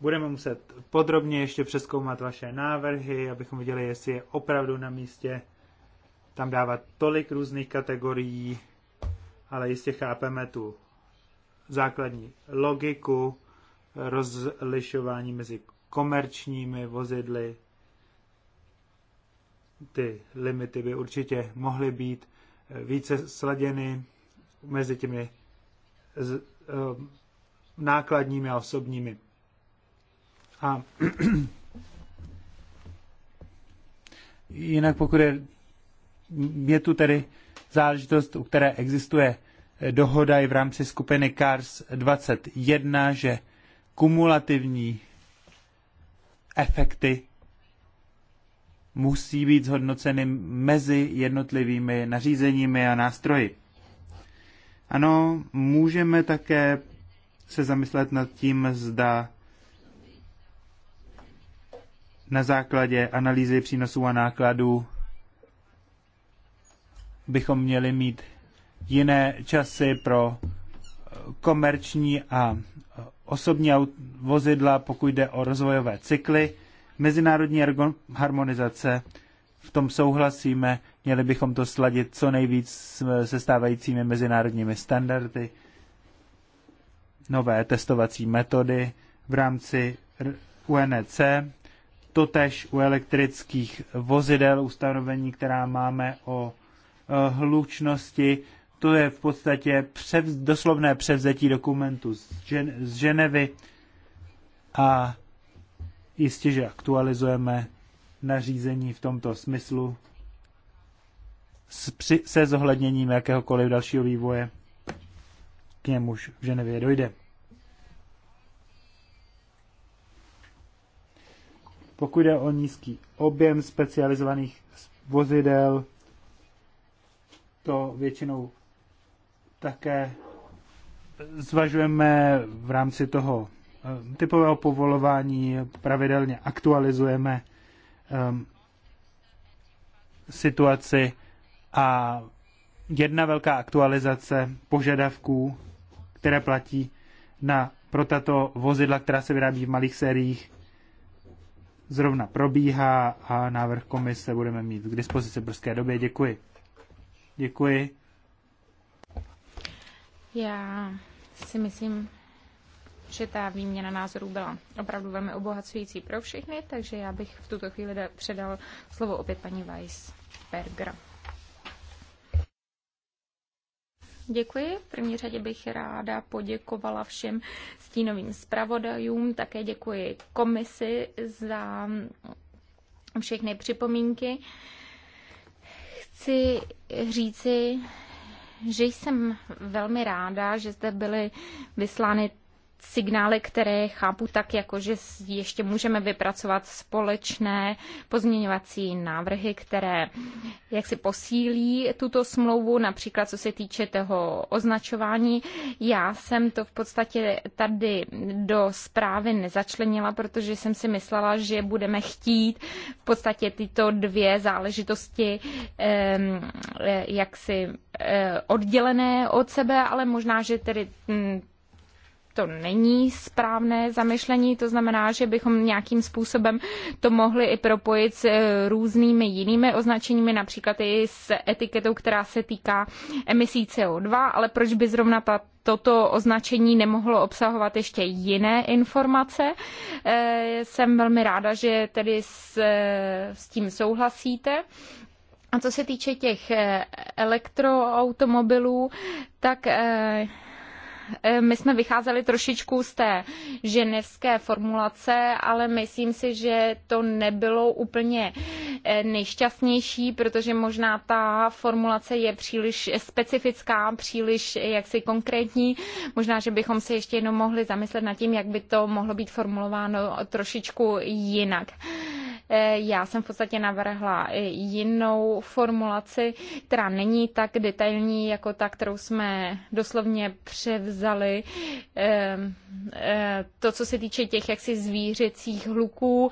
Budeme muset podrobně ještě přeskoumat vaše návrhy, abychom viděli, jestli je opravdu na místě tam dávat tolik různých kategorií, ale jistě chápeme tu základní logiku rozlišování mezi komerčními vozidly. Ty limity by určitě mohly být eh, více sladěny mezi těmi z, eh, nákladními a osobními. A jinak pokud je, je tu tedy záležitost, u které existuje dohoda i v rámci skupiny CARS 21, že kumulativní efekty musí být zhodnoceny mezi jednotlivými nařízeními a nástroji. Ano, můžeme také se zamyslet nad tím, zda na základě analýzy přínosů a nákladů bychom měli mít jiné časy pro eh, komerční a eh, osobní vozidla, pokud jde o rozvojové cykly. Mezinárodní harmonizace, v tom souhlasíme, měli bychom to sladit co nejvíc se stávajícími mezinárodními standardy, nové testovací metody v rámci UNEC, totež u elektrických vozidel ustanovení, která máme o eh, hlučnosti, to je v podstatě přev, doslovné převzetí dokumentu z, Žen, z Ženevy a jistě, že aktualizujeme nařízení v tomto smyslu s, při, se zohledněním jakéhokoliv dalšího vývoje k němuž v Ženevě dojde. Pokud jde o nízký objem specializovaných vozidel, to většinou také zvažujeme v rámci toho eh, typového povolování, pravidelně aktualizujeme um, situaci a jedna velká aktualizace požadavků, které platí na, pro tato vozidla, která se vyrábí v malých sériích, zrovna probíhá a návrh komise budeme mít k dispozici v brzké době. Děkuji. Děkuji. Já si myslím, že ta výměna názorů byla opravdu velmi obohacující pro všechny, takže já bych v tuto chvíli předal slovo opět paní Weisberger. Děkuji. V první řadě bych ráda poděkovala všem stínovým zpravodajům, také děkuji komisi za všechny připomínky. Chci říci, že jsem velmi ráda, že zde byly vyslány signály, které chápu tak, jako že ještě můžeme vypracovat společné pozměňovací návrhy, které jak si posílí tuto smlouvu, například co se týče toho označování. Já jsem to v podstatě tady do zprávy nezačlenila, protože jsem si myslela, že budeme chtít v podstatě tyto dvě záležitosti e, jak si e, oddělené od sebe, ale možná, že tedy mm, to není správné zamyšlení, to znamená, že bychom nějakým způsobem to mohli i propojit s eh, různými jinými označeními, například i s etiketou, která se týká emisí CO2, ale proč by zrovna ta toto označení nemohlo obsahovat ještě jiné informace. Eh, jsem velmi ráda, že tedy s, eh, s tím souhlasíte. A co se týče těch elektroautomobilů, tak Eh, my jsme vycházeli trošičku z té ženevské formulace, ale myslím si, že to nebylo úplně eh, nejšťastnější, protože možná ta formulace je příliš specifická, příliš eh, jaksi konkrétní. Možná, že bychom se ještě jednou mohli zamyslet nad tím, jak by to mohlo být formulováno trošičku jinak. Eh, já jsem v podstatě navrhla jinou formulaci, která není tak detailní jako ta, kterou jsme doslovně převzali. Ehm, eh, to, co se týče těch jaksi zvířecích hluků,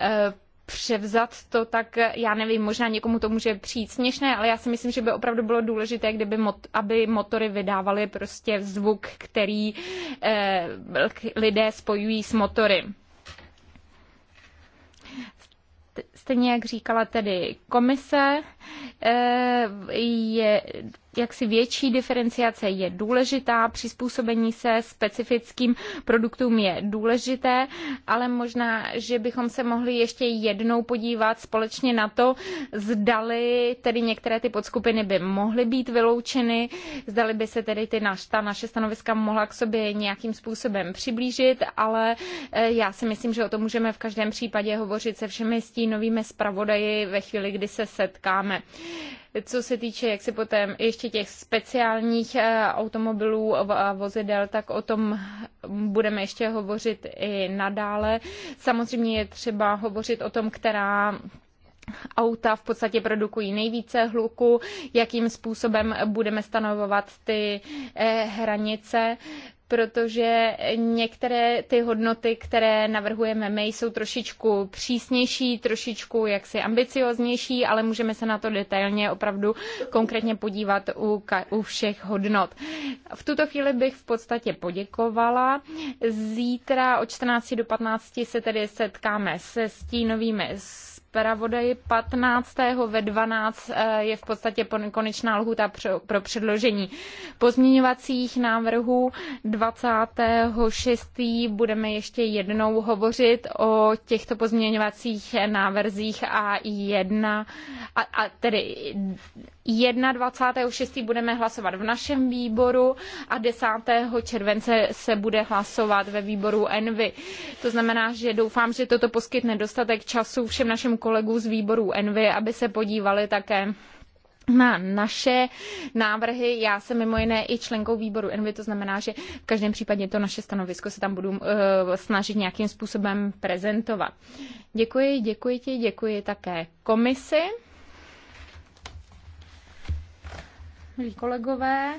eh, převzat to, tak já nevím, možná někomu to může přijít směšné, ale já si myslím, že by opravdu bylo důležité, kdyby mot- aby motory vydávaly prostě zvuk, který eh, lidé spojují s motory. Stejně jak říkala tedy komise, Eh, je jaksi větší diferenciace je důležitá, přizpůsobení se specifickým produktům je důležité, ale možná, že bychom se mohli ještě jednou podívat společně na to, zdali tedy některé ty podskupiny by mohly být vyloučeny, zdali by se tedy ty naš, ta naše stanoviska mohla k sobě nějakým způsobem přiblížit, ale eh, já si myslím, že o tom můžeme v každém případě hovořit se všemi stínovými zpravodaji ve chvíli, kdy se setkáme chceme. Co se týče, jak se potom ještě těch speciálních eh, automobilů a vozidel, tak o tom budeme ještě hovořit i nadále. Samozřejmě je třeba hovořit o tom, která auta v podstatě produkují nejvíce hluku, jakým způsobem budeme stanovovat ty eh, hranice protože některé ty hodnoty, které navrhujeme my, jsou trošičku přísnější, trošičku jaksi ambicioznější, ale můžeme se na to detailně opravdu konkrétně podívat u, u všech hodnot. V tuto chvíli bych v podstatě poděkovala. Zítra od 14 do 15 se tedy setkáme se stínovými zpravodaji 15. ve 12 eh, je v podstatě konečná lhuta pro předložení pozměňovacích návrhů. 26. budeme ještě jednou hovořit o těchto pozměňovacích návrzích A1, a, a tedy 6 budeme hlasovat v našem výboru a 10. července se bude hlasovat ve výboru Envy. To znamená, že doufám, že toto poskytne dostatek času všem našim kolegům z výboru Envy, aby se podívali také na naše návrhy. Já jsem mimo jiné i členkou výboru Envy, to znamená, že v každém případě to naše stanovisko se tam budu uh, snažit nějakým způsobem prezentovat. Děkuji, děkuji ti, děkuji také komisi. milí kolegové,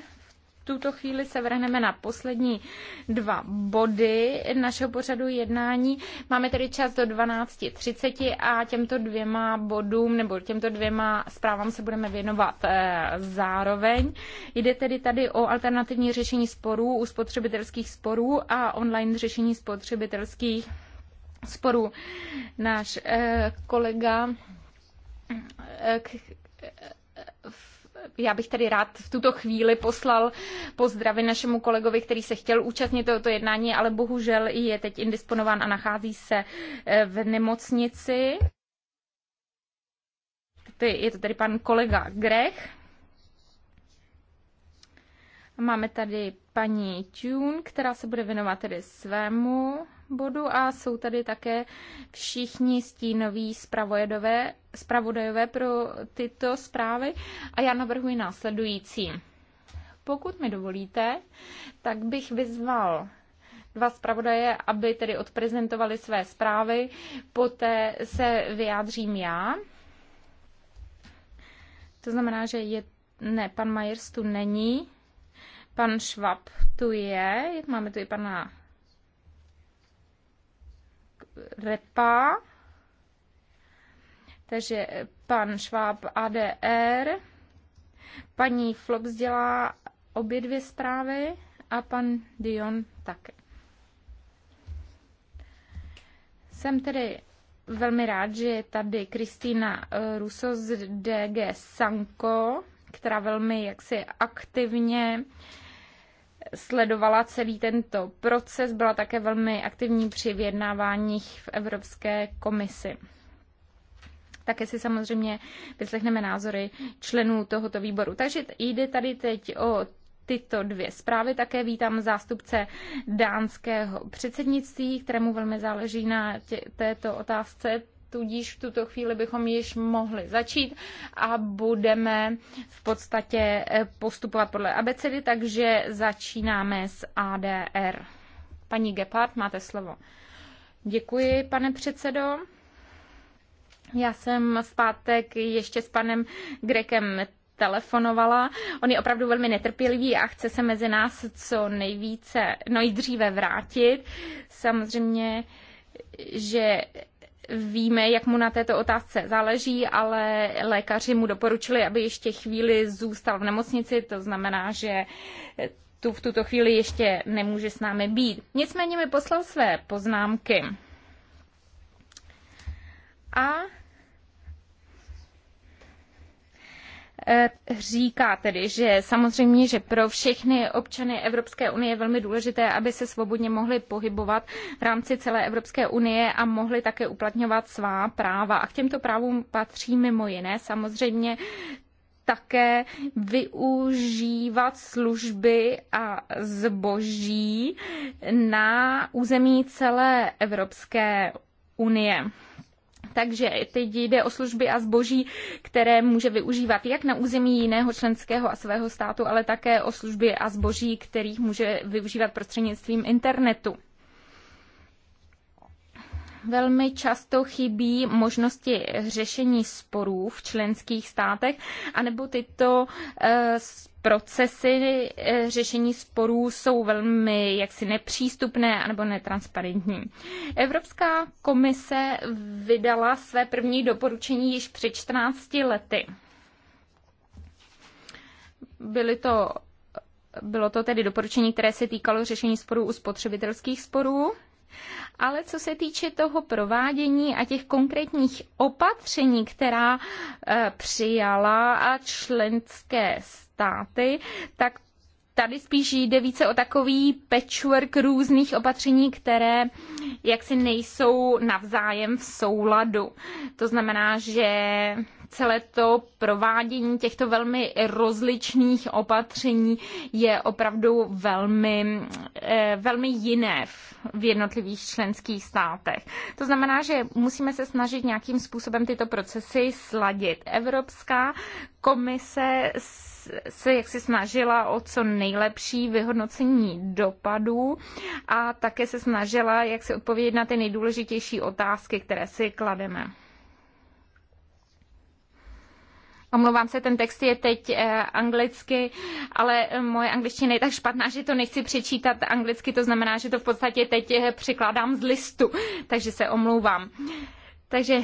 v tuto chvíli se vrhneme na poslední dva body našeho pořadu jednání. Máme tedy čas do 12.30 a těmto dvěma bodům nebo těmto dvěma zprávám se budeme věnovat eh, zároveň. Jde tedy tady o alternativní řešení sporů u spotřebitelských sporů a online řešení spotřebitelských sporů. Náš eh, kolega eh, já bych tady rád v tuto chvíli poslal pozdravy našemu kolegovi, který se chtěl účastnit tohoto jednání, ale bohužel je teď indisponován a nachází se eh, v nemocnici. Je to tady pan kolega Grech. Máme tady paní Tune, která se bude věnovat tedy svému bodu a jsou tady také všichni stínoví zpravodajové, zpravodajové pro tyto zprávy a já navrhuji následující. Pokud mi dovolíte, tak bych vyzval dva zpravodaje, aby tedy odprezentovali své zprávy, poté se vyjádřím já. To znamená, že je, ne, pan Majers tu není, pan Švab tu je, máme tu i pana repa, takže pan Šváb ADR, paní Flops dělá obě dvě zprávy a pan Dion také. Jsem tedy velmi rád, že je tady Kristýna eh, Ruso z DG Sanko, která velmi jaksi aktivně uh, sledovala celý tento proces, byla také velmi aktivní při vyjednáváních v Evropské komisi. Také si samozřejmě vyslechneme názory členů tohoto výboru. Takže jde tady teď o tyto dvě zprávy. Také vítám zástupce dánského předsednictví, kterému velmi záleží na tě, této otázce tudíž v tuto chvíli bychom již mohli začít a budeme v podstatě eh, postupovat podle abecedy, takže začínáme s ADR. Paní Gepard, máte slovo. Děkuji, pane předsedo. Já jsem v pátek ještě s panem Grekem telefonovala. On je opravdu velmi netrpělivý a chce se mezi nás co nejvíce, no i dříve vrátit. Samozřejmě, že Víme, jak mu na této otázce záleží, ale lékaři mu doporučili, aby ještě chvíli zůstal v nemocnici, to znamená, že tu v tuto chvíli ještě nemůže s námi být. Nicméně mi poslal své poznámky. A Eh, říká tedy, že samozřejmě, že pro všechny občany Evropské unie je velmi důležité, aby se svobodně mohli pohybovat v rámci celé Evropské unie a mohli také uplatňovat svá práva. A k těmto právům patří mimo jiné samozřejmě také využívat služby a zboží na území celé Evropské unie tak, že teď jde o služby a zboží, které může využívat jak na území jiného členského a svého státu, ale také o služby a zboží, kterých může využívat prostřednictvím internetu velmi často chybí možnosti řešení sporů v členských státech, anebo tyto eh, procesy eh, řešení sporů jsou velmi jaksi nepřístupné nebo netransparentní. Evropská komise vydala své první doporučení již před 14 lety. Byly to, bylo to tedy doporučení, které se týkalo řešení sporů u spotřebitelských sporů. Ale co se týče toho provádění a těch konkrétních opatření, která eh, přijala členské státy, tak tady spíš jde více o takový patchwork různých opatření, které jaksi nejsou navzájem v souladu. To znamená, že celé to provádění těchto velmi rozličných opatření je opravdu velmi, eh, velmi jiné v jednotlivých členských státech. To znamená, že musíme se snažit nějakým způsobem tyto procesy sladit. Evropská komise se jak si snažila o co nejlepší vyhodnocení dopadů a také se snažila jak si odpovědět na ty nejdůležitější otázky, které si klademe. Omlouvám se, ten text je teď eh, anglicky, ale moje angličtina je tak špatná, že to nechci přečítat anglicky, to znamená, že to v podstatě teď eh, překládám z listu, takže se omlouvám. Takže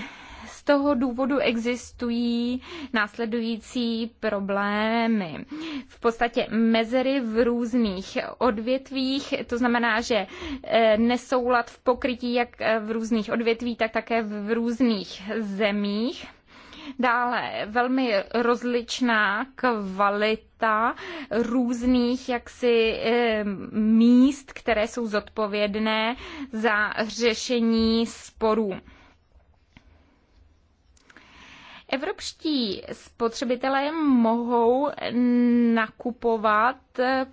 z toho důvodu existují následující problémy. V podstatě mezery v různých odvětvích, to znamená, že eh, nesoulad v pokrytí jak v různých odvětví, tak také v různých zemích. Dále velmi rozličná kvalita různých jaksi eh, míst, které jsou zodpovědné za řešení sporů. Evropští spotřebitelé mohou nakupovat eh,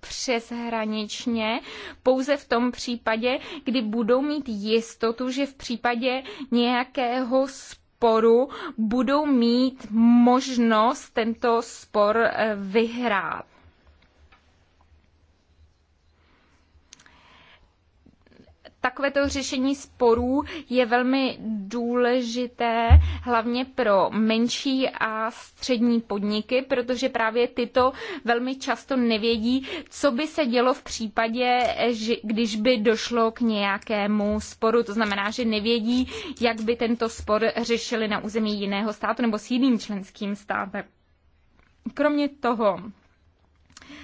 přeshraničně, pouze v tom případě, kdy budou mít jistotu, že v případě nějakého sporu sporu budou mít možnost tento spor eh, vyhrát. takovéto řešení sporů je velmi důležité hlavně pro menší a střední podniky, protože právě tyto velmi často nevědí, co by se dělo v případě, že, když by došlo k nějakému sporu. To znamená, že nevědí, jak by tento spor řešili na území jiného státu nebo s jiným členským státem. Kromě toho,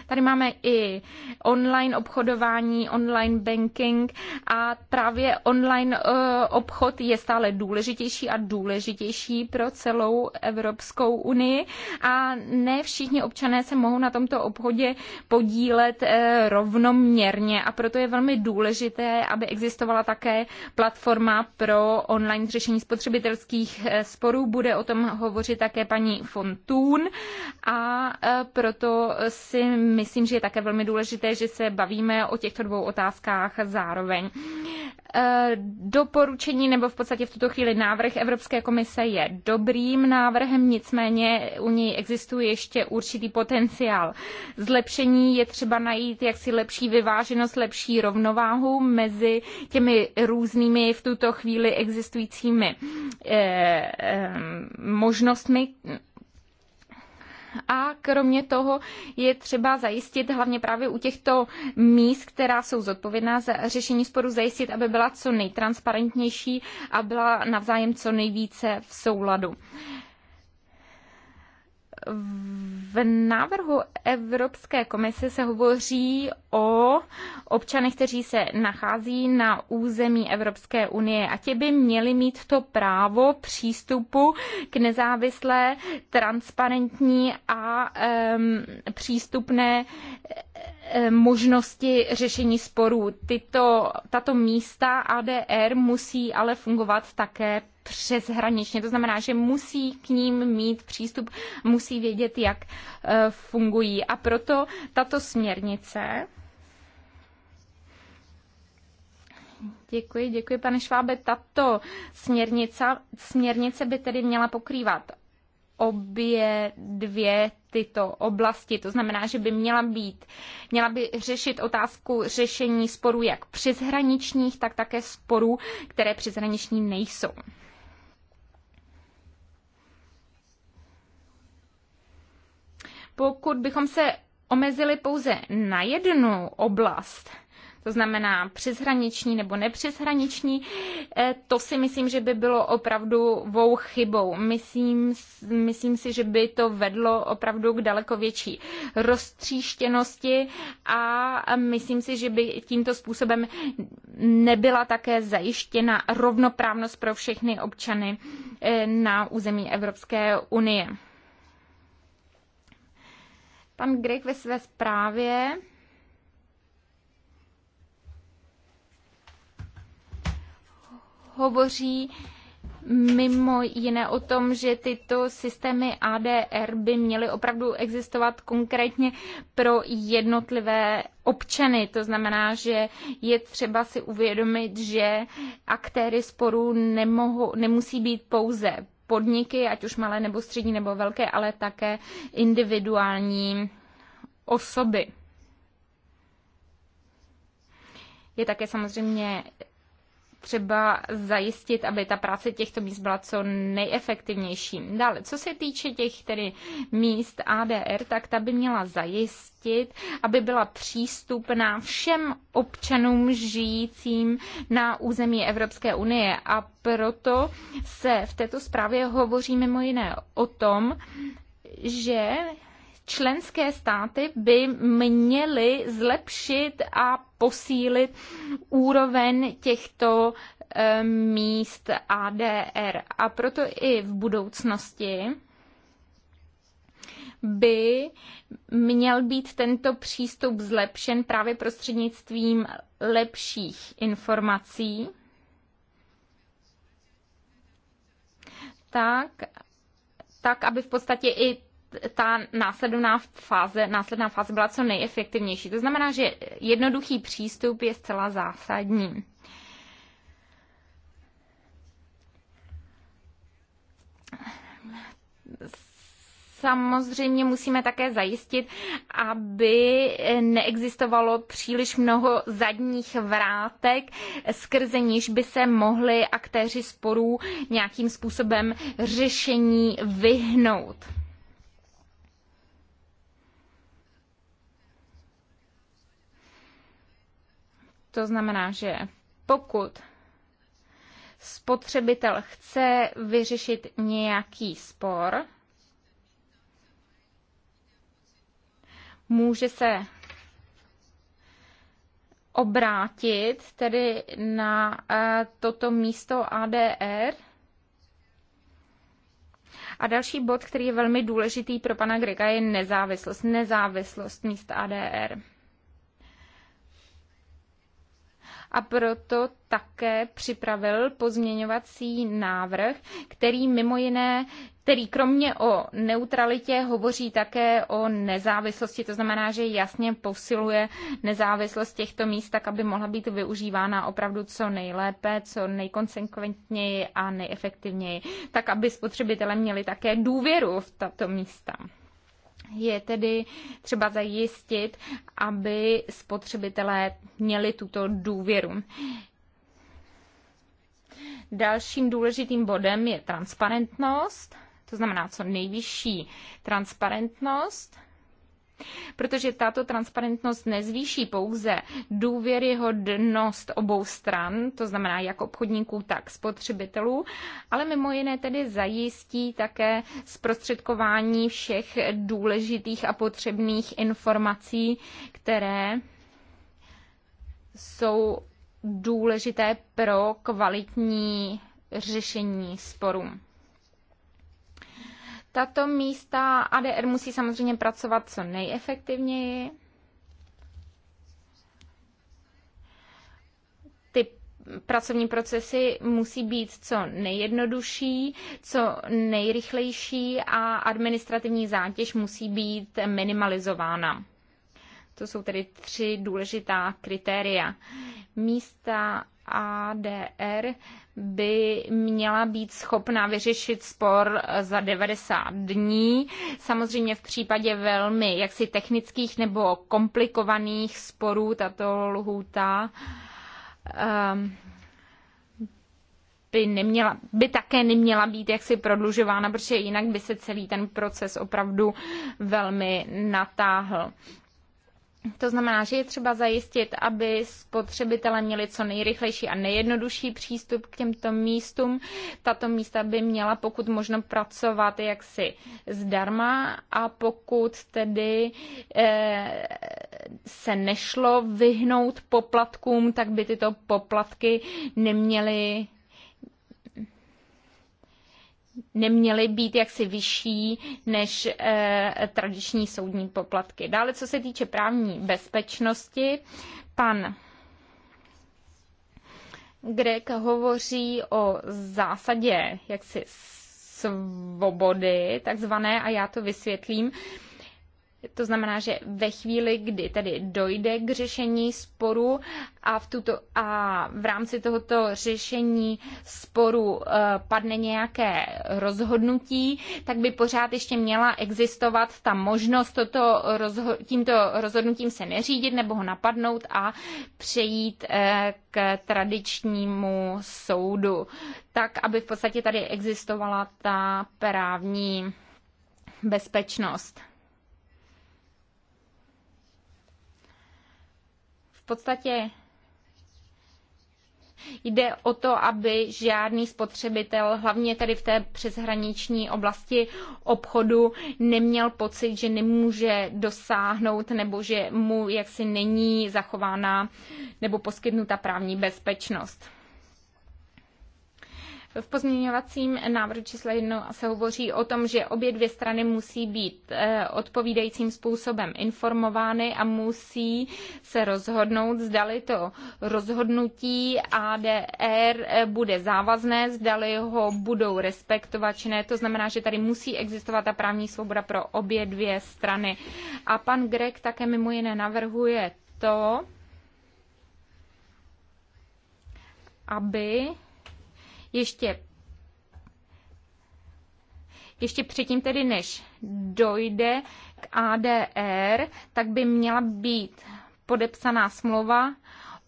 Tady máme i online obchodování, online banking a právě online eh, obchod je stále důležitější a důležitější pro celou Evropskou unii a ne všichni občané se mohou na tomto obchodě podílet eh, rovnoměrně a proto je velmi důležité, aby existovala také platforma pro online řešení spotřebitelských eh, sporů. Bude o tom hovořit také paní Fontún a proto si myslím, že je také velmi důležité, že se bavíme o těchto dvou otázkách zároveň. Eh, doporučení nebo v podstatě v tuto chvíli návrh Evropské komise je dobrým návrhem, nicméně u něj existuje ještě určitý potenciál. Zlepšení je třeba najít jaksi lepší vyváženost, lepší rovnováhu mezi těmi různými v tuto chvíli existujícími eh, eh, možnostmi a kromě toho je třeba zajistit hlavně právě u těchto míst, která jsou zodpovědná za řešení sporu, zajistit, aby byla co nejtransparentnější a byla navzájem co nejvíce v souladu. V návrhu Evropské komise se hovoří o občanech, kteří se nachází na území Evropské unie a ti by měli mít to právo přístupu k nezávislé, transparentní a um, přístupné um, možnosti řešení sporů. Tyto, tato místa ADR musí ale fungovat také přeshraničně. To znamená, že musí k ním mít přístup, musí vědět, jak e, fungují. A proto tato směrnice Děkuji, děkuji, pane Švábe. Tato směrnice, směrnice by tedy měla pokrývat obě dvě tyto oblasti. To znamená, že by měla být, měla by řešit otázku řešení sporů jak přeshraničních, tak také sporů, které přeshraniční nejsou. Pokud bychom se omezili pouze na jednu oblast, to znamená přeshraniční nebo nepřeshraniční, eh, to si myslím, že by bylo opravdu vou chybou. Myslím, myslím si, že by to vedlo opravdu k daleko větší roztříštěnosti a myslím si, že by tímto způsobem nebyla také zajištěna rovnoprávnost pro všechny občany eh, na území Evropské unie. Pan Greg ve své zprávě hovoří mimo jiné o tom, že tyto systémy ADR by měly opravdu existovat konkrétně pro jednotlivé občany. To znamená, že je třeba si uvědomit, že aktéry sporů nemohou, nemusí být pouze podniky, ať už malé nebo střední nebo velké, ale také individuální osoby. Je také samozřejmě třeba zajistit, aby ta práce těchto míst byla co nejefektivnější. Dále, co se týče těch tedy míst ADR, tak ta by měla zajistit, aby byla přístupná všem občanům žijícím na území Evropské unie. A proto se v této zprávě hovoří mimo jiné o tom, že členské státy by měly zlepšit a posílit úroveň těchto eh, míst ADR. A proto i v budoucnosti by měl být tento přístup zlepšen právě prostřednictvím lepších informací, tak, tak aby v podstatě i ta následná fáze, následná fáze byla co nejefektivnější. To znamená, že jednoduchý přístup je zcela zásadní. Samozřejmě musíme také zajistit, aby neexistovalo příliš mnoho zadních vrátek, skrze níž by se mohli aktéři sporů nějakým způsobem řešení vyhnout. To znamená, že pokud spotřebitel chce vyřešit nějaký spor, může se obrátit tedy na eh, toto místo ADR. A další bod, který je velmi důležitý pro pana Grega, je nezávislost. Nezávislost míst ADR. a proto také připravil pozměňovací návrh, který mimo jiné který kromě o neutralitě hovoří také o nezávislosti, to znamená, že jasně posiluje nezávislost těchto míst, tak aby mohla být využívána opravdu co nejlépe, co nejkonsekventněji a nejefektivněji, tak aby spotřebitelé měli také důvěru v tato místa je tedy třeba zajistit, aby spotřebitelé měli tuto důvěru. Dalším důležitým bodem je transparentnost, to znamená co nejvyšší transparentnost Protože tato transparentnost nezvýší pouze důvěryhodnost obou stran, to znamená jak obchodníků, tak spotřebitelů, ale mimo jiné tedy zajistí také zprostředkování všech důležitých a potřebných informací, které jsou důležité pro kvalitní řešení sporů. Tato místa ADR musí samozřejmě pracovat co nejefektivněji. Ty pracovní procesy musí být co nejjednodušší, co nejrychlejší a administrativní zátěž musí být minimalizována. To jsou tedy tři důležitá kritéria. Místa ADR by měla být schopna vyřešit spor za 90 dní. Samozřejmě v případě velmi jaksi technických nebo komplikovaných sporů tato lhůta um, by, neměla, by také neměla být jaksi prodlužována, protože jinak by se celý ten proces opravdu velmi natáhl. To znamená, že je třeba zajistit, aby spotřebitelé měli co nejrychlejší a nejjednodušší přístup k těmto místům. Tato místa by měla pokud možno pracovat jaksi zdarma a pokud tedy eh, se nešlo vyhnout poplatkům, tak by tyto poplatky neměly neměly být jaksi vyšší než eh, tradiční soudní poplatky. Dále, co se týče právní bezpečnosti, pan Greg hovoří o zásadě jaksi svobody, takzvané, a já to vysvětlím. Eh, to znamená, že ve chvíli, kdy tedy dojde k řešení sporu a v, tuto, a v rámci tohoto řešení sporu eh, padne nějaké rozhodnutí, tak by pořád ještě měla existovat ta možnost toto rozho- tímto rozhodnutím se neřídit nebo ho napadnout a přejít eh, k tradičnímu soudu, tak aby v podstatě tady existovala ta právní bezpečnost. v podstatě Jde o to, aby žádný spotřebitel, hlavně tedy v té přeshraniční oblasti obchodu, neměl pocit, že nemůže dosáhnout nebo že mu jaksi není zachována nebo poskytnuta právní bezpečnost. V pozměňovacím návrhu čísla 1 se hovoří o tom, že obě dvě strany musí být eh, odpovídajícím způsobem informovány a musí se rozhodnout, zdali to rozhodnutí ADR eh, bude závazné, zdali ho budou respektovat či ne. To znamená, že tady musí existovat ta právní svoboda pro obě dvě strany. A pan Greg také mimo jiné navrhuje to, aby ještě ještě předtím tedy, než dojde k ADR, tak by měla být podepsaná smlouva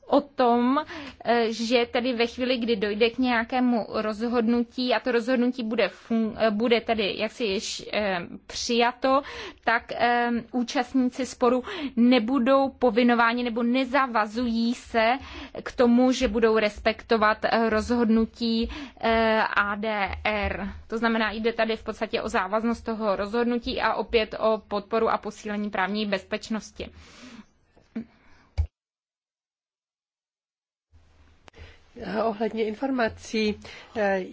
o tom, eh, že tedy ve chvíli, kdy dojde k nějakému rozhodnutí a to rozhodnutí bude, fun- eh, bude tedy jaksi již eh, přijato, tak účastníci sporu nebudou povinováni nebo nezavazují se k tomu, že budou respektovat rozhodnutí ADR. To znamená, jde tady v podstatě o závaznost toho rozhodnutí a opět o podporu a posílení právní bezpečnosti. Eh, ohledně informací, eh,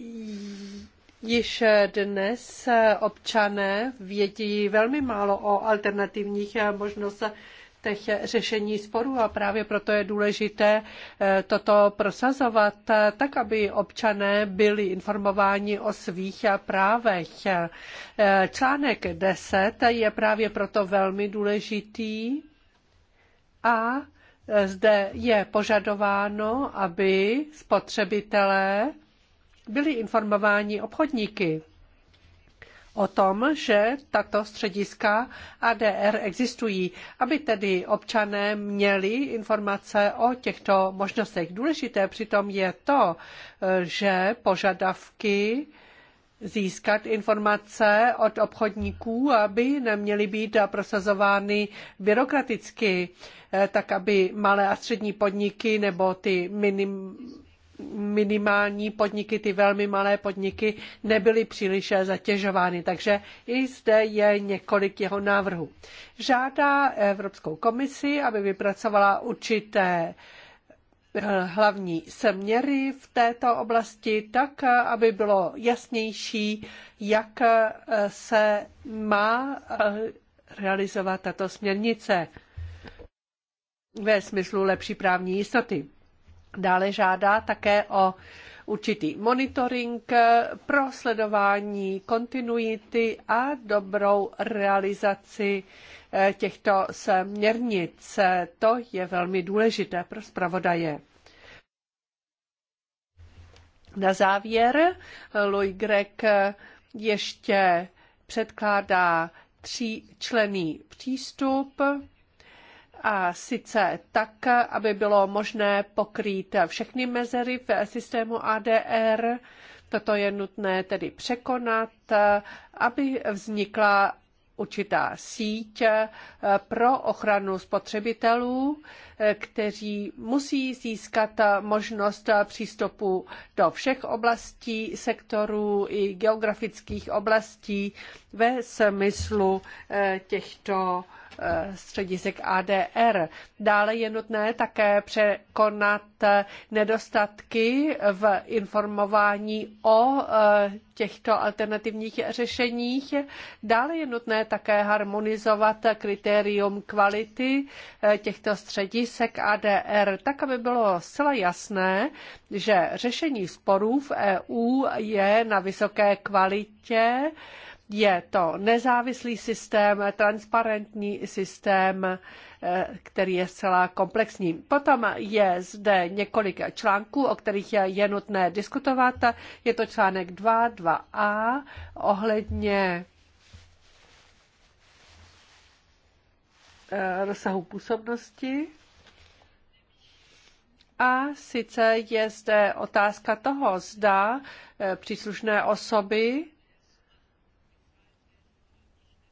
již dnes občané vědí velmi málo o alternativních eh, možnostech řešení sporů a právě proto je důležité toto prosazovat tak, aby občané byli informováni o svých právech. Článek 10 je právě proto velmi důležitý a zde je požadováno, aby spotřebitelé byli informováni obchodníky o tom, že tato střediska ADR existují, aby tedy občané měli informace o těchto možnostech. Důležité přitom je to, že požadavky získat informace od obchodníků, aby neměly být prosazovány byrokraticky, eh, tak aby malé a střední podniky nebo ty minim, minimální podniky, ty velmi malé podniky nebyly příliš eh, zatěžovány. Takže i zde je několik jeho návrhů. Žádá Evropskou komisi, aby vypracovala určité hlavní směry v této oblasti, tak aby bylo jasnější, jak se má realizovat tato směrnice ve smyslu lepší právní jistoty. Dále žádá také o určitý monitoring pro sledování kontinuity a dobrou realizaci eh, těchto směrnic. To je velmi důležité pro zpravodaje. Na závěr Louis Greg ještě předkládá tříčlený přístup a sice tak, aby bylo možné pokrýt všechny mezery v systému ADR. Toto je nutné tedy překonat, aby vznikla určitá síť pro ochranu spotřebitelů kteří musí získat možnost přístupu do všech oblastí sektorů i geografických oblastí ve smyslu eh, těchto eh, středisek ADR. Dále je nutné také překonat eh, nedostatky v informování o těchto alternativních řešeních. Dále je nutné také harmonizovat kritérium kvality těchto středisek Písek ADR, tak aby bylo zcela jasné, že řešení sporů v EU je na vysoké kvalitě, je to nezávislý systém, transparentní systém, eh, který je zcela komplexní. Potom je zde několik článků, o kterých je nutné diskutovat. Je to článek 2, 2a ohledně eh, rozsahu působnosti. A sice je zde otázka toho, zda eh, příslušné osoby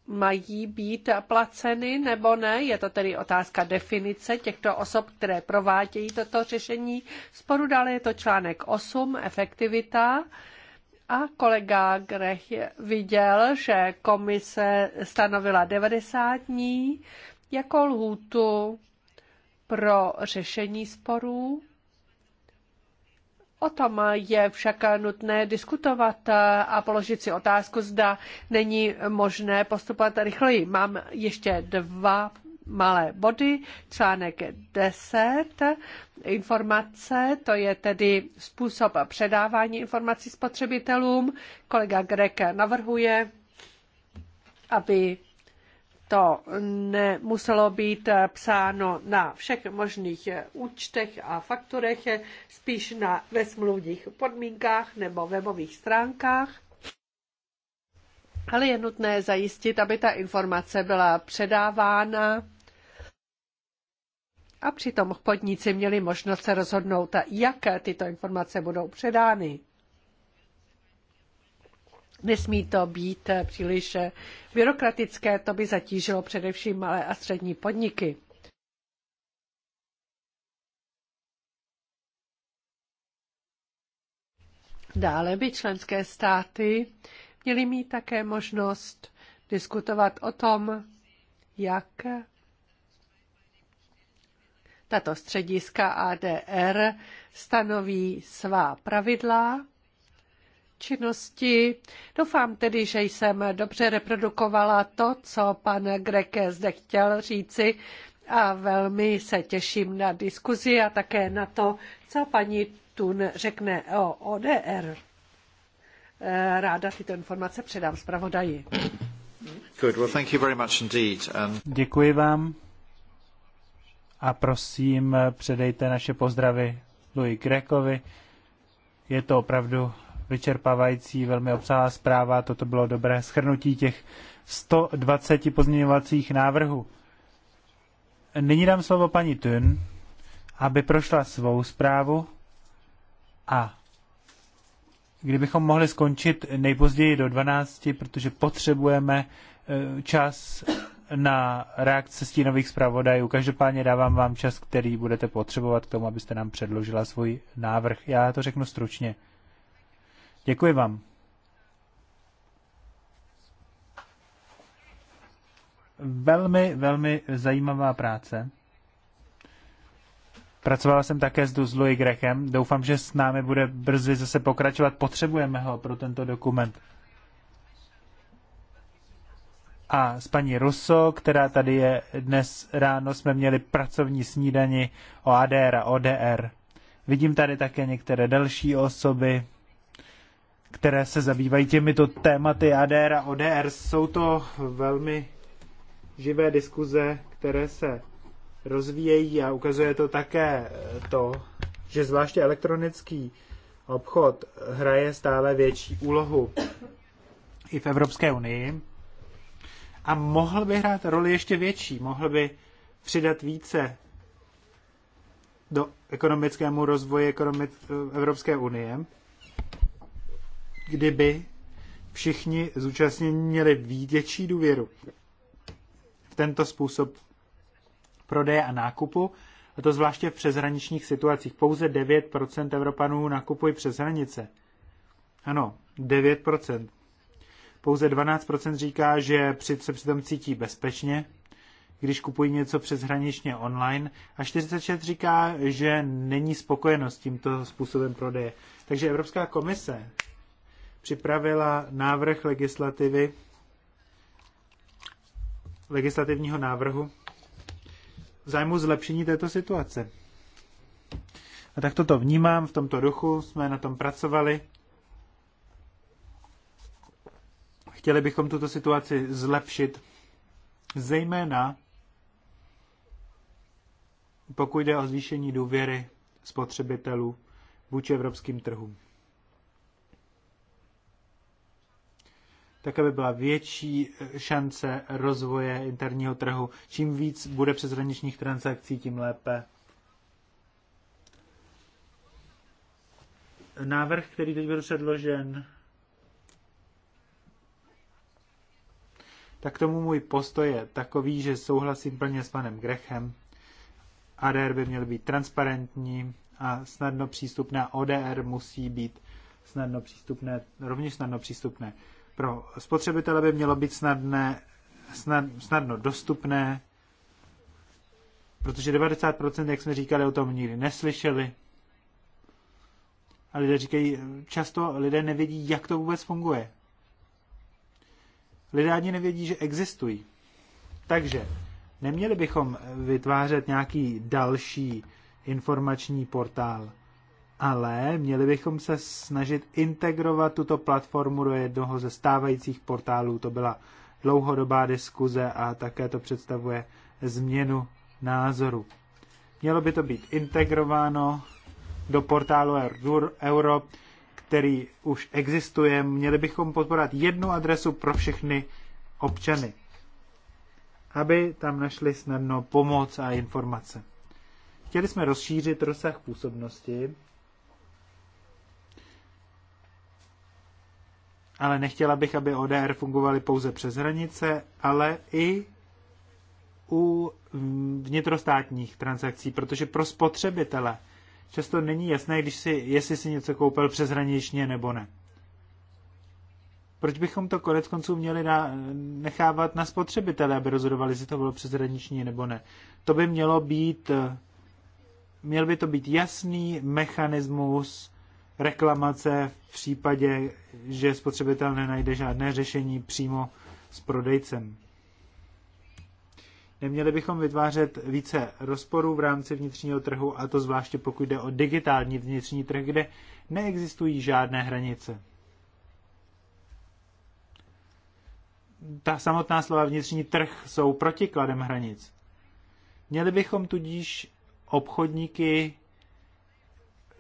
mají být placeny nebo ne. Je to tedy otázka definice těchto osob, které provádějí toto řešení. Sporu dále je to článek 8, efektivita. A kolega Grech viděl, že komise stanovila 90 dní jako lhůtu pro řešení sporů. O tom je však nutné diskutovat a položit si otázku, zda není možné postupovat rychleji. Mám ještě dva malé body, článek 10, informace, to je tedy způsob předávání informací spotřebitelům. Kolega Grek navrhuje, aby to nemuselo být eh, psáno na všech možných eh, účtech a fakturech, eh, spíš na, ve smluvních podmínkách nebo webových stránkách. Ale je nutné zajistit, aby ta informace byla předávána a přitom podníci měli možnost se rozhodnout, jak tyto informace budou předány. Nesmí to být eh, příliš eh, byrokratické, to by zatížilo především malé a střední podniky. Dále by členské státy měly mít také možnost diskutovat o tom, jak tato střediska ADR stanoví svá pravidla činnosti. Doufám tedy, že jsem dobře reprodukovala to, co pan Greke zde chtěl říci a velmi se těším na diskuzi a také na to, co paní Tun řekne o ODR. Eh, ráda tyto informace předám zpravodaji. Good. Well, thank you very much indeed. And... Děkuji vám a prosím, předejte naše pozdravy Louis Grekovi. Je to opravdu vyčerpávající, velmi obsáhlá zpráva. Toto bylo dobré schrnutí těch 120 pozměňovacích návrhů. Nyní dám slovo paní Tun, aby prošla svou zprávu a kdybychom mohli skončit nejpozději do 12, protože potřebujeme eh, čas na reakce stínových zpravodajů. Každopádně dávám vám čas, který budete potřebovat k tomu, abyste nám předložila svůj návrh. Já to řeknu stručně. Děkuji vám. Velmi, velmi zajímavá práce. Pracovala jsem také s Duzlui Grechem. Doufám, že s námi bude brzy zase pokračovat. Potřebujeme ho pro tento dokument. A s paní Russo, která tady je dnes ráno, jsme měli pracovní snídani o ADR a ODR. Vidím tady také některé další osoby které se zabývají těmito tématy ADR a ODR. Jsou to velmi živé diskuze, které se rozvíjejí a ukazuje to také eh, to, že zvláště elektronický obchod hraje stále větší úlohu i v Evropské unii a mohl by hrát roli ještě větší, mohl by přidat více do ekonomickému rozvoji eh, Evropské unie kdyby všichni zúčastnění měli větší důvěru v tento způsob prodeje a nákupu, a to zvláště v přeshraničních situacích. Pouze 9% Evropanů nakupují přes hranice. Ano, 9%. Pouze 12% říká, že se přitom cítí bezpečně, když kupují něco přeshraničně online a 46 říká, že není spokojeno s tímto způsobem prodeje. Takže Evropská komise připravila návrh legislativy, legislativního návrhu v zájmu zlepšení této situace. A tak toto vnímám, v tomto duchu jsme na tom pracovali. Chtěli bychom tuto situaci zlepšit, zejména pokud jde o zvýšení důvěry spotřebitelů vůči evropským trhům. tak aby byla větší eh, šance rozvoje interního trhu. Čím víc bude přeshraničních transakcí, tím lépe. Návrh, který teď byl předložen, tak tomu můj postoj je takový, že souhlasím plně s panem Grechem. ADR by měl být transparentní a snadno přístupné. ODR musí být snadno přístupné, rovněž snadno přístupné pro spotřebitele by mělo být snadné, snad, snadno dostupné, protože 90%, jak jsme říkali, o tom nikdy neslyšeli. A lidé říkají, často lidé nevědí, jak to vůbec funguje. Lidé ani nevědí, že existují. Takže neměli bychom vytvářet nějaký další informační portál ale měli bychom se snažit integrovat tuto platformu do jednoho ze stávajících portálů. To byla dlouhodobá diskuze a také to představuje změnu názoru. Mělo by to být integrováno do portálu Euro, který už existuje. Měli bychom podporovat jednu adresu pro všechny občany, aby tam našli snadno pomoc a informace. Chtěli jsme rozšířit rozsah působnosti ale nechtěla bych, aby ODR fungovaly pouze přes hranice, ale i u vnitrostátních transakcí, protože pro spotřebitele často není jasné, když si, jestli si něco koupil hraničně nebo ne. Proč bychom to konec konců měli na, nechávat na spotřebitele, aby rozhodovali, jestli to bylo hraničně nebo ne? To by mělo být, měl by to být jasný mechanismus reklamace v případě, že spotřebitel nenajde žádné řešení přímo s prodejcem. Neměli bychom vytvářet více rozporů v rámci vnitřního trhu, a to zvláště pokud jde o digitální vnitřní trh, kde neexistují žádné hranice. Ta samotná slova vnitřní trh jsou protikladem hranic. Měli bychom tudíž obchodníky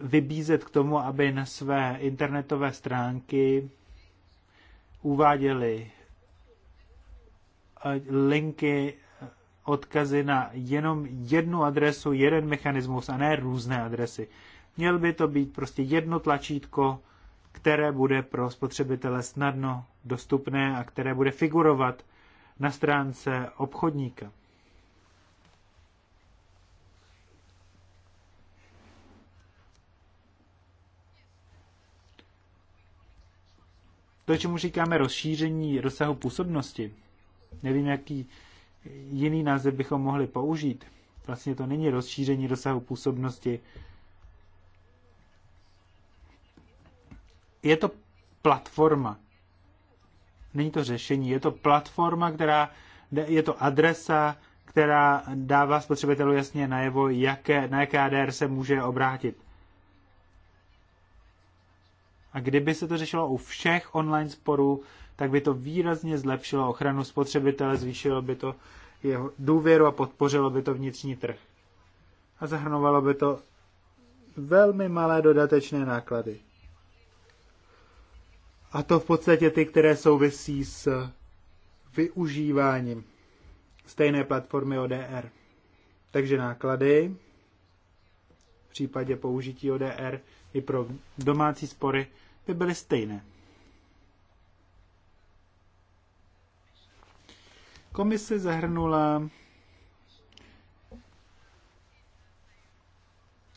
vybízet k tomu, aby na své internetové stránky uváděli eh, linky, eh, odkazy na jenom jednu adresu, jeden mechanismus a ne různé adresy. Měl by to být prostě jedno tlačítko, které bude pro spotřebitele snadno dostupné a které bude figurovat na stránce obchodníka. to, čemu říkáme rozšíření rozsahu působnosti, nevím, jaký jiný název bychom mohli použít. Vlastně to není rozšíření rozsahu působnosti. Je to platforma. Není to řešení, je to platforma, která, je to adresa, která dává spotřebitelu jasně najevo, jaké, na jaké ADR se může obrátit. A kdyby se to řešilo u všech online sporů, tak by to výrazně zlepšilo ochranu spotřebitele, zvýšilo by to jeho důvěru a podpořilo by to vnitřní trh. A zahrnovalo by to velmi malé dodatečné náklady. A to v podstatě ty, které souvisí s využíváním stejné platformy ODR. Takže náklady v případě použití ODR i pro domácí spory by byly stejné. Komise zahrnula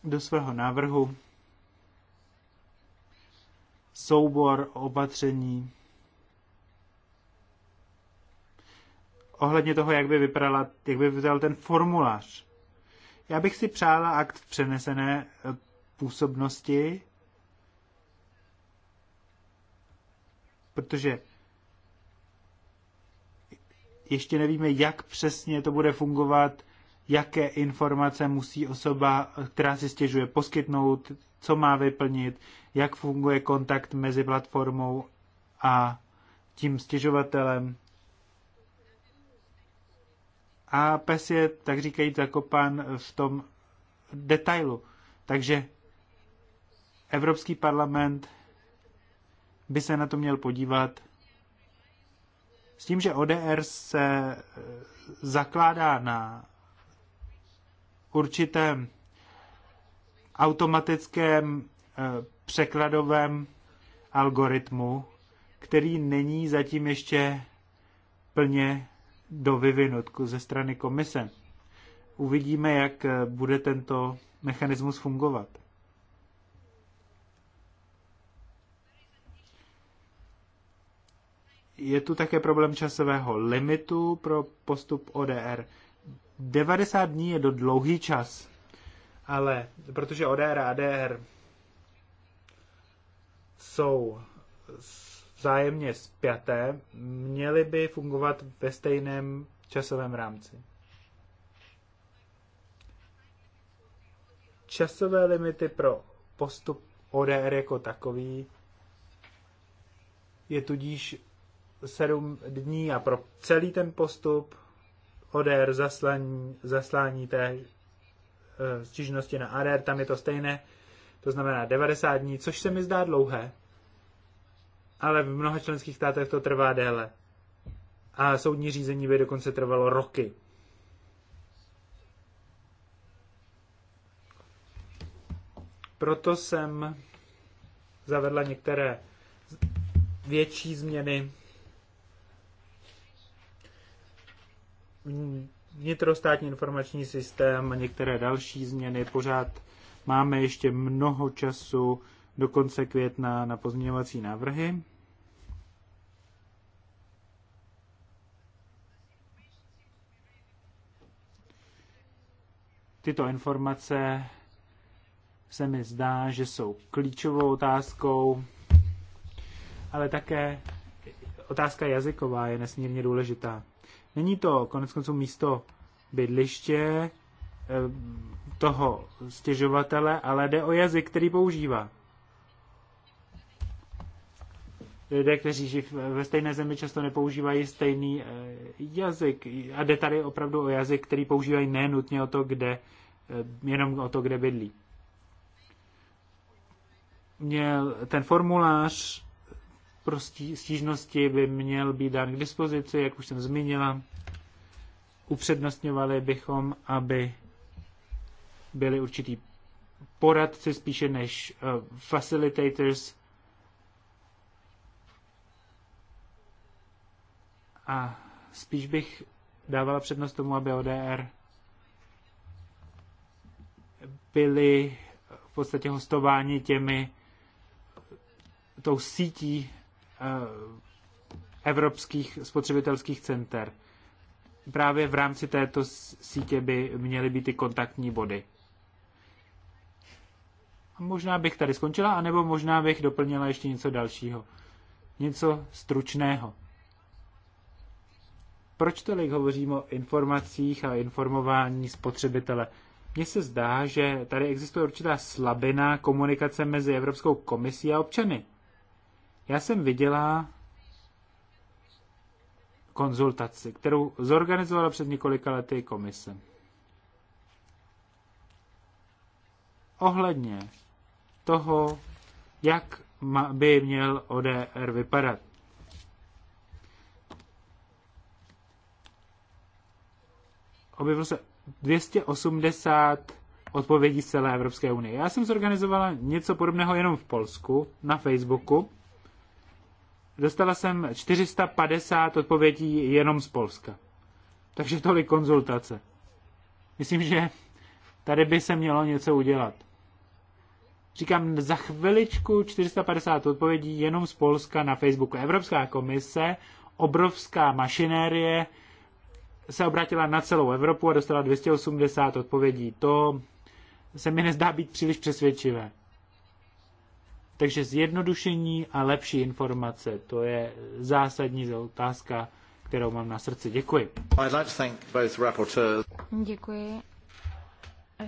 do svého návrhu soubor opatření ohledně toho, jak by, vypadala, jak by vypadal ten formulář. Já bych si přála akt přenesené působnosti, protože ještě nevíme, jak přesně to bude fungovat, jaké informace musí osoba, která si stěžuje, poskytnout, co má vyplnit, jak funguje kontakt mezi platformou a tím stěžovatelem. A pes je, tak říkají, zakopán v tom detailu. Takže Evropský parlament by se na to měl podívat s tím, že ODR se eh, zakládá na určitém automatickém eh, překladovém algoritmu, který není zatím ještě plně dovyvinut ze strany komise. Uvidíme, jak eh, bude tento mechanismus fungovat. Je tu také problém časového limitu pro postup ODR. 90 dní je do dlouhý čas, ale protože ODR a ADR jsou vzájemně spjaté, měly by fungovat ve stejném časovém rámci. Časové limity pro postup ODR jako takový je tudíž sedm dní a pro celý ten postup odér zaslání, zaslání té e, stížnosti na ADR, tam je to stejné, to znamená 90 dní, což se mi zdá dlouhé, ale v mnoha členských státech to trvá déle. A soudní řízení by dokonce trvalo roky. Proto jsem zavedla některé větší změny vnitrostátní informační systém a některé další změny. Pořád máme ještě mnoho času do konce května na pozměňovací návrhy. Tyto informace se mi zdá, že jsou klíčovou otázkou, ale také otázka jazyková je nesmírně důležitá. Není to konec konců místo bydliště eh, toho stěžovatele, ale jde o jazyk, který používá. Lidé, kteří žijí ve stejné zemi, často nepoužívají stejný eh, jazyk. A jde tady opravdu o jazyk, který používají nenutně o to, kde, eh, jenom o to, kde bydlí. Měl ten formulář pro stížnosti by měl být dán k dispozici, jak už jsem zmínila. Upřednostňovali bychom, aby byli určitý poradci spíše než uh, facilitators. A spíš bych dávala přednost tomu, aby ODR byli v podstatě hostováni těmi tou sítí Eh, evropských spotřebitelských center. Právě v rámci této sítě by měly být i kontaktní body. A možná bych tady skončila, anebo možná bych doplnila ještě něco dalšího. Něco stručného. Proč tolik hovořím o informacích a informování spotřebitele? Mně se zdá, že tady existuje určitá slabina komunikace mezi Evropskou komisí a občany. Já jsem viděla konzultaci, kterou zorganizovala před několika lety komise. Ohledně toho, jak by měl ODR vypadat. Objevilo se 280 odpovědí z celé Evropské unie. Já jsem zorganizovala něco podobného jenom v Polsku na Facebooku Dostala jsem 450 odpovědí jenom z Polska. Takže tolik konzultace. Myslím, že tady by se mělo něco udělat. Říkám, za chviličku 450 odpovědí jenom z Polska na Facebooku. Evropská komise, obrovská mašinérie, se obratila na celou Evropu a dostala 280 odpovědí. To se mi nezdá být příliš přesvědčivé. Takže zjednodušení a lepší informace, to je zásadní otázka, kterou mám na srdci. Děkuji. Děkuji.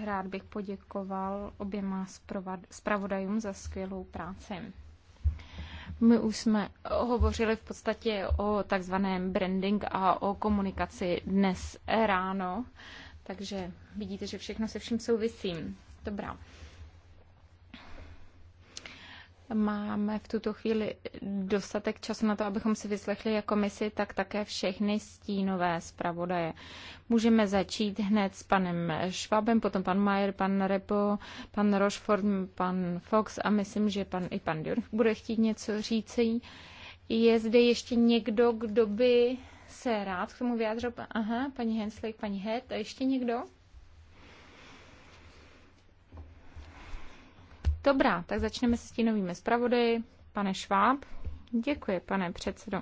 Rád bych poděkoval oběma zpravodajům za skvělou práci. My už jsme hovořili v podstatě o takzvaném branding a o komunikaci dnes ráno, takže vidíte, že všechno se vším souvisí. Dobrá máme v tuto chvíli dostatek času na to, abychom si vyslechli jako misi, tak také všechny stínové zpravodaje. Můžeme začít hned s panem Schwabem, potom pan Mayer, pan Repo, pan Rochford, pan Fox a myslím, že pan, i pan Dürr bude chtít něco říci. Je zde ještě někdo, kdo by se rád k tomu vyjádřil? Aha, paní Hensley, paní Het a ještě někdo? Dobrá, tak začneme se stínovými zpravodaji. Pane Šváb. Děkuji, pane předsedo.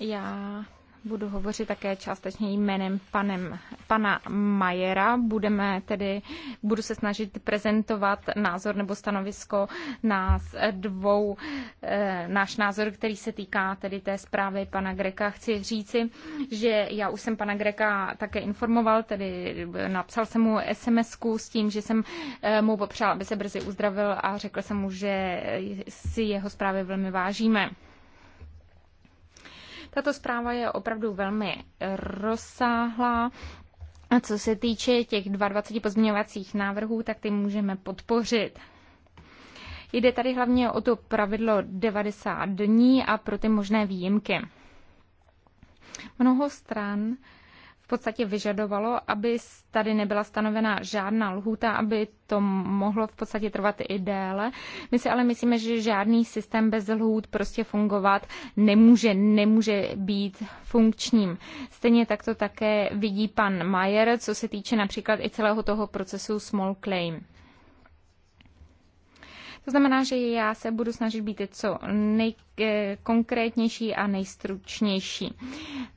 Já budu hovořit také částečně jménem panem, pana Majera. Budeme tedy, budu se snažit prezentovat názor nebo stanovisko nás dvou, e, náš názor, který se týká tedy té zprávy pana Greka. Chci říci, že já už jsem pana Greka také informoval, tedy napsal jsem mu sms s tím, že jsem eh, mu popřál, aby se brzy uzdravil a řekl jsem mu, že si jeho zprávy velmi vážíme. Tato zpráva je opravdu velmi rozsáhlá. A co se týče těch 22 pozměňovacích návrhů, tak ty můžeme podpořit. Jde tady hlavně o to pravidlo 90 dní a pro ty možné výjimky. Mnoho stran v podstatě vyžadovalo, aby tady nebyla stanovena žádná lhůta, aby to mohlo v podstatě trvat i déle. My si ale myslíme, že žádný systém bez lhůt prostě fungovat nemůže, nemůže být funkčním. Stejně tak to také vidí pan Mayer, co se týče například i celého toho procesu small claim. To znamená, že já se budu snažit být co nejkonkrétnější a nejstručnější.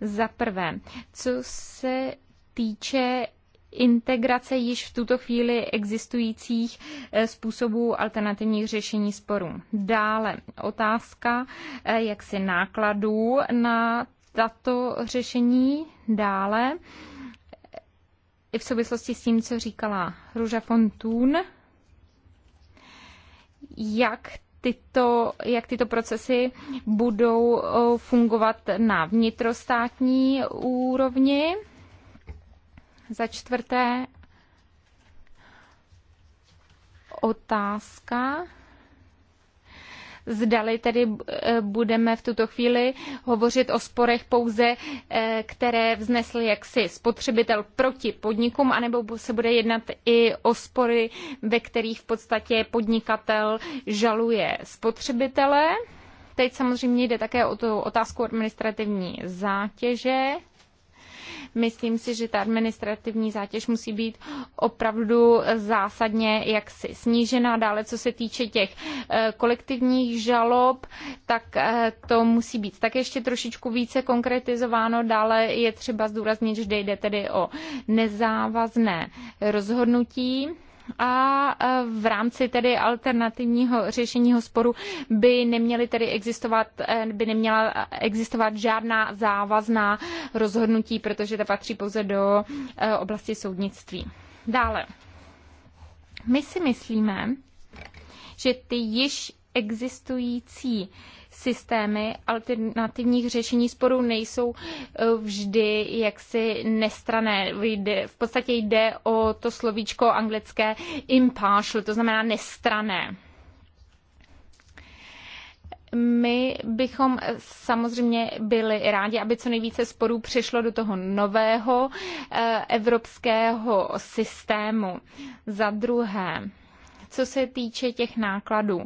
Za prvé, co se týče integrace již v tuto chvíli existujících eh, způsobů alternativních řešení sporů. Dále otázka eh, jaksi nákladů na tato řešení. Dále eh, i v souvislosti s tím, co říkala Růža Fontún, jak tyto, jak tyto procesy budou eh, fungovat na vnitrostátní úrovni. Za čtvrté otázka zdali tedy eh, budeme v tuto chvíli hovořit o sporech pouze, eh, které vznesl jaksi spotřebitel proti podnikům, anebo se bude jednat i o spory, ve kterých v podstatě podnikatel žaluje spotřebitele. Teď samozřejmě jde také o tu otázku administrativní zátěže. Myslím si, že ta administrativní zátěž musí být opravdu zásadně jaksi snížená. Dále, co se týče těch eh, kolektivních žalob, tak eh, to musí být tak ještě trošičku více konkretizováno. Dále je třeba zdůraznit, že jde tedy o nezávazné rozhodnutí a e, v rámci tedy alternativního řešení sporu by neměly tedy existovat, e, by neměla existovat žádná závazná rozhodnutí, protože to patří pouze do e, oblasti soudnictví. Dále. My si myslíme, že ty již existující systémy alternativních řešení sporů nejsou eh, vždy jaksi nestrané. V podstatě jde o to slovíčko anglické impartial, to znamená nestrané. My bychom eh, samozřejmě byli rádi, aby co nejvíce sporů přišlo do toho nového eh, evropského systému. Za druhé, co se týče těch nákladů.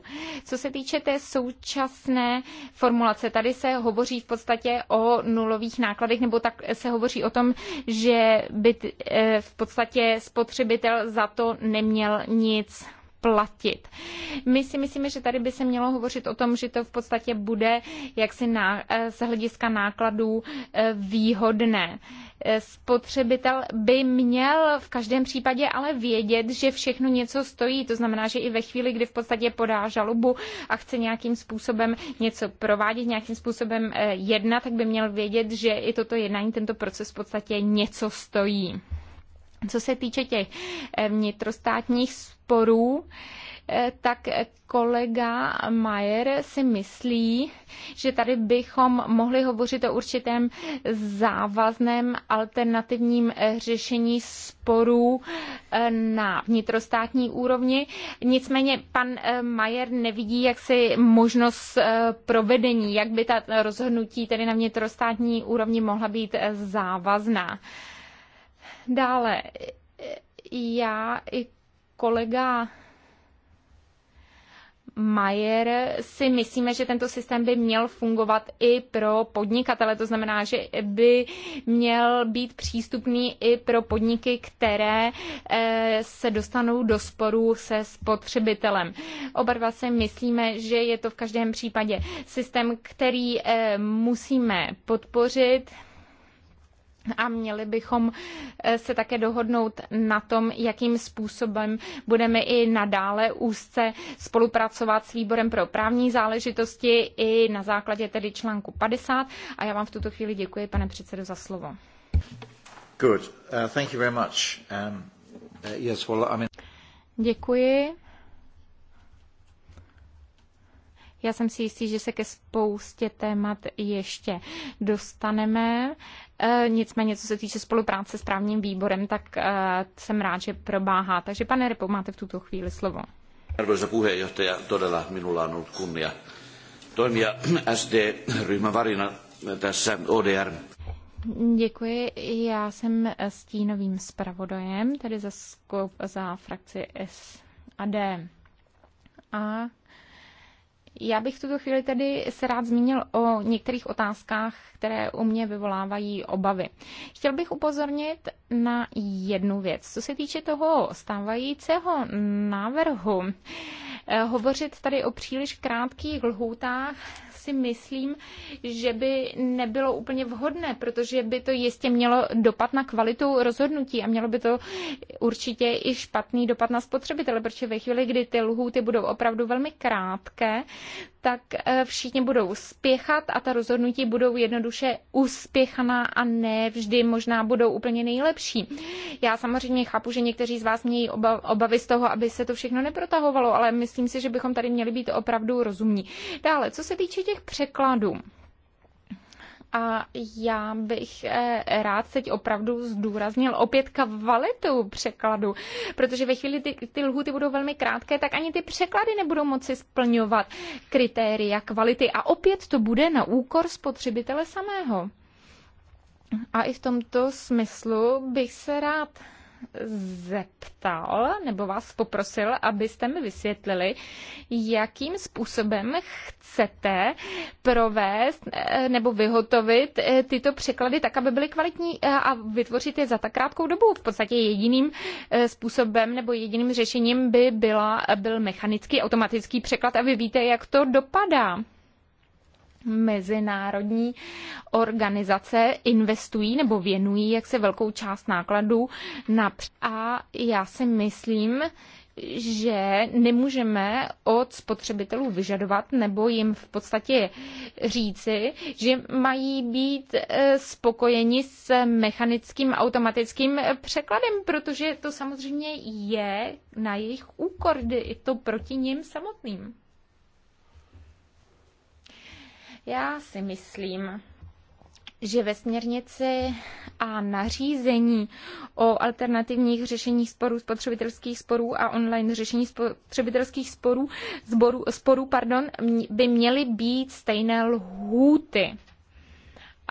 Co se týče té současné formulace, tady se hovoří v podstatě o nulových nákladech, nebo tak se hovoří o tom, že by eh, v podstatě spotřebitel za to neměl nic platit. My si myslíme, že tady by se mělo hovořit o tom, že to v podstatě bude jaksi na, eh, z hlediska nákladů eh, výhodné. Eh, spotřebitel by měl v každém případě ale vědět, že všechno něco stojí. To znamená, že i ve chvíli, kdy v podstatě podá žalobu a chce nějakým způsobem něco provádět, nějakým způsobem jednat, tak by měl vědět, že i toto jednání, tento proces v podstatě něco stojí. Co se týče těch eh, vnitrostátních sporů, eh, tak kolega Majer si myslí, že tady bychom mohli hovořit o určitém závazném alternativním eh, řešení sporů na vnitrostátní úrovni. Nicméně pan Majer nevidí jak si možnost provedení, jak by ta rozhodnutí tedy na vnitrostátní úrovni mohla být závazná. Dále, já i kolega Majer si myslíme, že tento systém by měl fungovat i pro podnikatele. To znamená, že by měl být přístupný i pro podniky, které eh, se dostanou do sporu se spotřebitelem. Oba dva si myslíme, že je to v každém případě systém, který eh, musíme podpořit a měli bychom eh, se také dohodnout na tom, jakým způsobem budeme i nadále úzce spolupracovat s výborem pro právní záležitosti i na základě tedy článku 50. A já vám v tuto chvíli děkuji, pane předsedo, za slovo. Good. Uh, thank you very much. Um, uh, yes, well, I mean... Děkuji. Já jsem si jistý, že se ke spoustě témat ještě dostaneme. E, nicméně, co se týče spolupráce s právním výborem, tak e, jsem rád, že probáhá. Takže, pane Repo, máte v tuto chvíli slovo. Arvoisa puheenjohtaja, todella minulla on ollut kunnia toimia SD-ryhmän varina tässä ODR. Děkuji. Já jsem stínovým zpravodajem, tedy za, skup, za frakci S a D. A já bych v tuto chvíli tedy se rád zmínil o některých otázkách, které u mě vyvolávají obavy. Chtěl bych upozornit na jednu věc. Co se týče toho stávajícího návrhu, eh, hovořit tady o příliš krátkých lhůtách si myslím, že by nebylo úplně vhodné, protože by to jistě mělo dopad na kvalitu rozhodnutí a mělo by to určitě i špatný dopad na spotřebitele, protože ve chvíli, kdy ty lhůty budou opravdu velmi krátké, tak eh, všichni budou spěchat a ta rozhodnutí budou jednoduše uspěchaná a ne vždy možná budou úplně nejlepší. Já samozřejmě chápu, že někteří z vás mějí obavy z toho, aby se to všechno neprotahovalo, ale myslím si, že bychom tady měli být opravdu rozumní. Dále, co se týče těch překladů. A já bych eh, rád teď opravdu zdůraznil opět kvalitu překladu, protože ve chvíli ty, ty lhuty budou velmi krátké, tak ani ty překlady nebudou moci splňovat kritéria kvality a opět to bude na úkor spotřebitele samého. A i v tomto smyslu bych se rád zeptal nebo vás poprosil, abyste mi vysvětlili, jakým způsobem chcete provést eh, nebo vyhotovit eh, tyto překlady tak, aby byly kvalitní eh, a vytvořit je za tak krátkou dobu. V podstatě jediným způsobem nebo jediným řešením by byla, byl mechanický automatický překlad a vy víte, jak to dopadá mezinárodní organizace investují nebo věnují jaksi velkou část nákladů na a já si myslím, že nemůžeme od spotřebitelů vyžadovat nebo jim v podstatě říci, že mají být eh, spokojeni s mechanickým automatickým překladem, protože to samozřejmě je na jejich úkor, i to proti nim samotným. Já si myslím, že ve směrnici a nařízení o alternativních řešeních sporů, spotřebitelských sporů a online řešení spotřebitelských sporů, zboru, sporů pardon, by měly být stejné lhůty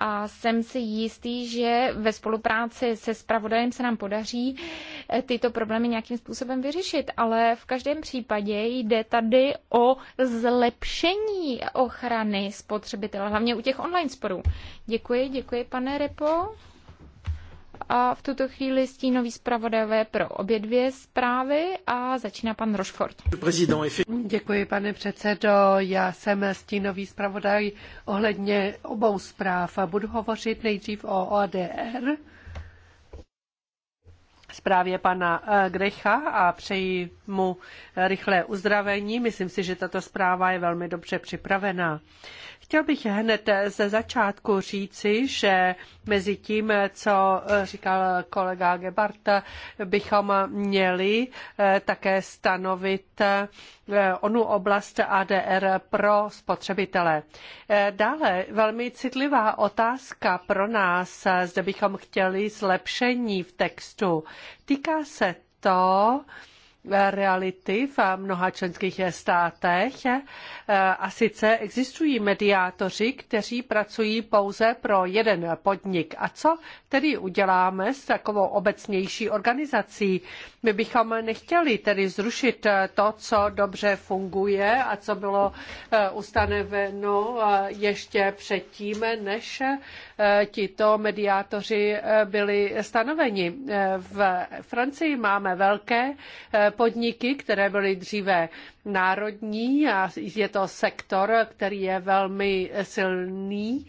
a jsem si jistý, že ve spolupráci se spravodajem se nám podaří eh, tyto problémy nějakým způsobem vyřešit, ale v každém případě jde tady o zlepšení ochrany spotřebitele, hlavně u těch online sporů. Děkuji, děkuji, pane Repo a v tuto chvíli stínový zpravodajové pro obě dvě zprávy a začíná pan Rošford. Děkuji, pane předsedo. Já jsem stínový zpravodaj ohledně obou zpráv. Budu hovořit nejdřív o ODR zprávě pana eh, Grecha a přeji mu eh, rychlé uzdravení. Myslím si, že tato zpráva je velmi dobře připravená. Chtěl bych hned ze začátku říci, že mezi tím, co říkal kolega Gebart, bychom měli eh, také stanovit eh, onu oblast ADR pro spotřebitele. Eh, dále velmi citlivá otázka pro nás, zde bychom chtěli zlepšení v textu. Týká se to, reality v mnoha členských státech. A sice existují mediátoři, kteří pracují pouze pro jeden podnik. A co tedy uděláme s takovou obecnější organizací? My bychom nechtěli tedy zrušit eh, to, co dobře funguje a co bylo eh, ustanoveno eh, ještě předtím, než tito mediátoři byli stanoveni. V Francii máme velké podniky, které byly dříve národní a je to sektor, který je velmi silný.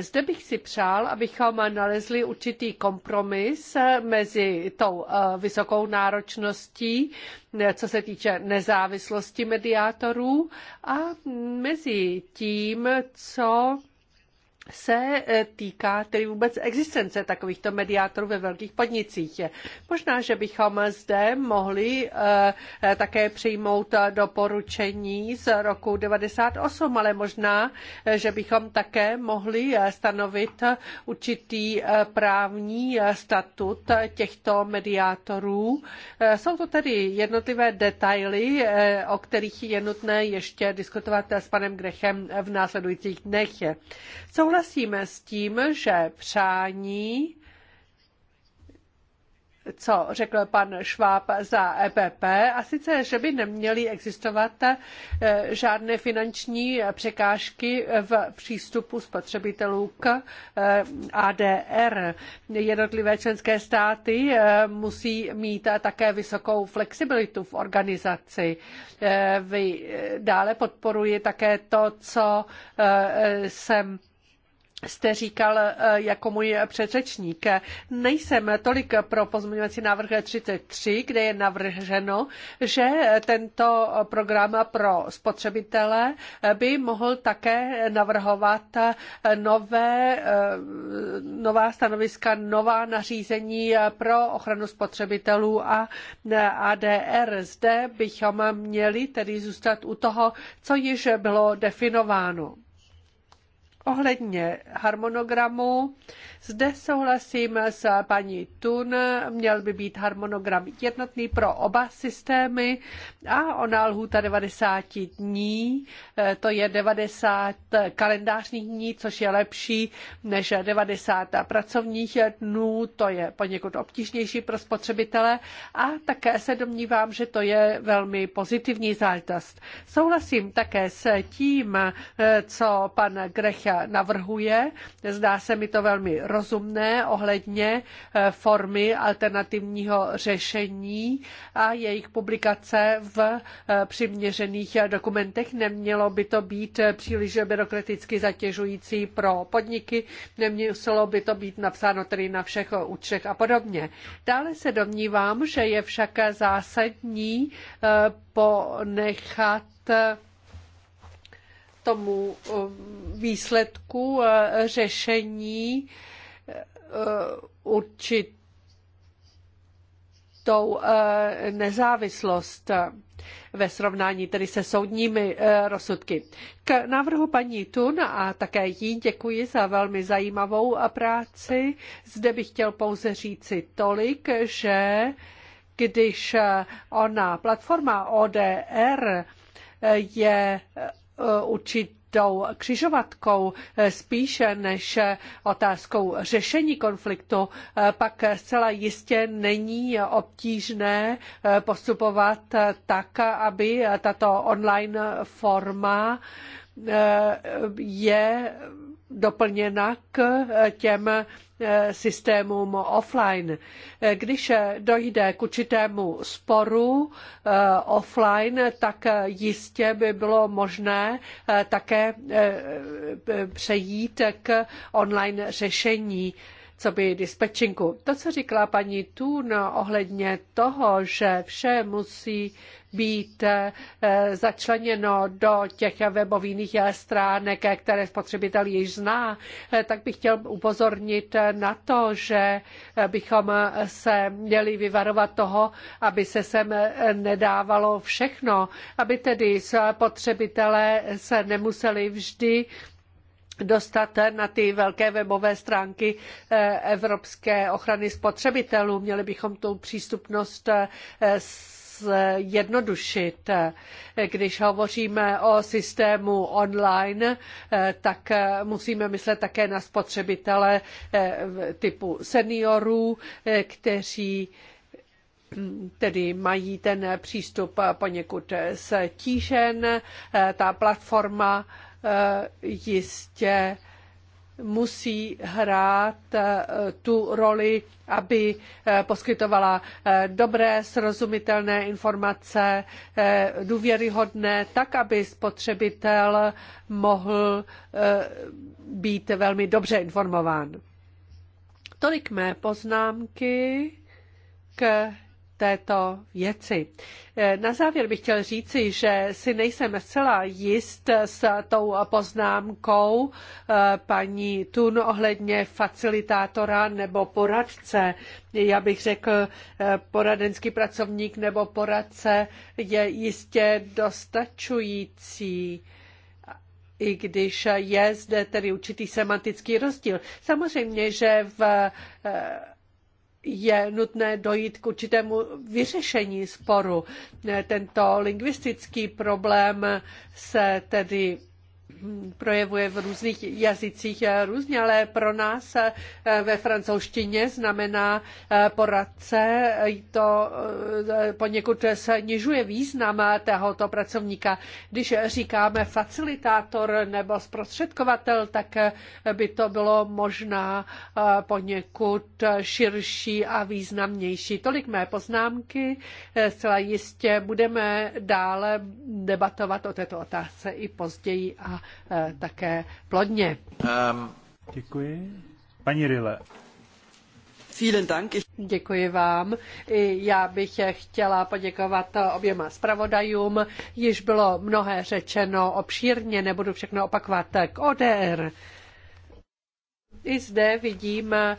Zde bych si přál, abychom nalezli určitý kompromis mezi tou eh, vysokou náročností, eh, co se týče nezávislosti mediátorů a mezi tím, co se eh, týká tedy vůbec existence takovýchto mediátorů ve velkých podnicích. Možná, že bychom zde mohli eh, eh, také přijmout doporučení z roku 98, ale možná, že bychom také mohli stanovit určitý právní statut těchto mediátorů. Jsou to tedy jednotlivé detaily, o kterých je nutné ještě diskutovat s panem Grechem v následujících dnech. Jsou Souhlasíme s tím, že přání co řekl pan Šváb za EPP, a sice, že by neměly existovat eh, žádné finanční překážky v přístupu spotřebitelů k eh, ADR. Jednotlivé členské státy eh, musí mít také vysokou flexibilitu v organizaci. Vy dále podporuje také to, co jsem jste říkal eh, jako můj předřečník. Nejsem tolik pro pozměňovací návrh 33, kde je navrženo, že tento program pro spotřebitele by mohl také navrhovat nové, eh, nová stanoviska, nová nařízení pro ochranu spotřebitelů a eh, ADR. Zde bychom měli tedy zůstat u toho, co již bylo definováno. Ohledně harmonogramu, zde souhlasím s paní Tun, měl by být harmonogram jednotný pro oba systémy a ona lhůta 90 dní, eh, to je 90 kalendářních dní, což je lepší než 90 pracovních dnů, to je poněkud obtížnější pro spotřebitele a také se domnívám, že to je velmi pozitivní záležitost. Souhlasím také s tím, eh, co pan Grech navrhuje. Zdá se mi to velmi rozumné ohledně eh, formy alternativního řešení a jejich publikace v eh, přiměřených dokumentech. Nemělo by to být eh, příliš byrokraticky zatěžující pro podniky, nemělo by to být napsáno tedy na všech účtech a podobně. Dále se domnívám, že je však zásadní ponechat tomu eh, výsledku eh, řešení eh, určitou nezávislost ve srovnání tedy se soudními rozsudky. K návrhu paní Tun a také jí děkuji za velmi zajímavou práci. Zde bych chtěl pouze říci tolik, že když ona platforma ODR je Eh, určitě tou křižovatkou eh, spíše než eh, otázkou řešení konfliktu, pak zcela jistě není obtížné postupovat tak, aby tato online forma je doplněna k eh, těm eh, systémům offline. Eh, když dojde k určitému sporu offline, tak jistě by bylo možné také přejít k online řešení co by dispečinku. To, co říkala paní Tuna ohledně toho, že vše musí být eh, začleněno do těch webových stránek, které spotřebitel již zná, eh, tak bych chtěl upozornit na to, že eh, bychom se měli vyvarovat toho, aby se sem nedávalo všechno, aby tedy spotřebitelé se nemuseli vždy dostat na ty velké webové stránky eh, Evropské ochrany spotřebitelů. Měli bychom tu přístupnost eh, zjednodušit. Eh, když hovoříme o systému online, tak musíme myslet také na spotřebitele typu seniorů, kteří hm, tedy mají ten přístup poněkud stížen. Ta platforma Eh, jistě musí hrát eh, tu roli, aby eh, poskytovala dobré, srozumitelné informace, důvěryhodné, tak, aby spotřebitel mohl být velmi dobře informován. Tolik mé poznámky k této věci. Eh, na závěr bych chtěl říci, že si nejsem zcela jist s tou poznámkou eh, paní Tun ohledně facilitátora nebo poradce. Já bych řekl, eh, poradenský pracovník nebo poradce je jistě dostačující i když je zde tedy určitý semantický rozdíl. Samozřejmě, že v je nutné dojít k určitému vyřešení sporu. Tento lingvistický problém se tedy projevuje v různých jazycích různě, ale pro nás eh, ve francouzštině znamená eh, poradce, eh, to poněkud snižuje význam tohoto pracovníka. Když říkáme facilitátor nebo zprostředkovatel, tak by to bylo možná poněkud širší a významnější. Tolik mé poznámky. Zcela jistě budeme dále debatovat o této otázce i později a Eh, také plodně. Um. Děkuji. Paní Rille. Děkuji vám. Já bych chtěla poděkovat oběma zpravodajům. Již bylo mnohé řečeno obšírně, nebudu všechno opakovat k ODR. I zde vidím eh,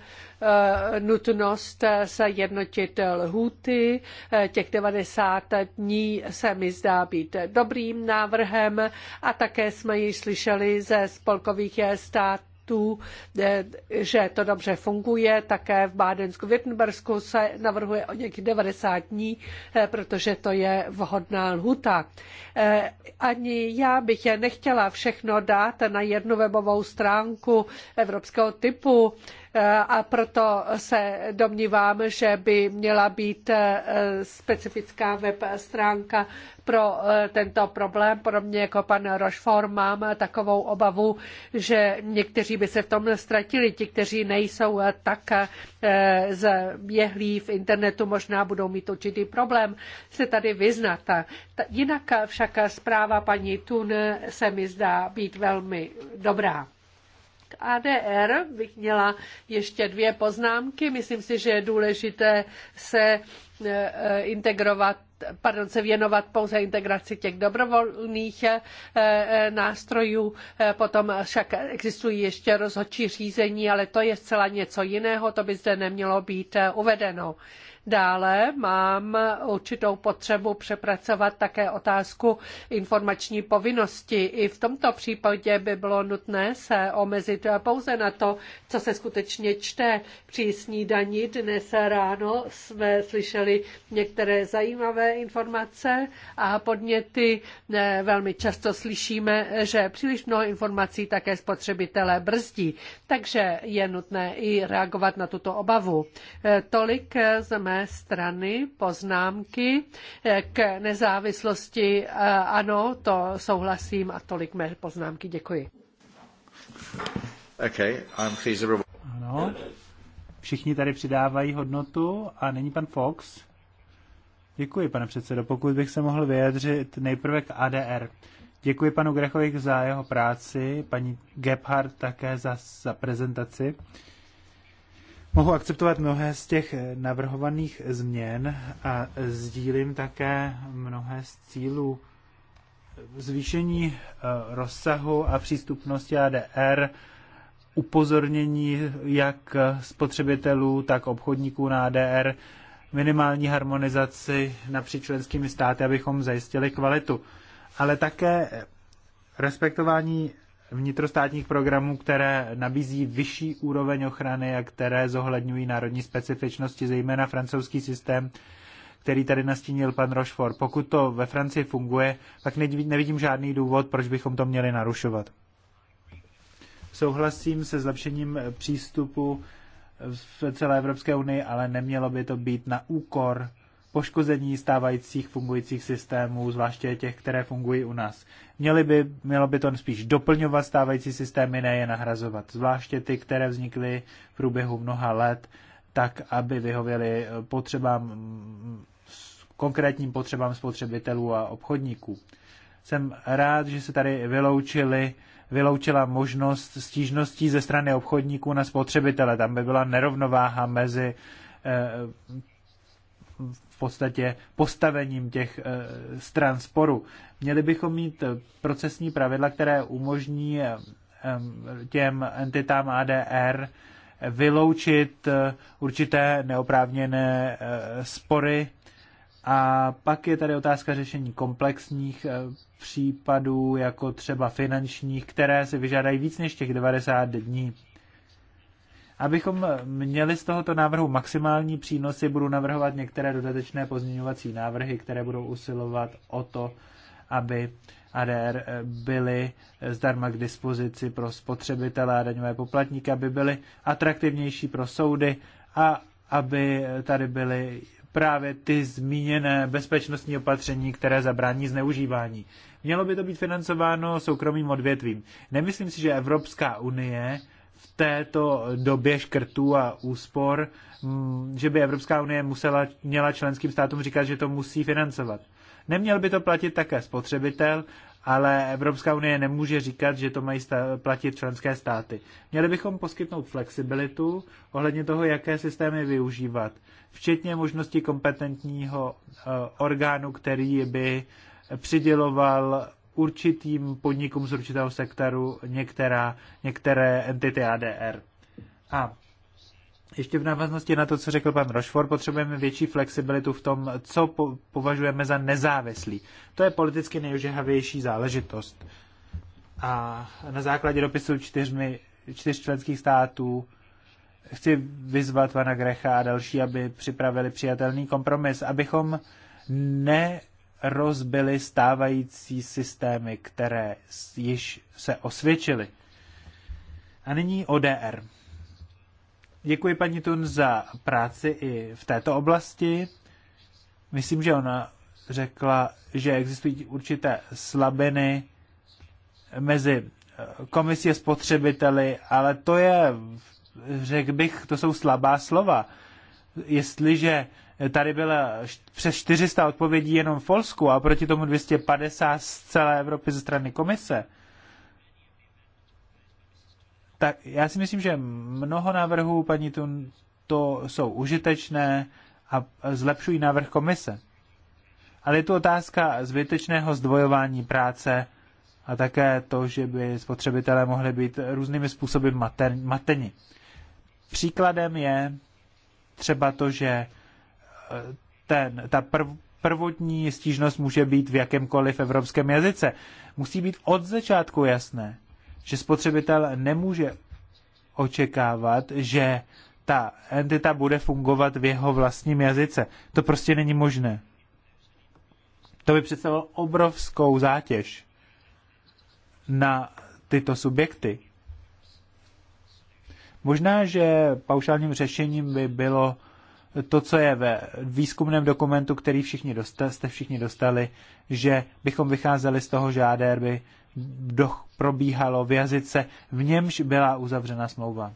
nutnost se jednotit lhůty. Eh, těch 90 dní se mi zdá být dobrým návrhem a také jsme ji slyšeli ze spolkových států států, eh, že to dobře funguje. Také v Bádensku, Větnbersku se navrhuje o nějakých 90 dní, eh, protože to je vhodná lhuta. Eh, ani já bych nechtěla všechno dát na jednu webovou stránku evropského typu, a proto se domnívám, že by měla být eh, specifická web stránka pro eh, tento problém. Podobně jako pan Rochefort mám takovou obavu, že někteří by se v tom ztratili. Ti, kteří nejsou eh, tak zběhlí v internetu, možná budou mít určitý problém se tady vyznat. Jinak však zpráva paní Tun se mi zdá být velmi dobrá. ADR bych měla ještě dvě poznámky. Myslím si, že je důležité se e, e, integrovat pardon, se věnovat pouze integraci těch dobrovolných e, nástrojů. Potom však existují ještě rozhodčí řízení, ale to je zcela něco jiného, to by zde nemělo být uvedeno. Dále mám určitou potřebu přepracovat také otázku informační povinnosti. I v tomto případě by bylo nutné se omezit pouze na to, co se skutečně čte při snídaní. Dnes ráno jsme slyšeli některé zajímavé informace a podněty. Velmi často slyšíme, že příliš mnoho informací také spotřebitelé brzdí, takže je nutné i reagovat na tuto obavu. Tolik mé mé strany poznámky eh, k nezávislosti. Eh, ano, to souhlasím a tolik mé poznámky. Děkuji. Okay, I'm ano, všichni tady přidávají hodnotu a není pan Fox. Děkuji, pane předsedo. Pokud bych se mohl vyjadřit nejprve k ADR. Děkuji panu Grechovi za jeho práci, paní Gebhardt také za, za prezentaci. Mohu akceptovat mnohé z těch eh, navrhovaných změn a sdílím také mnohé z cílů zvýšení eh, rozsahu a přístupnosti ADR, upozornění jak spotřebitelů, tak obchodníků na ADR, minimální harmonizaci napříč členskými státy, abychom zajistili kvalitu. Ale také respektování vnitrostátních programů, které nabízí vyšší úroveň ochrany a které zohledňují národní specifičnosti, zejména francouzský systém, který tady nastínil pan Rochefort. Pokud to ve Francii funguje, tak nevidím žádný důvod, proč bychom to měli narušovat. Souhlasím se zlepšením přístupu v celé Evropské unii, ale nemělo by to být na úkor poškození stávajících fungujících systémů, zvláště těch, které fungují u nás. Měli by, mělo by to spíš doplňovat stávající systémy, ne je nahrazovat, zvláště ty, které vznikly v průběhu mnoha let, tak, aby vyhověly potřebám, konkrétním potřebám spotřebitelů a obchodníků. Jsem rád, že se tady vyloučili vyloučila možnost stížností ze strany obchodníků na spotřebitele. Tam by byla nerovnováha mezi eh, v podstatě postavením těch eh, stran sporu. Měli bychom mít eh, procesní pravidla, které umožní eh, těm entitám ADR vyloučit určité neoprávněné spory. A pak je tady otázka řešení komplexních případů, jako třeba finančních, které si vyžádají víc než těch 90 dní. Abychom měli z tohoto návrhu maximální přínosy, budu navrhovat některé dodatečné pozměňovací návrhy, které budou usilovat o to, aby ADR eh, byly eh, zdarma k dispozici pro spotřebitele a daňové poplatníky, aby byly atraktivnější pro soudy a aby eh, tady byly právě ty zmíněné bezpečnostní opatření, které zabrání zneužívání. Mělo by to být financováno soukromým odvětvím. Nemyslím si, že Evropská unie v této době škrtů a úspor, že by Evropská unie musela, měla členským státům říkat, že to musí financovat. Neměl by to platit také spotřebitel, ale Evropská unie nemůže říkat, že to mají platit členské státy. Měli bychom poskytnout flexibilitu ohledně toho, jaké systémy využívat, včetně možnosti kompetentního e, orgánu, který by přiděloval určitým podnikům z určitého sektoru některá, některé entity ADR. A ještě v návaznosti na to, co řekl pan Rošfor, potřebujeme větší flexibilitu v tom, co po- považujeme za nezávislý. To je politicky nejužehavější záležitost. A na základě dopisu čtyřmi, čtyř členských států chci vyzvat pana Grecha a další, aby připravili přijatelný kompromis, abychom ne nerozbili stávající systémy, které již se osvědčily. A nyní ODR. Děkuji paní Tun za práci i v této oblasti. Myslím, že ona řekla, že existují určité slabiny mezi eh, komisí a spotřebiteli, ale to je, řekl bych, to jsou slabá slova. Jestliže Tady byla přes 400 odpovědí jenom v Polsku a proti tomu 250 z celé Evropy ze strany komise. Tak já si myslím, že mnoho návrhů paní Tun to jsou užitečné a zlepšují návrh komise. Ale je tu otázka zbytečného zdvojování práce a také to, že by spotřebitelé mohli být různými způsoby mateni. Příkladem je třeba to, že ten, ta prv, prvotní stížnost může být v jakémkoliv evropském jazyce. Musí být od začátku jasné, že spotřebitel nemůže očekávat, že ta entita bude fungovat v jeho vlastním jazyce. To prostě není možné. To by představovalo obrovskou zátěž na tyto subjekty. Možná, že paušálním řešením by bylo to, co je ve výzkumném dokumentu, který všichni dostali, jste všichni dostali, že bychom vycházeli z toho, že ADR by doch probíhalo v jazyce, v němž byla uzavřena smlouva.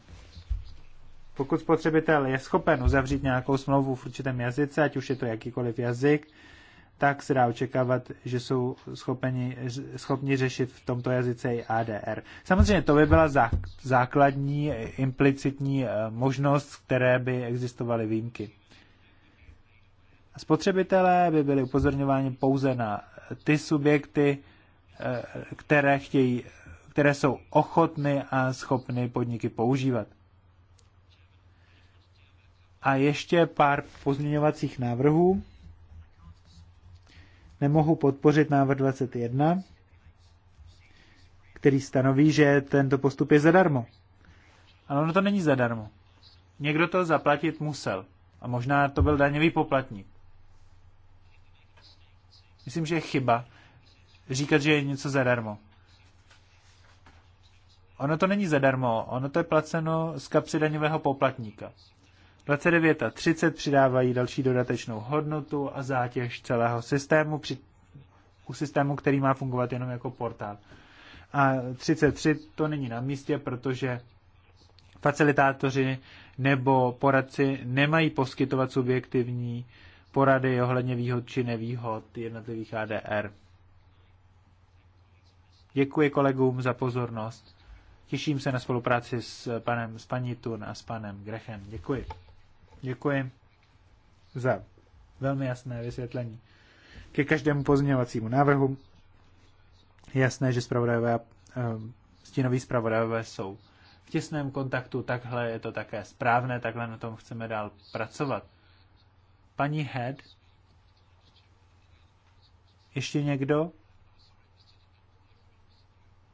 Pokud spotřebitel je schopen uzavřít nějakou smlouvu v určitém jazyce, ať už je to jakýkoliv jazyk, tak se dá očekávat, že jsou schopeni, schopni řešit v tomto jazyce i ADR. Samozřejmě to by byla základní implicitní eh, možnost, které by existovaly výjimky. Spotřebitelé by byli upozorňováni pouze na ty subjekty, eh, které, chtějí, které jsou ochotny a schopny podniky používat. A ještě pár pozměňovacích návrhů nemohu podpořit návrh 21, který stanoví, že tento postup je zadarmo. Ale ono to není zadarmo. Někdo to zaplatit musel. A možná to byl daňový poplatník. Myslím, že je chyba říkat, že je něco zadarmo. Ono to není zadarmo, ono to je placeno z kapsy daňového poplatníka. 29 a 30 přidávají další dodatečnou hodnotu a zátěž celého systému při, u systému, který má fungovat jenom jako portál. A 33 to není na místě, protože facilitátoři nebo poradci nemají poskytovat subjektivní porady ohledně výhod či nevýhod jednotlivých ADR. Děkuji kolegům za pozornost. Těším se na spolupráci s panem Spanitun a s panem Grechem. Děkuji. Děkuji za velmi jasné vysvětlení. Ke každému pozměňovacímu návrhu je jasné, že zpravodajové, eh, stínoví zpravodajové jsou v těsném kontaktu, takhle je to také správné, takhle na tom chceme dál pracovat. Paní Head, ještě někdo?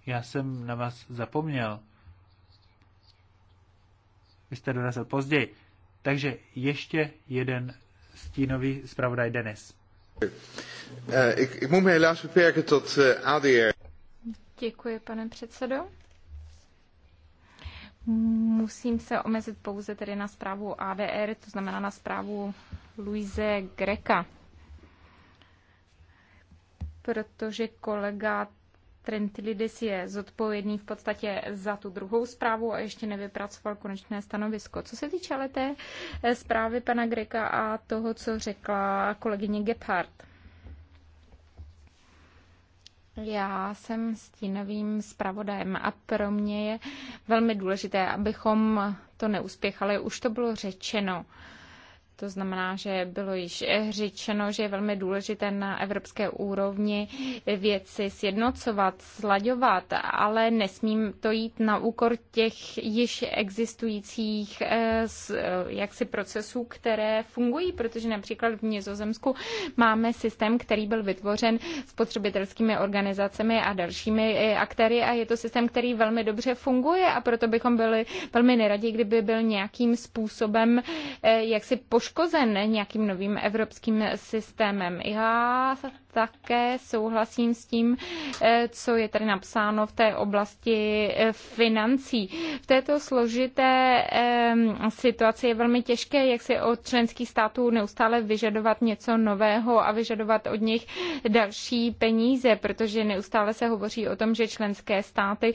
Já jsem na vás zapomněl. Vy jste dorazil později. Takže ještě jeden stínový zpravodaj Denis. Eh, tot eh, ADR. Děkuji, pane předsedo. Musím se omezit pouze tedy na zprávu ADR, to znamená na zprávu Luise Greka, protože kolega Trentilidis je zodpovědný v podstatě za tu druhou zprávu a ještě nevypracoval konečné stanovisko. Co se týče ale té eh, zprávy pana Greka a toho, co řekla kolegyně Gebhardt. Já jsem stínovým zpravodajem a pro mě je velmi důležité, abychom to neuspěchali. Už to bylo řečeno. Uh, to znamená, že bylo již eh, řečeno, že je velmi důležité na evropské úrovni věci sjednocovat, slaďovat, ale nesmím to jít na úkor těch již existujících eh, eh, jaksi procesů, které fungují, protože například v Nizozemsku máme systém, který byl vytvořen spotřebitelskými organizacemi a dalšími aktéry a je to systém, který velmi dobře funguje a proto bychom byli velmi neradi, kdyby byl nějakým způsobem jaksi poš poškozen nějakým novým evropským systémem. Já také souhlasím s tím, eh, co je tady napsáno v té oblasti eh, financí. V této složité situaci je velmi těžké, jak si od členských států neustále vyžadovat něco nového a vyžadovat od nich další peníze, protože neustále se hovoří o tom, že členské státy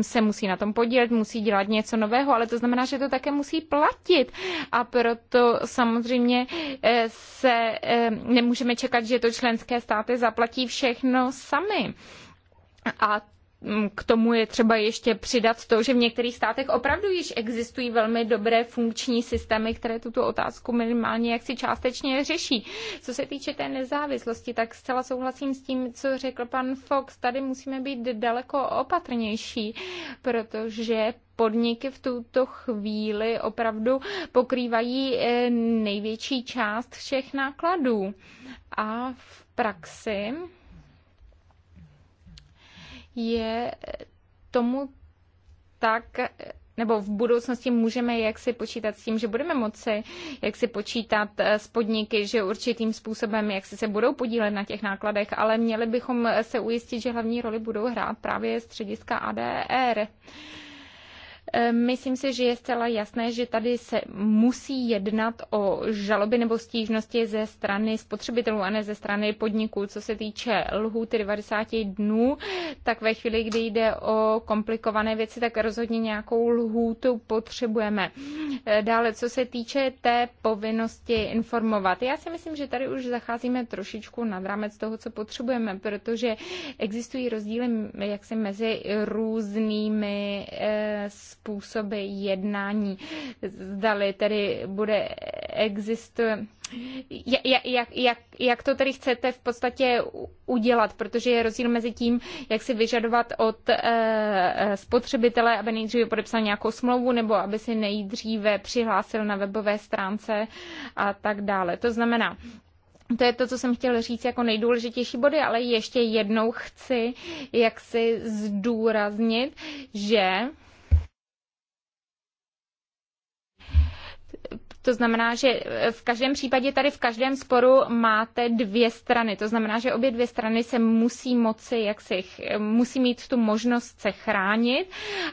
se musí na tom podílet, musí dělat něco nového, ale to znamená, že to také musí platit. A proto samozřejmě eh, se nemůžeme čekat, že to členské členské státy zaplatí všechno sami. A Mm, k tomu je třeba ještě přidat to, že v některých státech opravdu již existují velmi dobré funkční systémy, které tuto otázku minimálně jaksi částečně řeší. Co se týče té nezávislosti, tak zcela souhlasím s tím, co řekl pan Fox. Tady musíme být daleko opatrnější, protože podniky v tuto chvíli opravdu pokrývají eh, největší část všech nákladů. A v praxi je tomu tak, nebo v budoucnosti můžeme jak si počítat s tím, že budeme moci jak si počítat eh, s podniky, že určitým způsobem jak si se budou podílet na těch nákladech, ale měli bychom se ujistit, že hlavní roli budou hrát právě střediska ADR. E Ehm, myslím si, že je zcela jasné, že tady se musí jednat o žaloby nebo stížnosti ze strany spotřebitelů a ne ze strany podniků. Co se týče lhůty 90 dnů, tak ve chvíli, kdy jde o komplikované věci, tak rozhodně nějakou lhůtu potřebujeme. Ehm, dále, co se týče té povinnosti informovat. Já si myslím, že tady už zacházíme trošičku nad rámec toho, co potřebujeme, protože existují rozdíly jaksi mezi různými ehm, způsoby jednání. Zdali tedy bude existuje, jak, jak, jak, jak to tedy chcete v podstatě udělat, protože je rozdíl mezi tím, jak si vyžadovat od e, spotřebitele, aby nejdříve podepsal nějakou smlouvu nebo aby si nejdříve přihlásil na webové stránce a tak dále. To znamená, to je to, co jsem chtěl říct jako nejdůležitější body, ale ještě jednou chci jak si zdůraznit, že To znamená, že eh, v každém případě tady v každém sporu máte dvě strany. To znamená, že obě dvě strany se musí moci, jak si, musí mít tu možnost se chránit.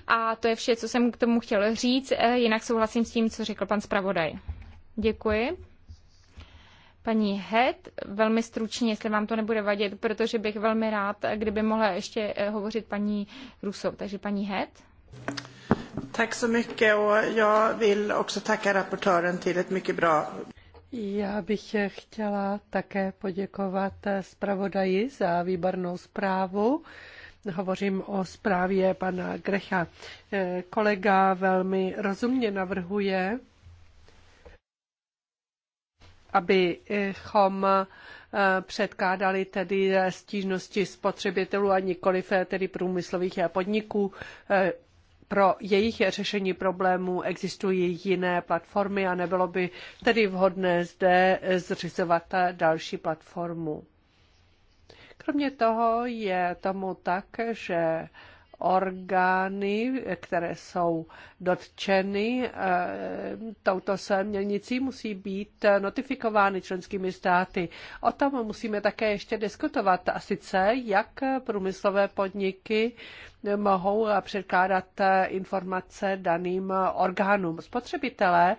A to je vše, co jsem k tomu chtěl říct. Eh, jinak souhlasím s tím, co řekl pan zpravodaj. Děkuji. Paní Het, velmi stručně, jestli vám to nebude vadit, protože bych velmi rád, eh, kdyby mohla ještě hovořit paní Rusov. Takže paní Het. Tack så mycket och jag vill också tacka rapportören till ett mycket bra já bych chtěla také poděkovat zpravodaji za výbornou zprávu. Hovořím o zprávě pana Grecha. Eh, kolega velmi rozumně navrhuje, abychom eh, předkládali tedy stížnosti spotřebitelů a nikoliv eh, tedy průmyslových podniků pro jejich řešení problémů existují jiné platformy a nebylo by tedy vhodné zde zřizovat další platformu. Kromě toho je tomu tak, že orgány, které jsou dotčeny eh, touto směrnicí, musí být eh, notifikovány členskými státy. O tom musíme také ještě diskutovat, a sice jak průmyslové podniky mohou předkládat eh, informace daným orgánům. Spotřebitelé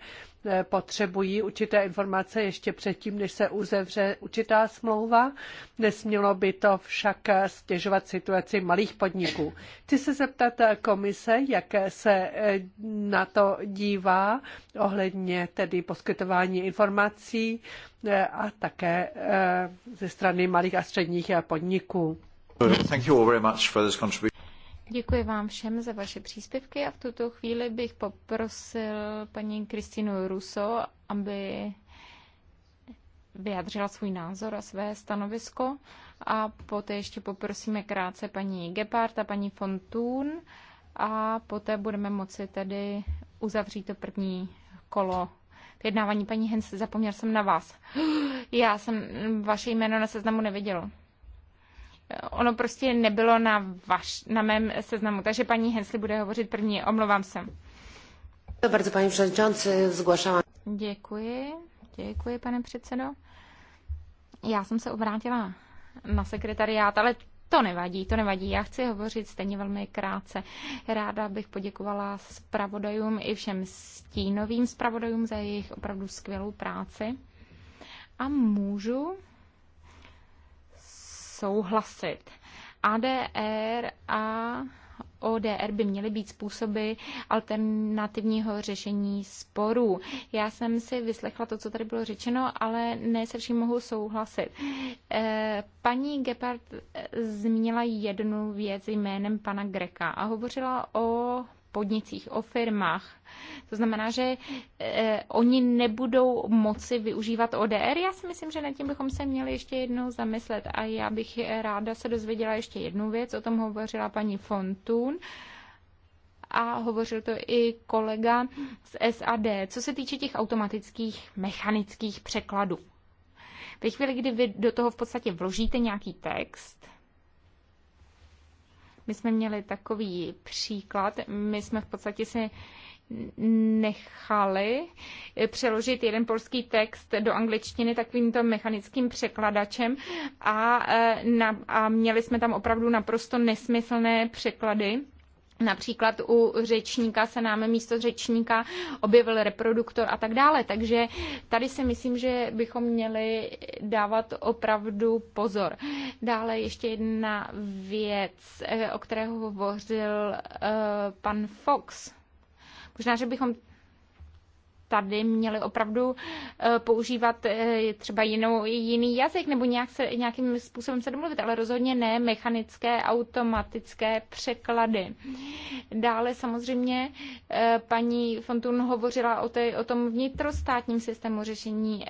Eh, potřebují určité informace ještě předtím, než se uzevře určitá smlouva. Nesmělo by to však stěžovat situaci malých podniků. Chci se zeptat komise, jak se eh, na to dívá ohledně tedy poskytování informací eh, a také ze strany malých a středních podniků. Thank you all very much for this contribution. Děkuji vám všem za vaše příspěvky a v tuto chvíli bych poprosil paní Kristinu Ruso, aby vyjadřila svůj názor a své stanovisko. A poté ještě poprosíme krátce paní Gepard a paní Fontún a poté budeme moci tedy uzavřít to první kolo vyjednávání. Paní Hens, zapomněl jsem na vás. Já jsem vaše jméno na seznamu neviděl ono prostě nebylo na, vaš, na mém seznamu. Takže paní Hensley bude hovořit první, omlouvám se. Bardzo, paní předsedající, zgłaszałam. Děkuji, děkuji, pane předsedo. Já jsem se obrátila na sekretariát, ale to nevadí, to nevadí. Já chci hovořit stejně velmi krátce. Ráda bych poděkovala zpravodajům i všem stínovým zpravodajům za jejich opravdu skvělou práci. A můžu souhlasit. ADR a ODR by měly být způsoby alternativního řešení sporů. Já jsem si vyslechla to, co tady bylo řečeno, ale ne se vším mohu souhlasit. Eh, paní Gepard zmínila jednu věc jménem pana Greka a hovořila o podnicích, o firmách. To znamená, že eh, oni nebudou moci využívat ODR. Já si myslím, že nad tím bychom se měli ještě jednou zamyslet. A já bych ráda se dozvěděla ještě jednu věc, o tom hovořila paní Fontun a hovořil to i kolega z SAD, co se týče těch automatických mechanických překladů. Ve chvíli, kdy vy do toho v podstatě vložíte nějaký text, my jsme měli takový příklad, my jsme v podstatě si nechali přeložit jeden polský text do angličtiny takovýmto mechanickým překladačem a, e, na, a měli jsme tam opravdu naprosto nesmyslné překlady Například u řečníka se nám místo řečníka objevil reproduktor a tak dále. Takže tady si myslím, že bychom měli dávat opravdu pozor. Dále ještě jedna věc, eh, o které hovořil eh, pan Fox. Možná, že bychom tady měli opravdu eh, používat eh, třeba jinou, jiný jazyk nebo nějak se, nějakým způsobem se domluvit, ale rozhodně ne mechanické, automatické překlady. Dále samozřejmě eh, paní Fontun hovořila o, té, o tom vnitrostátním systému řešení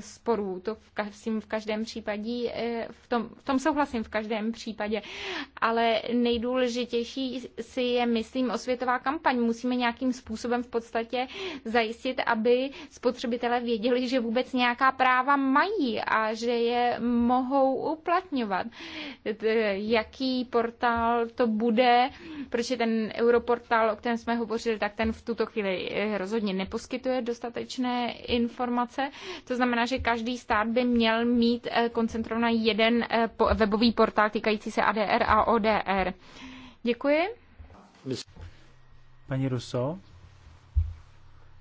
sporů. To v, každém, v každém případě, v tom, v tom souhlasím v každém případě, ale nejdůležitější si je, myslím, osvětová kampaň. Musíme nějakým způsobem v podstatě zajistit, aby spotřebitelé věděli, že vůbec nějaká práva mají a že je mohou uplatňovat. Jaký portál to bude, protože ten europortál, o kterém jsme hovořili, tak ten v tuto chvíli eh, rozhodně neposkytuje dostatečné informace. To znamená, že každý stát by měl mít eh, koncentrovaný jeden eh, webový portál týkající se ADR a ODR. Děkuji. Paní Ruso,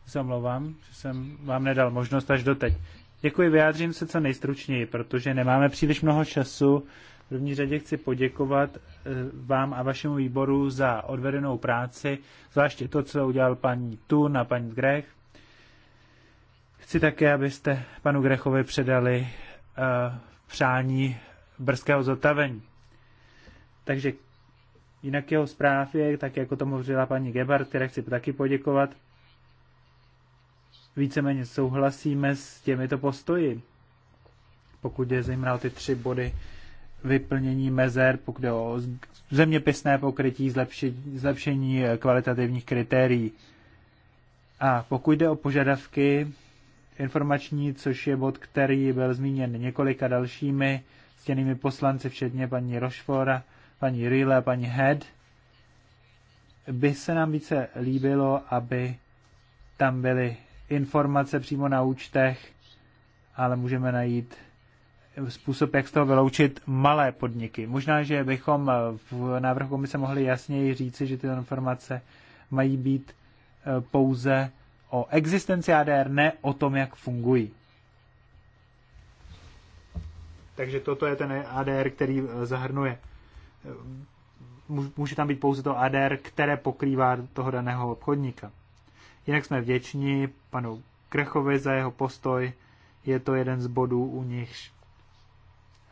se omlouvám, že jsem vám nedal možnost až doteď. Děkuji, vyjádřím se co nejstručněji, protože nemáme příliš mnoho času. V první řadě chci poděkovat eh, vám a vašemu výboru za odvedenou práci, zvláště to, co udělal paní Tun a paní Grech. Chci také, abyste panu Grechovi předali uh, přání brzkého zotavení. Takže jinak jeho zprávě, tak jako tomu říkala paní Gebar, které chci taky poděkovat, víceméně souhlasíme s těmito postoji. Pokud je zejména ty tři body vyplnění mezer, pokud je o zeměpisné pokrytí, zlepšení, zlepšení kvalitativních kritérií. A pokud jde o požadavky informační, což je bod, který byl zmíněn několika dalšími stěnými poslanci, včetně paní Rošfora, paní Rille a paní Head, by se nám více líbilo, aby tam byly informace přímo na účtech, ale můžeme najít způsob, jak z toho vyloučit malé podniky. Možná, že bychom v návrhu komise mohli jasněji říci, že ty informace mají být e, pouze o existenci ADR, ne o tom, jak fungují. Takže toto je ten ADR, který e, zahrnuje. E, může tam být pouze to ADR, které pokrývá toho daného obchodníka. Jinak jsme vděční panu Krechovi za jeho postoj. Je to jeden z bodů, u nichž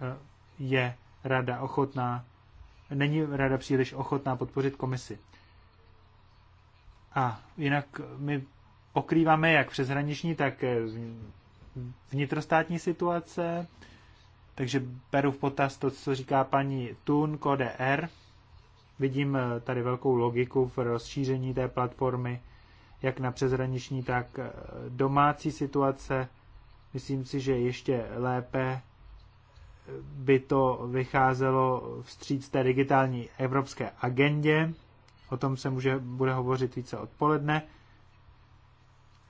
eh, je rada ochotná, není rada příliš ochotná podpořit komisi. A jinak my pokrýváme jak přeshraniční, tak eh, vnitrostátní situace, takže beru v potaz to, co říká paní Tun, KDR. Vidím eh, tady velkou logiku v rozšíření té platformy jak na přezraniční, tak eh, domácí situace. Myslím si, že ještě lépe eh, by to vycházelo vstříc té digitální evropské agendě. O tom se může, bude hovořit více odpoledne.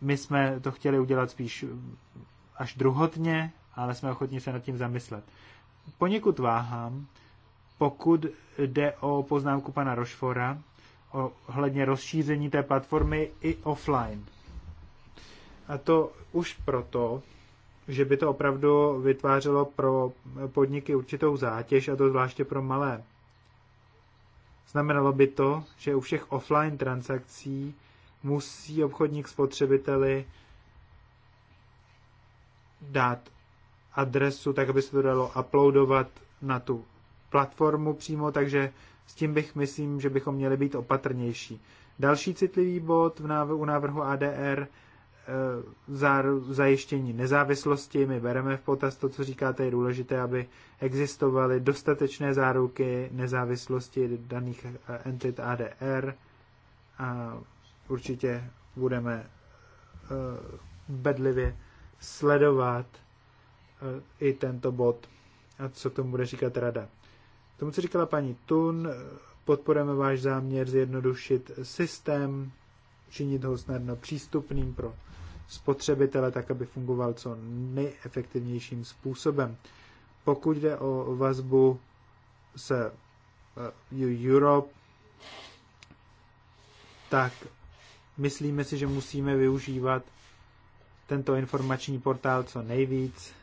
My jsme to chtěli udělat spíš mm, až druhotně, ale jsme ochotni se nad tím zamyslet. Poněkud váhám, pokud jde o poznámku pana Rošfora, ohledně rozšíření té platformy i offline. A to už proto, že by to opravdu vytvářelo pro podniky určitou zátěž, a to zvláště pro malé. Znamenalo by to, že u všech offline transakcí musí obchodník spotřebiteli dát adresu, tak aby se to dalo uploadovat na tu platformu přímo, takže s tím bych myslím, že bychom měli být opatrnější. Další citlivý bod v návrhu, u návrhu ADR eh, za zajištění nezávislosti. My bereme v potaz to, co říkáte, je důležité, aby existovaly dostatečné záruky nezávislosti daných eh, entit ADR a určitě budeme eh, bedlivě sledovat i tento bod a co k tomu bude říkat rada tomu, co říkala paní Tun, podporujeme váš záměr zjednodušit systém, činit ho snadno přístupným pro spotřebitele, tak aby fungoval co nejefektivnějším způsobem. Pokud jde o vazbu se eh, Europe, tak myslíme si, že musíme využívat tento informační portál co nejvíc,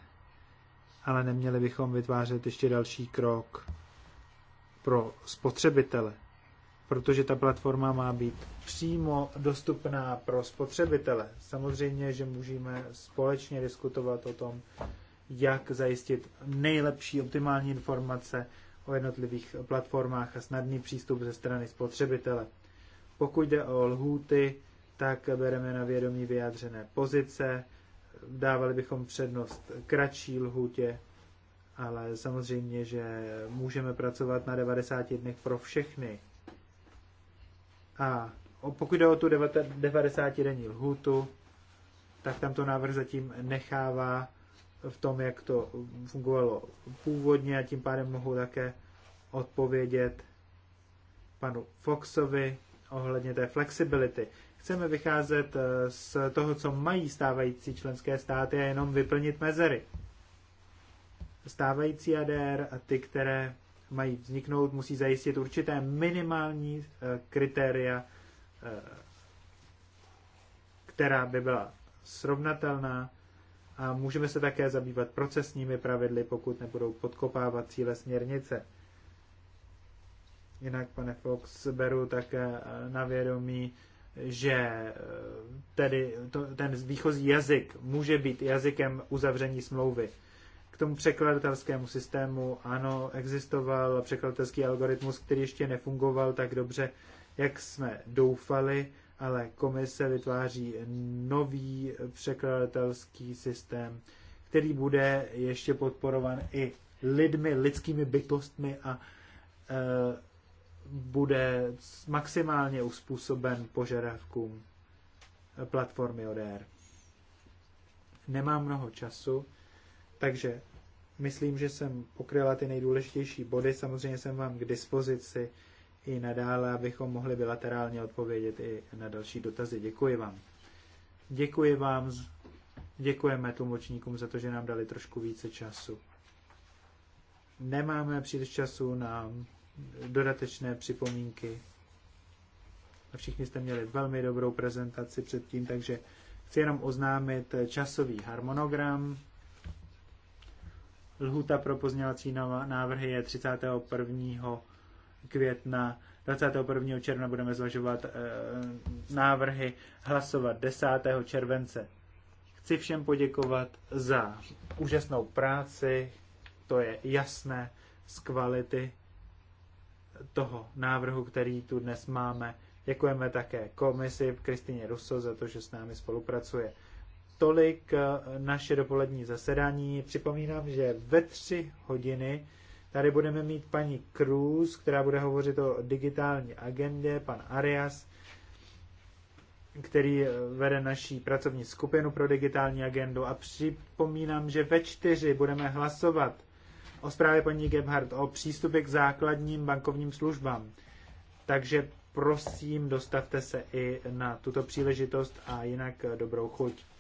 ale neměli bychom vytvářet ještě další krok pro spotřebitele, protože ta platforma má být přímo dostupná pro spotřebitele. Samozřejmě, že můžeme společně diskutovat o tom, jak zajistit nejlepší optimální informace o jednotlivých platformách a snadný přístup ze strany spotřebitele. Pokud jde o lhůty, tak bereme na vědomí vyjádřené pozice, dávali bychom přednost kratší lhůtě ale samozřejmě, že můžeme pracovat na 90 dnech pro všechny. A pokud jde o tu 90-denní lhůtu, tak tam to návrh zatím nechává v tom, jak to fungovalo původně a tím pádem mohu také odpovědět panu Foxovi ohledně té flexibility. Chceme vycházet eh, z toho, co mají stávající členské státy a jenom vyplnit mezery stávající ADR a ty, které mají vzniknout, musí zajistit určité minimální eh, kritéria, eh, která by byla srovnatelná a můžeme se také zabývat procesními pravidly, pokud nebudou podkopávat cíle směrnice. Jinak, pane Fox, beru také eh, na vědomí, že tedy to, ten výchozí jazyk může být jazykem uzavření smlouvy. K tomu překladatelskému systému, ano, existoval překladatelský algoritmus, který ještě nefungoval tak dobře, jak jsme doufali, ale komise vytváří nový překladatelský systém, který bude ještě podporovan i lidmi, lidskými bytostmi a e, bude maximálně uspůsoben požadavkům platformy ODR. Nemám mnoho času, takže myslím, že jsem pokryla ty nejdůležitější body. Samozřejmě jsem vám k dispozici i nadále, abychom mohli bilaterálně odpovědět i na další dotazy. Děkuji vám. Děkuji vám. Děkujeme tlumočníkům za to, že nám dali trošku více času. Nemáme příliš času na dodatečné připomínky. A všichni jste měli velmi dobrou prezentaci předtím, takže chci jenom oznámit časový harmonogram. Lhuta pro pozměňovací návrhy je 31. května. 21. června budeme zvažovat e, návrhy, hlasovat 10. července. Chci všem poděkovat za úžasnou práci, to je jasné z kvality toho návrhu, který tu dnes máme. Děkujeme také komisi Kristině Ruso za to, že s námi spolupracuje tolik eh, naše dopolední zasedání. Připomínám, že ve tři hodiny tady budeme mít paní Cruz, která bude hovořit o digitální agendě, pan Arias, který eh, vede naší pracovní skupinu pro digitální agendu. A připomínám, že ve čtyři budeme hlasovat o zprávě paní Gebhardt o přístupě k základním bankovním službám. Takže prosím, dostavte se i na tuto příležitost a jinak eh, dobrou chuť.